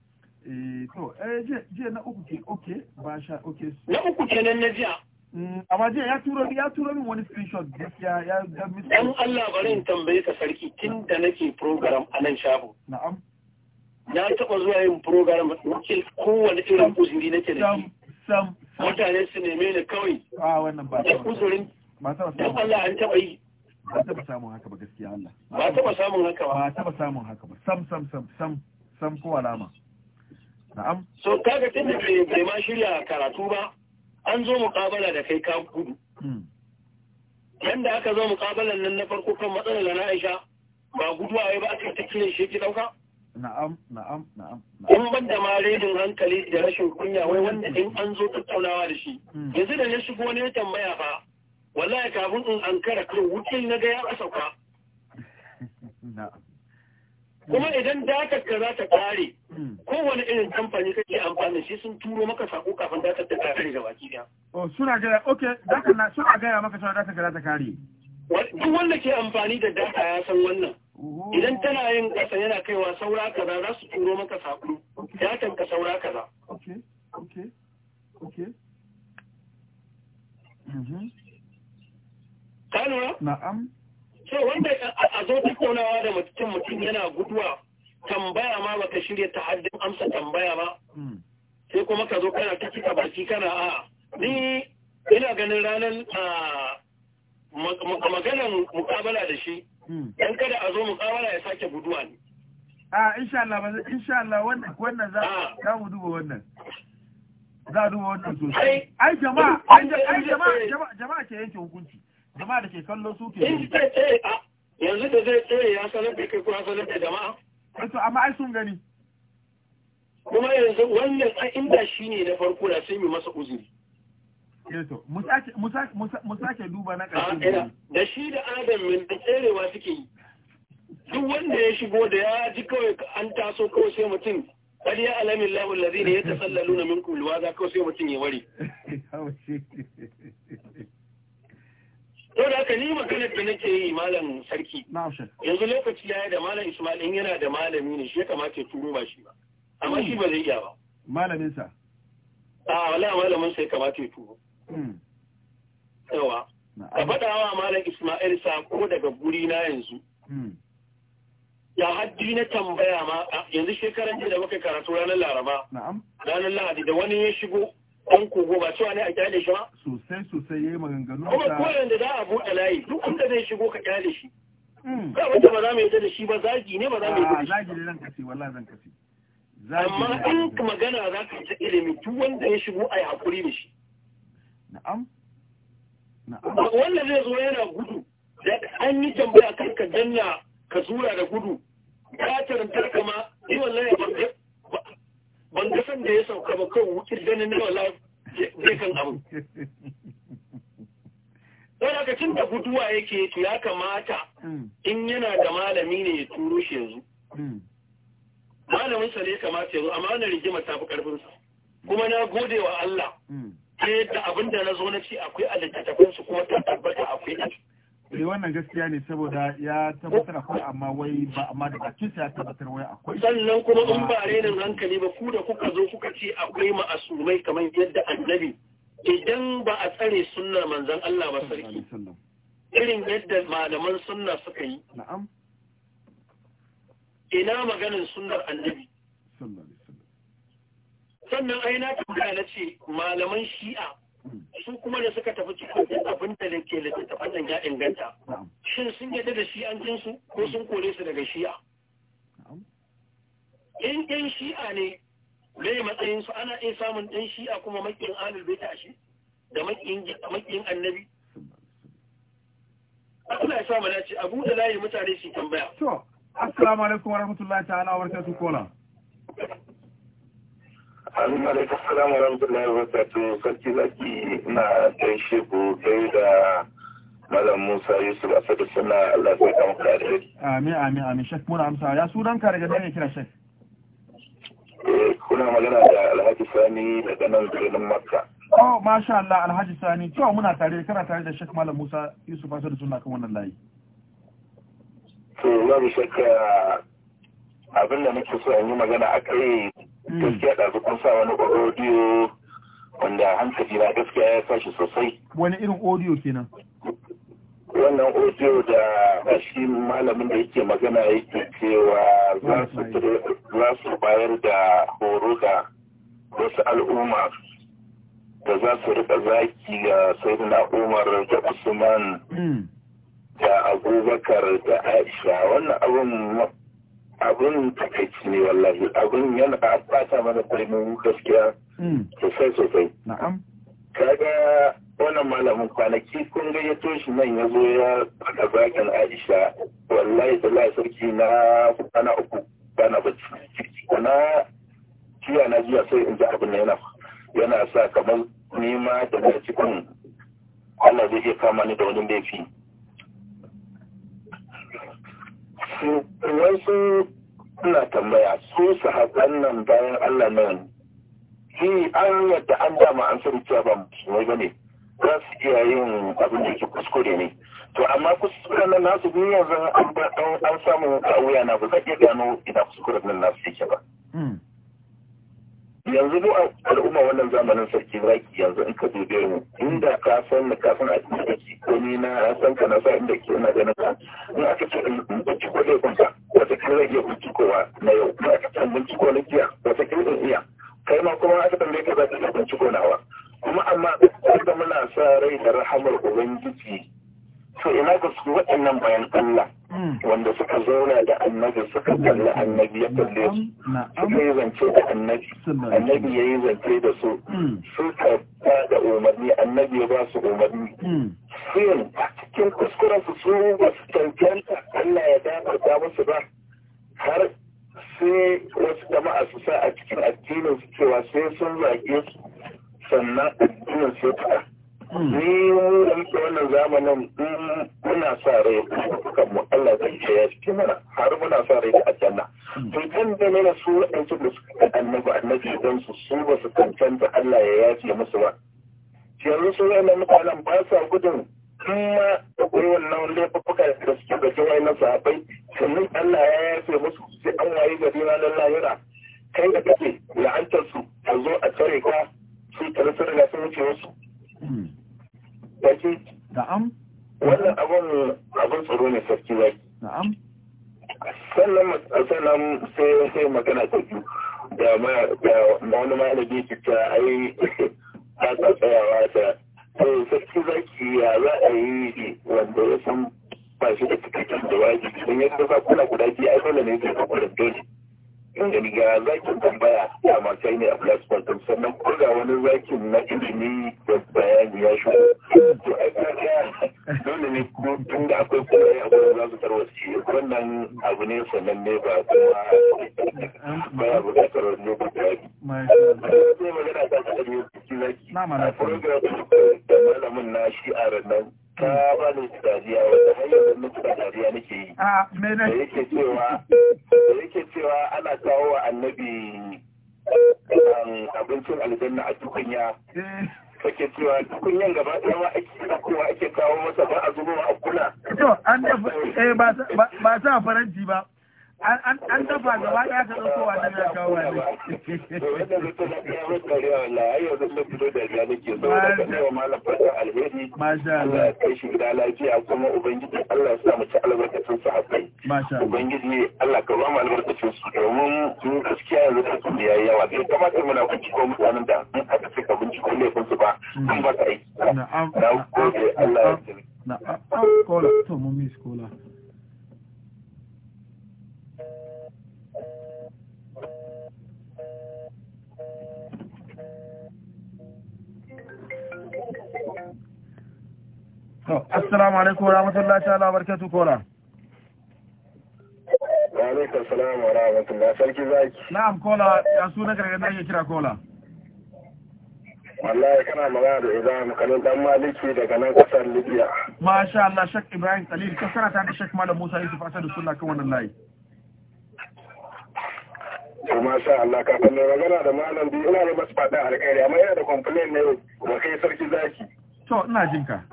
eh, to eh jiya na uku ke oke ba sha oke na uku kenan na jiya Mm, amma jiya ya turo ya turo min wani screenshot gaskiya ya ga misa dan Allah bari in tambaye ka sarki tun da nake program a nan shago na'am ya taba zuwa yin program wakil kowanne irin uzuri nake da shi sam mutane su neme ni kawai a wannan ba ta uzurin ba ta dan Allah an taba yi ba ta samu haka ba gaskiya Allah ba ta samu haka ba ba ta samu haka ba sam sam sam sam sam ko alama na'am so kaga tun da bai ma shirya karatu ba an zo muƙabala da kai ka gudu hmm. yanda aka zo muƙabalan nan na farko kan matsalar na Aisha ba guduwa wai ba aka ta kire shi ki ɗauka na'am na'am na'am kun banda ma redin hankali da rashin kunya wai wanda in an zo tattaunawa da shi hmm. yanzu da na shigo ne tambaya fa wallahi kafin in ankara kai wuce na ga ya sauka na'am kuma idan datar ka za ta kare hmm. kowane irin kamfani kake amfani shi sun turo maka sako kafin datar ta kare gaba baki ya. oh suna gaya okay datar na suna gaya maka cewa datar ka za ta kare duk wanda ke amfani da data ya san wannan idan tana yin kasa yana kaiwa saura kaza za su turo maka sako datan ka saura kaza okay okay okay mhm. ka lura na'am so wanda a zo tattaunawa da mutum mutum yana guduwa tambaya ma baka shirya ta haddin amsa tambaya ba hmm. sai kuma ka zo kana ta cika baki kana a ni ina ganin ranar maganar mukabala da shi hmm. dan kada a zo mukabala ya sake guduwa ne a insha Allah ba insha Allah wannan wannan za za mu duba wannan za duba wannan sosai ai jama'a ai jama'a eh. jama'a ke yanke hukunci jama'a da ke kallo su ke eh, eh, eh, ah, yanzu da zai tsere ya sanar da kai ko ya da jama'a wato amma ai sun gani kuma yanzu wannan an inda shi ne na farko da sai mu masa uzuri Eto, mu duba na ƙarshe ah, da shi da adam min da tserewa suke yi duk wanda ya shigo da ya ji kawai an taso kawai sai mutum قد يعلم الله الذين يتسللون منكم لواذا كوسي متين يوري ko da haka ni maganar da nake yi malam sarki yanzu lokaci ya da malam ismail in yana da malami ne shi ya kamata ya turo ba shi ba amma shi hmm. ba zai iya ba malamin sa a wala malamin sa ya kamata ya turo hmm. yawa ka faɗa wa malam ismail sa ko daga guri na yanzu hmm. ya haddi na tambaya ma yanzu shekaran da muka karatu ranar laraba ranar lahadi da wani ya shigo an kogo ba cewa ne a kyale shi ba sosai sosai yayi maganganu kuma koyon da za a buɗe layi duk wanda zai shigo ka kyale shi ka hmm. wanda ba za mu yadda da shi ba zagi ne ba za mu yadda da shi zagi ne zan kace wallahi zan kace amma in magana za ka ta ilimi duk wanda ya shigo a yi haƙuri da shi na'am na'am wanda zai zo yana gudu da an yi tambaya kan ka danna ka zura da gudu ka tarantar kama yi wallahi ya ban ga san da ya sauka ba kan wukin ganin na wala zai kan abu Wani haka tun da guduwa yake to ya kamata in yana da malami ne ya turo shi yanzu malamin sa ne ya kamata yanzu amma wannan rigima ta fi karfin kuma na gode wa Allah ta yadda abin da na zo na ci akwai a kuma ta tabbata akwai a eh wannan gaskiya ne saboda ya tabbatar akwai amma wai ba amma da bakin sa ya tabbatar wai akwai sannan kuma in ba renin hankali ba ku da kuka zo kuka ce akwai ma'asumai kamar yadda annabi idan ba a tsare sunna manzon Allah ba sarki irin yadda malaman sunna suka yi na'am ina maganin sunnar annabi sannan ai na tambaya na ce malaman shi'a su kuma da suka tafi cikin abin da ke littattafan nan ya inganta shin sun yadda da jinsu ko sun kore su daga shi'a in ɗan shi'a ne lai matsayinsu ana iya samun ɗan shi'a kuma makin alul bai tashi da makin annabi Allah ya sa mana ce abu da layi mutane su tambaya. To, assalamu alaikum warahmatullahi ta'ala wa barakatuh kola. Amin alaikum salam wa rahmatullahi wa barakatuh sarki zaki na gaishe ku kai da Malam Musa Yusuf Asadu suna Allah ya kama ka da Amin amin amin Sheikh Muna Amsa ya sunan kare daga ne kira Shek. Eh kuna magana da Alhaji Sani daga nan birnin Makka. Oh masha Allah Alhaji Sani cewa muna tare kana tare da Shek Malam Musa Yusuf Asadu suna kan wannan layi. To babu shakka abin da nake so in yi magana a kai gaskiya ɗazu kun sa wani audio wanda hankali na gaskiya ya sashi sosai wani irin audio kenan wannan audio da shi malamin da yake magana yake cewa za su bayar da horo ga wasu al'umma da za su rika zaki ga sayyidina umar da usman hmm. da abubakar da aisha wannan abin abun takaici ne wallahi abin yana bata mana kulmin gaskiya hmm. sosai sosai kaga wannan malamin kwanaki kun ga ya toshi nan ya zo ya faɗa bakin aisha wallahi da sarki na kwana uku bana bacci na jiya na jiya sai in ji abin da yana yana sa kamar nima da na cikin Allah zai iya kama ni da wani laifi su wasu ina tambaya su su haɗan nan bayan Allah nan shi an yadda an dama an sani cewa ba musulmai ba ne za su iya yin abin da ke kuskure ne to amma kuskuren nan nasu ni yanzu an samu a wuya na ba zai iya gano ina kuskuren nan nasu yake ba. Hmm. yanzu mu al'umma wannan zamanin sarki Raki yanzu in ka dube mu inda ka san ka san a cikin aiki ko ni na san ka na sa inda ke na ganin ka in aka ce in bincike ko zai kunta wata kin rage wa na yau in aka ce ko na jiya wata kin in iya kai ma kuma aka tambaye ka za ka binciko nawa kuma amma da muna sa rai da rahamar ubangiji to ina ga su waɗannan bayan Allah hmm. wanda suka zauna da annabi suka kalli annabi ya kalle su suka yi zance da annabi annabi ya yi zance da su hmm. suka ba da umarni annabi ya ba su umarni hmm. sun a cikin kuskuren su su ba su cancanta Allah ya dakata musu ba har sai wasu jama'a su sa a cikin addinin su cewa sai sun zage su sannan addinin su ya Hmm. ni rike wannan zamanin hmm, muna sa rai kan mu Allah zai ce ya cike mana har muna sa rai da aljanna hmm. to dan da ne su da suka annabi annabi dan su su ba su tantance Allah ya yace musu ba yanzu su wannan mutanen ba sa gudun kuma akwai wannan laifuka da suke da jawai na sahabbai sannan Allah ya yace musu sai an waye gari na lahira kai da kake la'antar su a zo a tsare ka su tare sun riga sun wuce wasu Yake? Na'am. Wannan abin abin tsaro ne sarki ba Na'am. Sannan sannan sai sai magana ta biyu da da wani malami ke ta ai ta ta tsayawa ta sai sarki zaki ya za a yi wanda ya san ba shi da cikakken jawabi don ya kasa kula guda biyu ai dole ne zai kakwarar dole. riga zakin tambaya ya mata ne a plus quantum sannan ko ga wani zakin na ilimi da bayani ya shi to a kaga dole ne ko tun da akwai kuma ya abu za su shi wannan abu ne sannan ne ba kuma ba ya buƙatar tarwa ne ba ne magana ta ta ne shi zaki na program da malamin na shi a nan ta hmm. ba ni su dariya wata hanyar da mutu da dariya nake yi ah, da yake cewa da yake cewa ana kawo wa annabi um, abincin aljanna a tukunya kake eh. cewa tukunyan gaba ɗaya ma ake kowa ake kawo masa ba a zubowa a kula to an eh, ba sa faranti ba an dafa gaba ɗaya ta ɗauko wa ta kawo wani. da ya ta Masha Allah. Ya kai shi gida lafiya kuma Ubangiji Allah ya sa mu ci albarkacin su Masha Allah. Ubangiji Allah ka ba mu albarkacin su domin mun gaskiya yanzu da da yayi yawa. Bai kamata muna binciko mutanen da in aka ce ka laifin su ba. Mm. An ba ka aiki. Na'am. ya Na'am. assalamu alaikum warahmatullahi ta'ala barkatu kola wa alaikum salam wa rahmatullahi sarki zaki na'am kola ya suna gargaɗin da ake kira kola wallahi kana magana da Ibrahim Khalil dan Maliki daga nan kasar Libya masha Allah Sheikh Ibrahim Khalil ka karanta da Sheikh Malam Musa Yusuf Asadu sunna kan wannan layi to masha Allah ka kalle magana da malam bi ina da masu fada alƙairi amma yana da complain ne wa kai sarki zaki to ina jinka.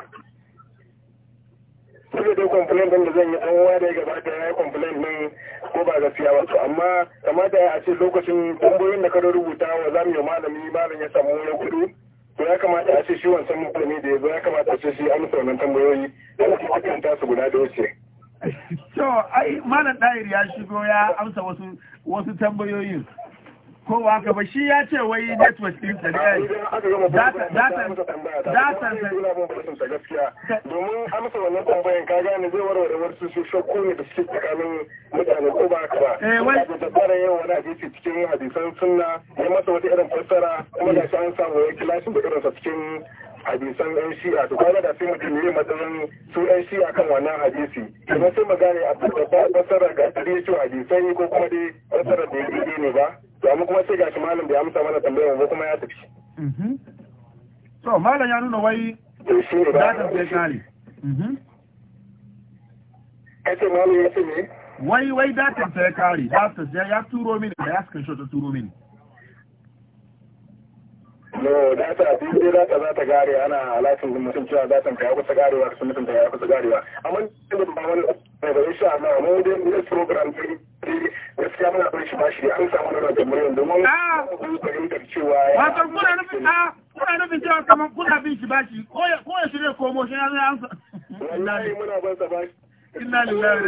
duk dai complain din da zan yi an uwa da ya da ya yi complain din ko ba gaskiya ba to amma kamata a ce lokacin tambayoyin da ka rubuta wa za mu yi malami malam ya samu ya kudu to ya kamata a ce shi wancan mutane da ya zo ya kamata a ce shi amsa wannan tambayoyi da su ta su guda da wuce to ai malam dair ya shigo ya amsa wasu wasu tambayoyin kowa ka ba shi ya ce wai network din sa ne ai data data data gaskiya domin amsa wannan tambayan ka gane zai warware wasu su shakku ne da suke tsakanin mutane ko ba ka ba eh wai da tsara yau wani hadisi cikin hadisan sunna ya masa wata irin fassara kuma da shi an samu ya kilashin da irin sa cikin hadisan yan shi'a to kaga da sai mutum ne matsayin su yan shi'a kan wannan hadisi kuma sai mu gane a da fasara ga tarihi hadisai ko kuma dai fasara da ya ne ba domin kuma sai gashi malam bai amsa mana tambayar ba kuma ya tafi to malam ya nuna wai datar sai kare kace malam ya ce ne wai wai datar sai kare datar sai ya turo mini da ya sukan shota turo mini no data duk dai data za ta gare ana alatin mutum cewa datan ka ya kusa garewa sun mutum ta ya kusa garewa amma ba wani da insha amma wani dai program ne muna an samu nuna da ah. fahimtar cewa ya wato kuna nufin a ah, kuna nufin cewa kamar kuna bin shi bashi ko ya shirya komo shi ya zai ansa wallahi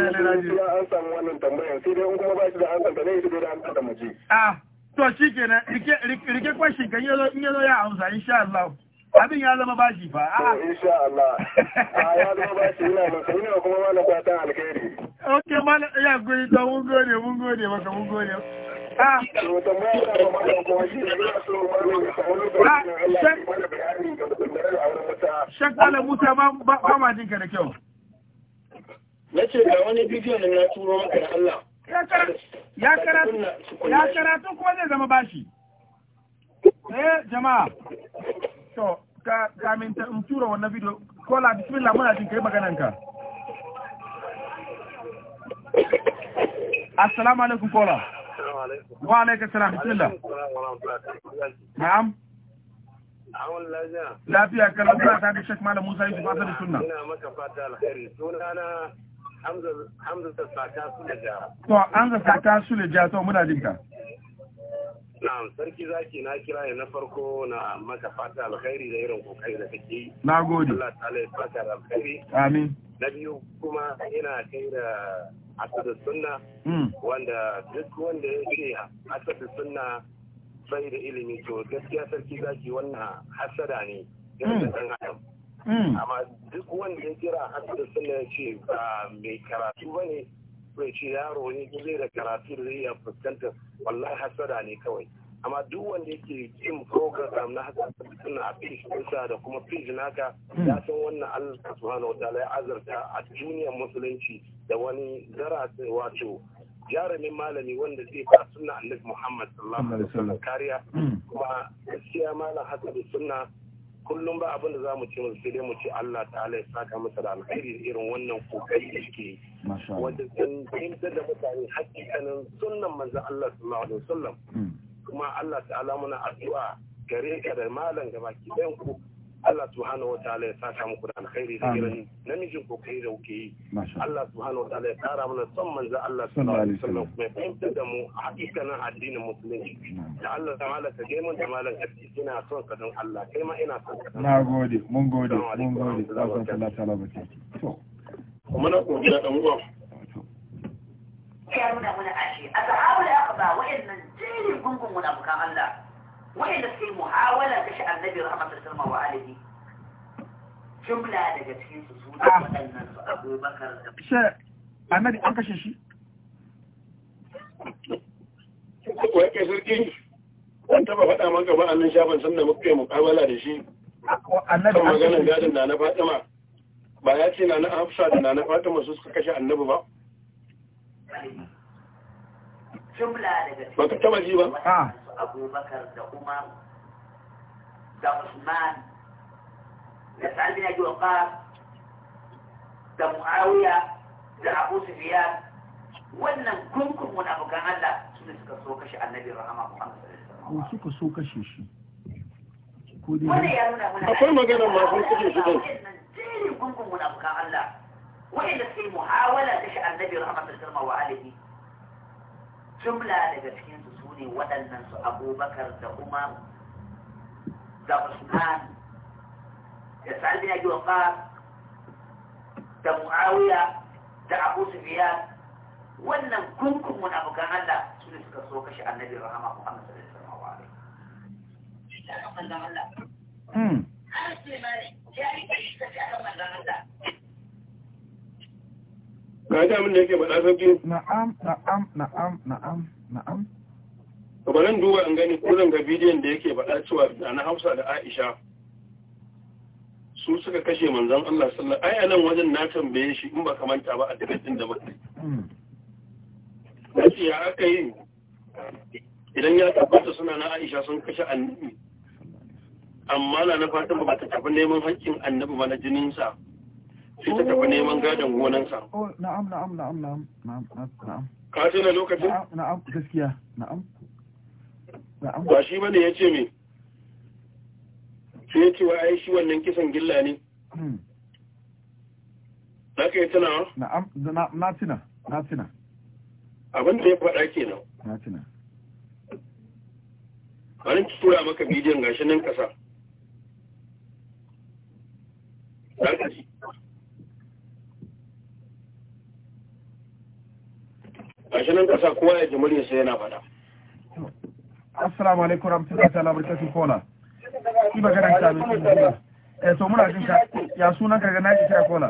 an samu wannan sai dai kuma bashi da ah, shi da ansa da a to rike rike kan yazo ya amsa insha Allah abin ya zama bashi fa a eh, insha Allah ah, ya zama bashi yana ina kuma ma na kwata alkhairi okay mun gode mun gode maka mun gode ah. ba ah, musa ba ba ma jinka da kyau nace ga wani bidiyon da na turo maka da Allah ya karatu kuma zai zama bashi eh jama'a to ka kamin ta in tura wannan bidiyo kola bismillah muna jin kai maganan ka assalamu alaikum kola wa alaikum salam bismillah na'am awon lafiya lafiya kana kuna ta da shek malam Musa Yusuf Asad da sunna ina maka fata alheri sunana Hamza Hamza Saka Suleja to Hamza Saka Suleja to muna jinka Na'am, sarki zaki na kira ne na farko na maka fata alkhairi da irin kokari da kake yi. Na gode. Allah ta'ala ya fata alkhairi. Amin. Na biyu kuma ina kai da asadu sunna. Mm. Wanda duk wanda ya ce asadu sunna sai da ilimi to gaskiya sarki zaki wannan hasada ne. Yana mm. da adam. Mm. Amma duk wanda ya kira asadu sunna ya ce ba mai karatu ba ne. ko ce yaro ne ko zai da karatu da zai iya fuskanta wallahi hasada ne kawai amma duk wanda yake yin program na hasada suna a page ɗinsa da kuma page naka hmm. ya san wannan Allah subhanahu wa ta'ala ya azarta a duniyar musulunci da wani zara wato jarumin malami wanda zai fara sunna annabi Muhammad sallallahu alaihi wasallam hmm. kariya kuma gaskiya malam hasadu sunna kullum ba abin da za mu ce mu sai dai mu ci, Allah ta'ala ya saka masa da alkhairi irin wannan kokari da yake wanda sun fahimtar da mutane hakikanin sunnan manzo Allah sallallahu alaihi wasallam hmm. kuma Allah ta'ala muna addu'a gare ka da malam gaba ki ku Allah subhanahu wa ta'ala ya saka muku da alkhairi da gidan namijin kokari da kuke yi Allah subhanahu wa ta'ala ya kara mana son manzo Allah sallallahu alaihi wasallam kuma ya fahimta da mu a hakikanin addinin musulunci da Allah ta'ala ka ga mun da malam kafi ina son ka don Allah kai ma ina son ka na gode mun gode mun gode Allah ta'ala ta'ala ba to kuma ko da dan uwa ya nuna mana ashe ashabu da aka ba wa'annan gungun munafukan Allah wa'inda suke muhawala da shi annabi rahmatu sallama wa alihi jumla daga cikin su su da waɗannan su abubakar da shi annabi an kashe shi ko yake sarki an taba faɗa maka ba annan shafan sannan muka yi muƙabala da shi annabi an maganar gadin na na fatima ba ya ce na na hafsa da na na fatima su suka kashe annabi ba ba ka taba ji ba أبو بكر ده عمر ده عثمان ده سعد بن أبي وقاص ده معاوية ده أبو سفيان wannan gungun munafukan Allah su ne suka so kashe annabi rahama Muhammad sallallahu alaihi wasallam suka so kashe shi ko dai akwai magana ma sun kashe shi dai jerin gungun munafukan Allah wanda suke muhawala kashe annabi rahama sallallahu alaihi wasallam wa alihi jumla daga cikin su ne waɗannan su abubakar da umar da usman da sa'ad bin wa da muawiya da abu sufyan wannan kunkun bukan Allah su ne suka so kashe annabi rahama Muhammad sallallahu alaihi wasallam hmm. Ga da mun da yake sauki? Na'am, na'am, na'am, na'am, na'am. kabarin duba an gani kurin ga bidiyon da yake faɗa cewa da na hausa da aisha su suka kashe manzan Allah sallallahu ai anan wajen na tambaye shi in ba kamanta ba a dukkan da mutum kace ya aka yi idan ya tabbata suna na aisha sun kashe annabi amma na na fatan ba ta tafi neman haƙƙin annabi ba na jininsa sai ta tafi neman gadon gonansa oh, oh, na'am na'am na'am na'am na'am ka tuna lokacin na'am gaskiya na'am ba shi bane ya ce mai Su ya ce wa ai shi wannan kisan gilla ne Na hmm. ka yi tunawa? na tuna na tuna abin da ya faɗa kenan na tuna bari ki tura maka bidiyon gashi nan kasa gashi nan kasa kowa ya ji muryarsa yana faɗa assalamu alaikum rahmatullahi ta'ala barakatuh kola ki magana ta mai kuma eh to muna jin ka ya sunan ka ga na ji kira kola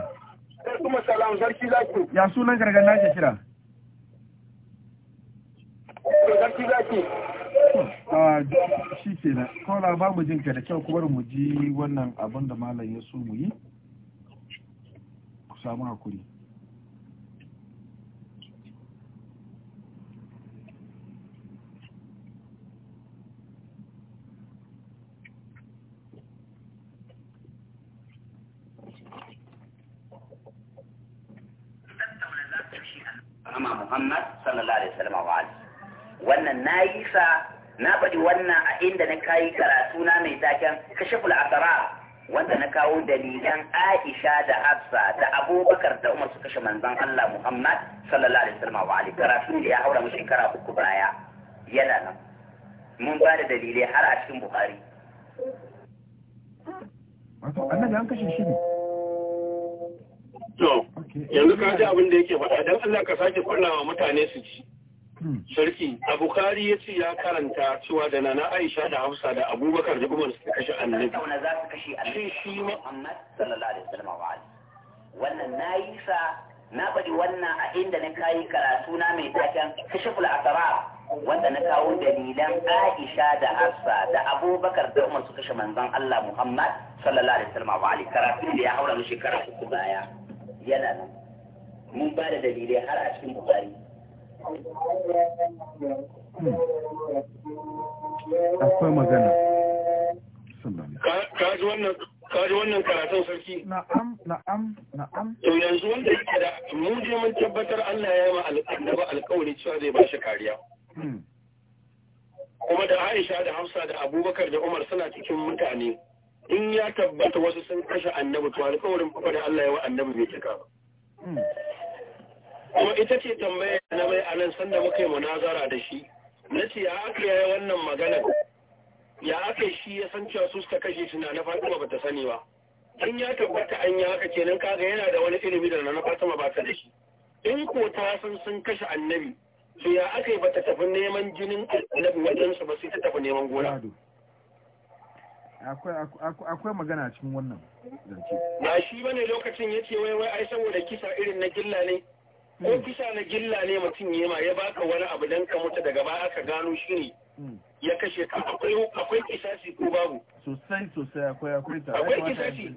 kuma salam sarki zaki ya sunan ka ga na ji kira sarki zaki a ah, shi ke na kola ba mu jin ka da kyau kuma mu ji wannan abin da malam ya so mu yi ku samu hakuri rahma Muhammad sallallahu alaihi wasallam wa ali wannan nayi sa na faɗi wannan a inda na kai karatu na mai taken kashful asara wanda na kawo dalilan Aisha da Hafsa da Abubakar da Umar su kashe manzon Allah Muhammad sallallahu alaihi wasallam wa ali karatu da ya haura mu shekara uku baya yana nan mun ba da dalilai har a cikin Bukhari wato annabi an kashe shi ne To, yanzu ka ji abin da yake faɗa, don Allah ka sake wa mutane su ci. Hmm. Sarki, Abukari ya ce ya karanta cewa da Nana Aisha da Hafsa da Abubakar da Umar suka kashe annabi. Tattauna za su kashe annabi shi ne Muhammad sallallahu alaihi wasallam wa ali. Wannan na yi sa na faɗi wannan a inda na kayi karatu na mai taken kashe kashiful asara wanda na kawo dalilan Aisha da Hafsa da Abubakar da Umar suka kashe manzon Allah Muhammad sallallahu alaihi wasallam wa ali. Karatu da ya haura mu shekara uku baya. yana nan mun ba da dalilai har a cikin bukari hmm. akwai magana kaji wannan kaji wannan karatun sarki na'am na'am na'am to yanzu wanda yake da mu je mun tabbatar Allah ya yi ma annabi alƙawari cewa zai ba shi kariya hmm. kuma da Aisha da Hafsa da Abubakar da Umar suna cikin mutane in ya tabbata wasu sun kashe annabi to alƙawarin kuma da Allah ya wa annabi bai cika ba hmm. kuma ita ce tambaya na mai anan sanda muka yi munazara da shi na ce ya aka yaya wannan magana ya aka shi ya san cewa su suka kashe shi na na Fatima bata sani ba in ya tabbata an yi haka kenan kaga yana da wani ilimi da na Fatima ba da shi in ko ta san sun kashe annabi to ya aka yi bata tafi neman jinin annabi wajensu ba sai ta tafi neman gona akwai magana cikin wannan zance ba shi bane lokacin yace wai wai ai saboda kisa irin na gilla ne ko hmm. kisa na gilla ne mutum ya ma ya baka wani abu dan ka mutu daga baya aka gano shi ne hmm. ya kashe ka akwai akwai kisasi ko babu sosai sosai akwai akwai ta akwai kisasi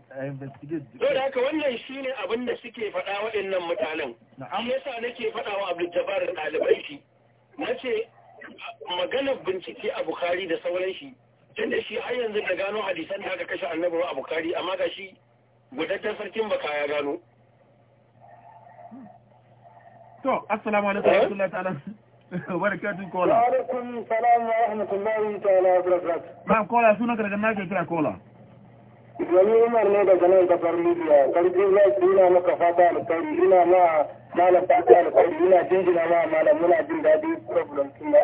to da haka wannan shine abin da suke faɗa waɗannan mutanen shi yasa nake faɗa wa Abdul Jabbar ɗalibai shi nace maganar bincike a Bukhari da sauran shi tunda shi har yanzu da gano hadisan da aka kashe annabi a bukari amma ga shi gudattar sarkin baka ya gano to assalamu alaikum wa rahmatullahi ta'ala barakatun kola wa alaikum salam wa rahmatullahi ta'ala wa barakatuh ba kola suna daga nake kira kola wani Umar ne daga nan kasar Libya, karfi zai ina maka fata alkhairi, ina ma malam fata alkhairi, ina jinjina ma malam muna jin daɗi problem tun da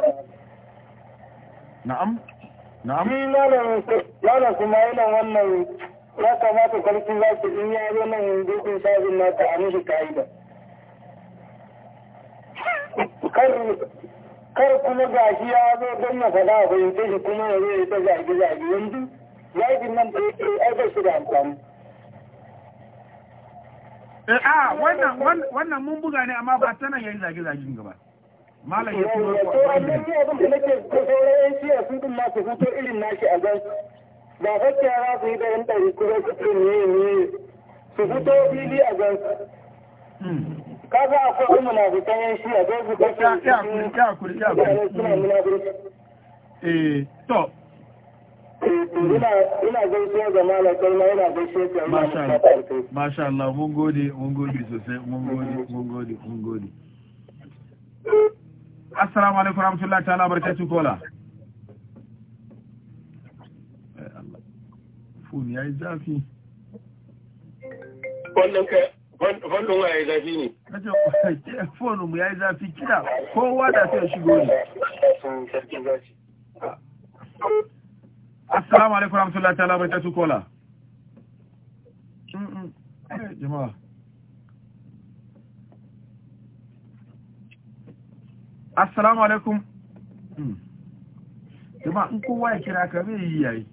Na'am. na'am shi malam kuma yana wannan ya kamata karfi za ki in ya zo nan yanzu kun sabin na ta amishi ka'ida kar kuma gashi ya zo don ya faɗa a fahimce shi kuma ya zo ya ta zage-zage yanzu ya zagin nan da yake aikar shi da amfani eh, a ah, wannan mun buga ne amma ba tana yayin zage-zagen gaba malam ya turo ko abin da nake ko sauran shi a sun din nasu hutu irin nashi a gan ba fakkiya za su yi da yan ɗari kuma su ce ne ne su hutu fili a gan kaga akwai munafikan yan shi a gan su ba su yi suna mm. munafurci eh to eh, ina gaisuwa ga malakar ma yana gaishe ka masha Allah masha Allah mun gode mun gode sosai mun gode mun gode mun gode assalamu alaikum warahmatullahi ta'ala barakatuh kola eh, fun yayi zafi wannan ka wannan wa zafi ne kace mu yayi zafi kida kowa da sai shigo ne assalamu alaikum ta'ala barakatuh kola eh, jama'a assalamu alaikum hmm. jama'a in kowa ya kira ka zai yi yayi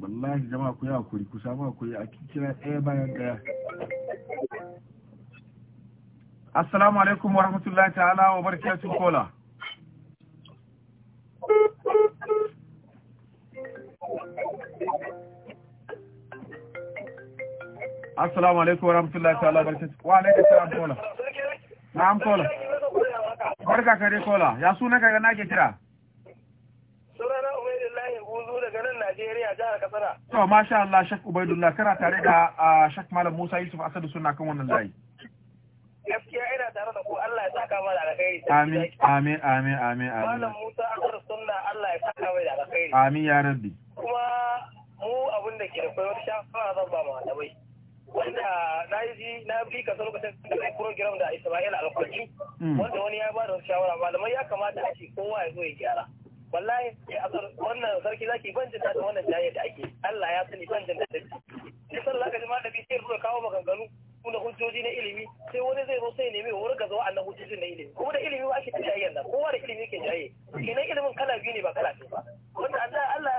wallahi jama'a ku yawa kuri ku samu akwai a kira ɗaya bayan ɗaya assalamu alaikum wa rahmatullahi ta'ala wa barakatun kola assalamu alaikum warahmatullahi ta'ala barkatu wa alaikum assalam kola na'am kola barka ka dai kola ya suna ka ga nake kira sunana ubaidullahi buzu daga nan najeriya jihar katsina to masha Allah Sheikh ubaidullah kana tare da Sheikh malam musa yusuf asadu suna kan wannan layi gaskiya ina tare da ku Allah ya saka mana alkhairi amin amin amin amin amin malam musa asadu sunna Allah ya saka mai da alkhairi amin ya rabbi kuma mu abin da ke da koyo shafa zan ba mu malamai wanda na ji na bi ka lokacin da kai program da Isma'il Alfarki mm. wanda wani ya ba da shawara malamai ya kamata a ce kowa ya zo ya gyara wallahi wannan sarki zaki ban jin daɗin wannan jayyar da ake Allah ya sani ban jin daɗin sai san zaka ji malami sai ruwa kawo maganganu na hujjoji na ilimi sai wani zai zo sai nemi wurin gazo annan hujjoji na ilimi kuma da ilimi ba ake ta jayyar nan kowa da ilimi ke jayye kenan ilimin kala biyu ne ba kala biyu ba wanda Allah Allah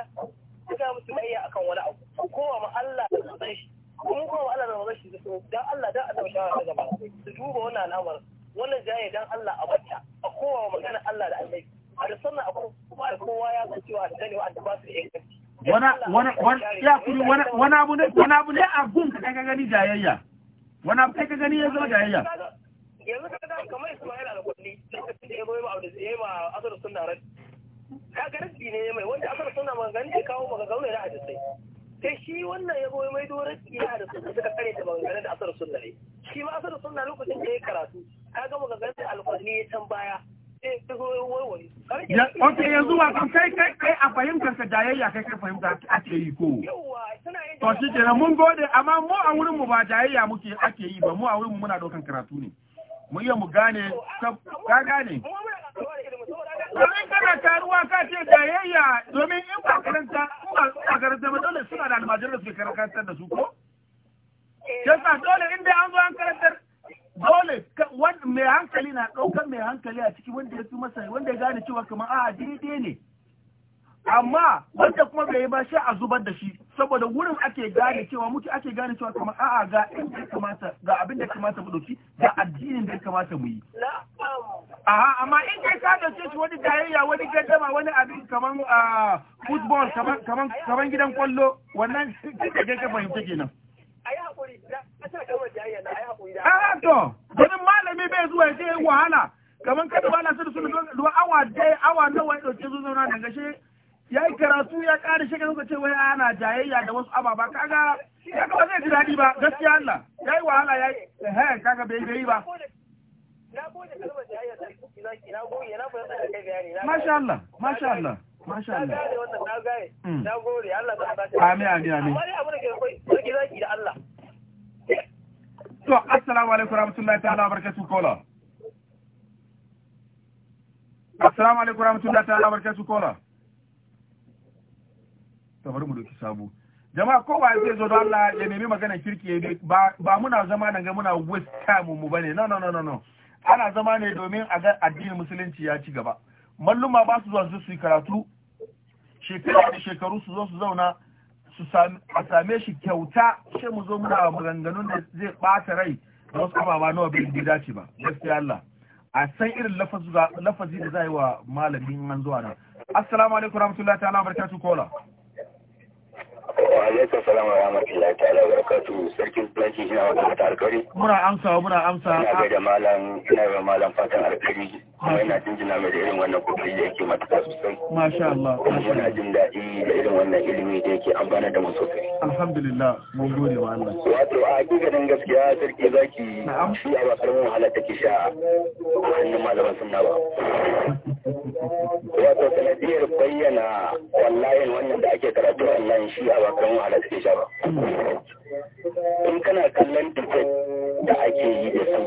ya ga musu akan wani abu kowa ma Allah ya san shi kun ko Allah na mazashi da so dan Allah dan Allah shawara ta gaba su duba wannan al'amarin wannan jaye dan Allah a bacca a kowa magana Allah da Allah a da sannan a kuma da kowa ya san cewa da ganewa an ba su da inganci Wana abu ne wani abu ne a gun ka ka gani jayayya Wana abu kai ka gani ya zama jayayya yanzu ka ga kamar Ismail al-Qulli lokacin da ya goyi ma Abdul Zaim a Asar Sunna Rad ka ga rabi ne mai wanda Asar Sunna maganganu ya kawo maganganu ne da hadisi sai shi wannan ya goyi mai doron iya da sunna suka kare ta maganganun da asar sunna ne shi ma asar sunna lokacin da ya karatu ka ga maganganun ganin alƙwarni ya can baya Ok, yanzu kan kai kai kai a fahimtar ka jayayya kai kai fahimta ake yi ko. To shi kenan mun gode amma mu a wurin mu ba jayayya muke ake yi ba mu a wurin mu muna ɗaukan karatu ne. mu iya mu gane ka gane domin kana taruwa ka ce jayayya domin in ba karanta in ba karanta ba dole suna da almajirar su karantar da su ko Jasa dole inda an zo an karantar dole mai hankali na ɗaukar mai hankali a ciki wanda ya fi masa wanda ya gane cewa kamar a daidai ne amma wanda kuma bai yi ba shi a zubar da shi saboda wurin ake gane cewa muke ake gane cewa kamar a'a ga in da kamata ga abin da kamata mu dauki ga addinin da kamata mu yi aha amma in kai ka dace shi wani tayayya wani gaddama wani abin kamar ah, football kamar gidan kwallo wannan kike ga ka fahimta kenan ayi hakuri da ayi hakuri da a'a to don malami bai zuwa ya je wahala kamar kada ba na sun awa dai awa nawa ya ɗauke zuwa na daga ya yi karatu ya ƙara shi kan ce wai ana jayayya da wasu ababa kaga ya ba zai ji daɗi ba gaskiya Allah ya yi wahala ya yi eh kaga bai bai ba Masha Allah, masha Allah, masha Allah. Na gode, Allah ta Amin, amin, amin. To, assalamu alaikum warahmatullahi ta'ala barakatuh kola. Assalamu alaikum warahmatullahi ta'ala barakatuh kola. kamar mu doki sabo jama'a kowa zai zo don Allah ya nemi magana kirki ba muna zama nan ga muna waste time mu bane no no no no ana zama ne domin a ga addinin musulunci ya ci gaba malluma ba su zuwa su yi karatu shekara da shekaru su zo su zauna su a same shi kyauta sai mu zo muna maganganun da zai bata rai da wasu ababa nawa bai dace ba gaskiya Allah a san irin lafazi da za yi wa malamin an zuwa nan assalamu alaikum warahmatullahi ta'ala barakatuh kola Wa alaikum salam wa rahmatullahi ta'ala wa barakatuhu. Sarkin Fulaki ina na wata alkari. Muna amsa muna amsa. Ina gaida malam ina ga malam fatan alkari. kuma yana jinjina mai da irin wannan kokari da yake matuƙa sosai masha Allah muna jin daɗi da irin wannan ilimi da yake amfana da mu sosai alhamdulillah mun gode wa Allah wato a hakikanin gaskiya sarki zaki shi ba karamin wahala take sha a malaman sunna ba wato sanadiyar bayyana wallahi wannan da ake karatu online shi ba karamin wahala take sha ba hmm. in kana kallon dukkan da ake yi da su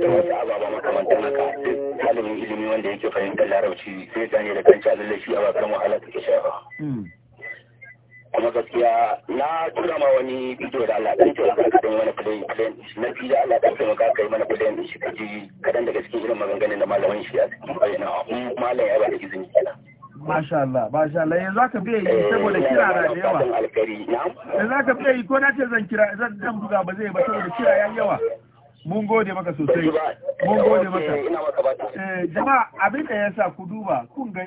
da wasu ababa makamanta haka ɗalibin ilimi wanda yake fahimtar larabci sai gane da kanci lalle shi a bakar wahala ke shafa hmm. kuma gaskiya na tura ma wani bidiyo da Allah dan tura ka dan wani play play na fi da Allah dan taimaka ka kai mana play shi ka kadan daga cikin irin maganganun da malamin shi a cikin bayyana malam ya ba da izini kenan Masha Allah, Masha Allah, yanzu aka biya yi saboda kira da yawa. Yanzu aka biya yi ko na ce zan kira zan dan buga ba zai ba saboda kira ya yawa. Mun gode maka sosai. Mun gode maka. Eh, eh jama'a abin da ya sa ku duba kun ga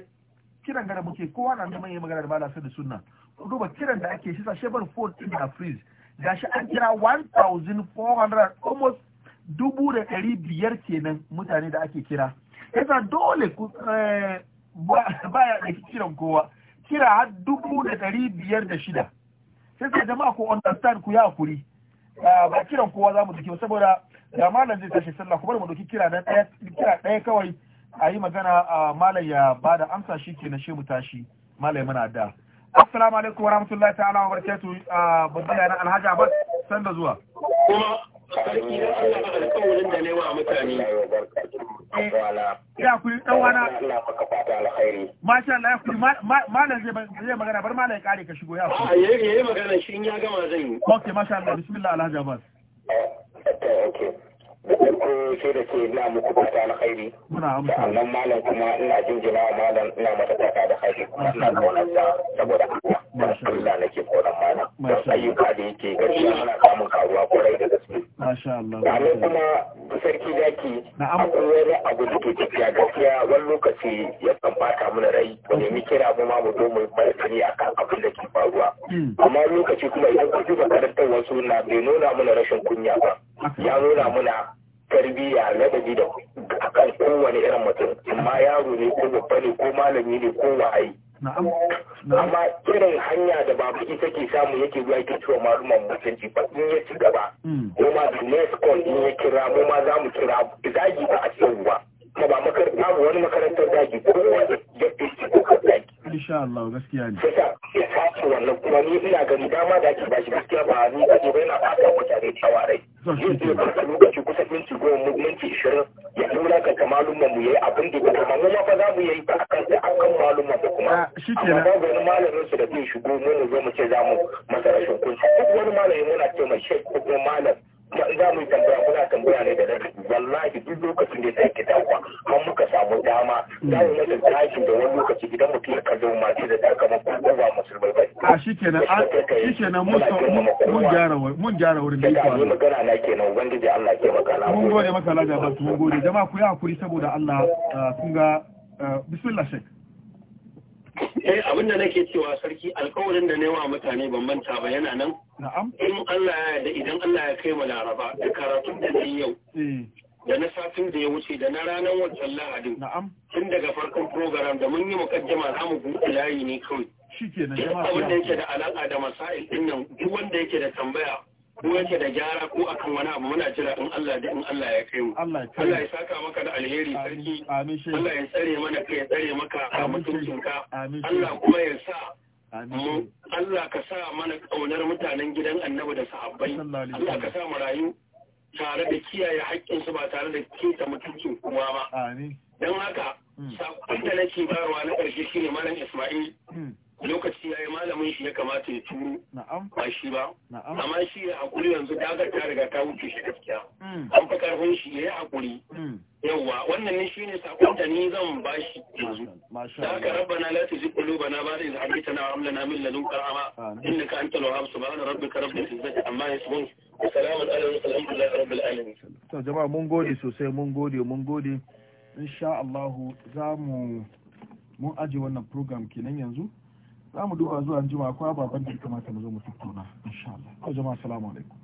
kiran da muke kowa na zama yin magana da ba su da sunna. Ku duba kiran da ake shi sa shebar Ford in da freeze. Gashi an kira 1400 almost dubu da ɗari biyar kenan mutane da ake kira. Yasa dole ku eh, Ba ya ɗauki kiran kowa kira har dubu da ɗari biyar da shida sai sai jama'a ku understand ku ya kuri ba kiran kowa za mu duki saboda da malam zai tashi sallah kuma mu duki kira ɗaya kira ɗaya kawai a yi magana a malam ya ba da amsa shi ke na shi mu tashi malam muna da assalamu alaikum wa rahmatullahi ta'ala wa barakatuh babban alhaji abbas sanda zuwa alƙawarin da ne wa mutane. Ya Masha Allah ya zai magana bar malam ya kare ka shigo ya Ya yi magana shi in ya gama zai yi. Ok masha Allah alhaji Abbas. Okay okay. da farko sai da ke na muku fata na khairi sannan malam kuma ina jinjina wa malam ina mata fata da khairi kuma ina kaunar sa saboda Allah Allah nake kaunar malam don ayyuka da yake gaskiya ana samun karuwa kwarai da gaske sannan kuma sarki zaki akwai wani abu da ke tafiya gaskiya wani lokaci ya kan bata mana rai mu nemi kira mu ma mu zo mu martani akan abin da ke faruwa hmm. amma lokaci kuma idan ku duba karantar wasu na bai nuna mana rashin kunya ba ya nuna mana tarbiyya ladabi da akan kowane irin mutum amma yaro ne ko babba ne ko malami ne ko wa'ayi amma irin hanya da babu ita ke samu yake zuwa yake cewa malaman mutunci ba in ya ci gaba ko hmm. ma the next call in ya kira mu ma za mu kira zagi ba a cikin ba ka ba makaranta ba wani makarantar daji ko wani yadda yake ko kan daji. Insha Allah gaskiya ne. Sai ya sace wannan kuma ni ina gani dama da ake bashi gaskiya ba ni kaje ba yana fata mutane cewa rai. Yin zai baka lokaci kusa minti goma minti ishirin ya nuna ka ga malumman mu yayi abin da ba kamar mu ma za mu yayi ta akan da akan malumman mu kuma. Ah, shi kenan. Amma wani malamin su da zai shigo mu ne zo mu ce za mu masa rashin kunci. Duk wani malamin muna ce mai shek ko malam za mu tambaya muna tambaya ne da nan wallahi duk lokacin da ta ki dakwa an muka samu dama za mu masa tashi da wani lokaci idan mutum ya kalli ma ce da sakamakon ko ba musulmai ba a shi shikenan mun mun gyara mun gyara wurin da yake wani magana na kenan ubangiji Allah ke magana mun gode maka Allah da mun gode jama'a ku yi hakuri saboda Allah uh, kun ga uh, bismillah shek eh abin da nake cewa sarki alkawarin da nema mutane ban manta ba yana nan in Allah ya da idan Allah ya kai mu laraba da karatun da ni yau eh. da na satin da ya wuce da na ranar wancan lahadin tun daga farkon program da mun yi mukaddama za mu buɗe layi ne kawai shi kenan jama'a da yake da alaka da masail ɗin nan duk wanda yake da tambaya ko yake da gyara ko akan wani abu muna jira in Allah da in Allah ya kai mu Allah ya saka maka da alheri sarki Allah ya tsare mana kai ya tsare maka a mutuncinka Allah kuma ya sa Allah ka sa mana kaunar mutanen gidan annabi da sahabbai Allah ka sa mu rayu tare da kiyaye haƙƙinsu ba tare da keta mutuncin kuma ba don haka hmm. sakon da nake barwa na ƙarshe shine malam Ismail hmm. lokaci ya yi malamin shi ya kamata ya turu ba shi ba amma shi ya haƙuri yanzu dagar ta riga ta wuce shi gaskiya hmm. an fi karfin shi ya yi haƙuri hmm. yawwa wannan ne shi ne sakon da ni zan ba shi yanzu da haka rabbana la tuzigh da ba'da idh hadaytana wa hab lana min ladunka rahma innaka antal wahhab subhana rabbika rabbil izzati amma yasifun salamun alaihi wa rahmatullahi rabbil alamin to jama'a mun gode sosai mun gode mun gode insha Allah za mu mun aje wannan program kenan yanzu za mu duba zuwa jima akwai ababen da ya kamata mu zo mu tattauna insha Allah jama'a assalamu alaikum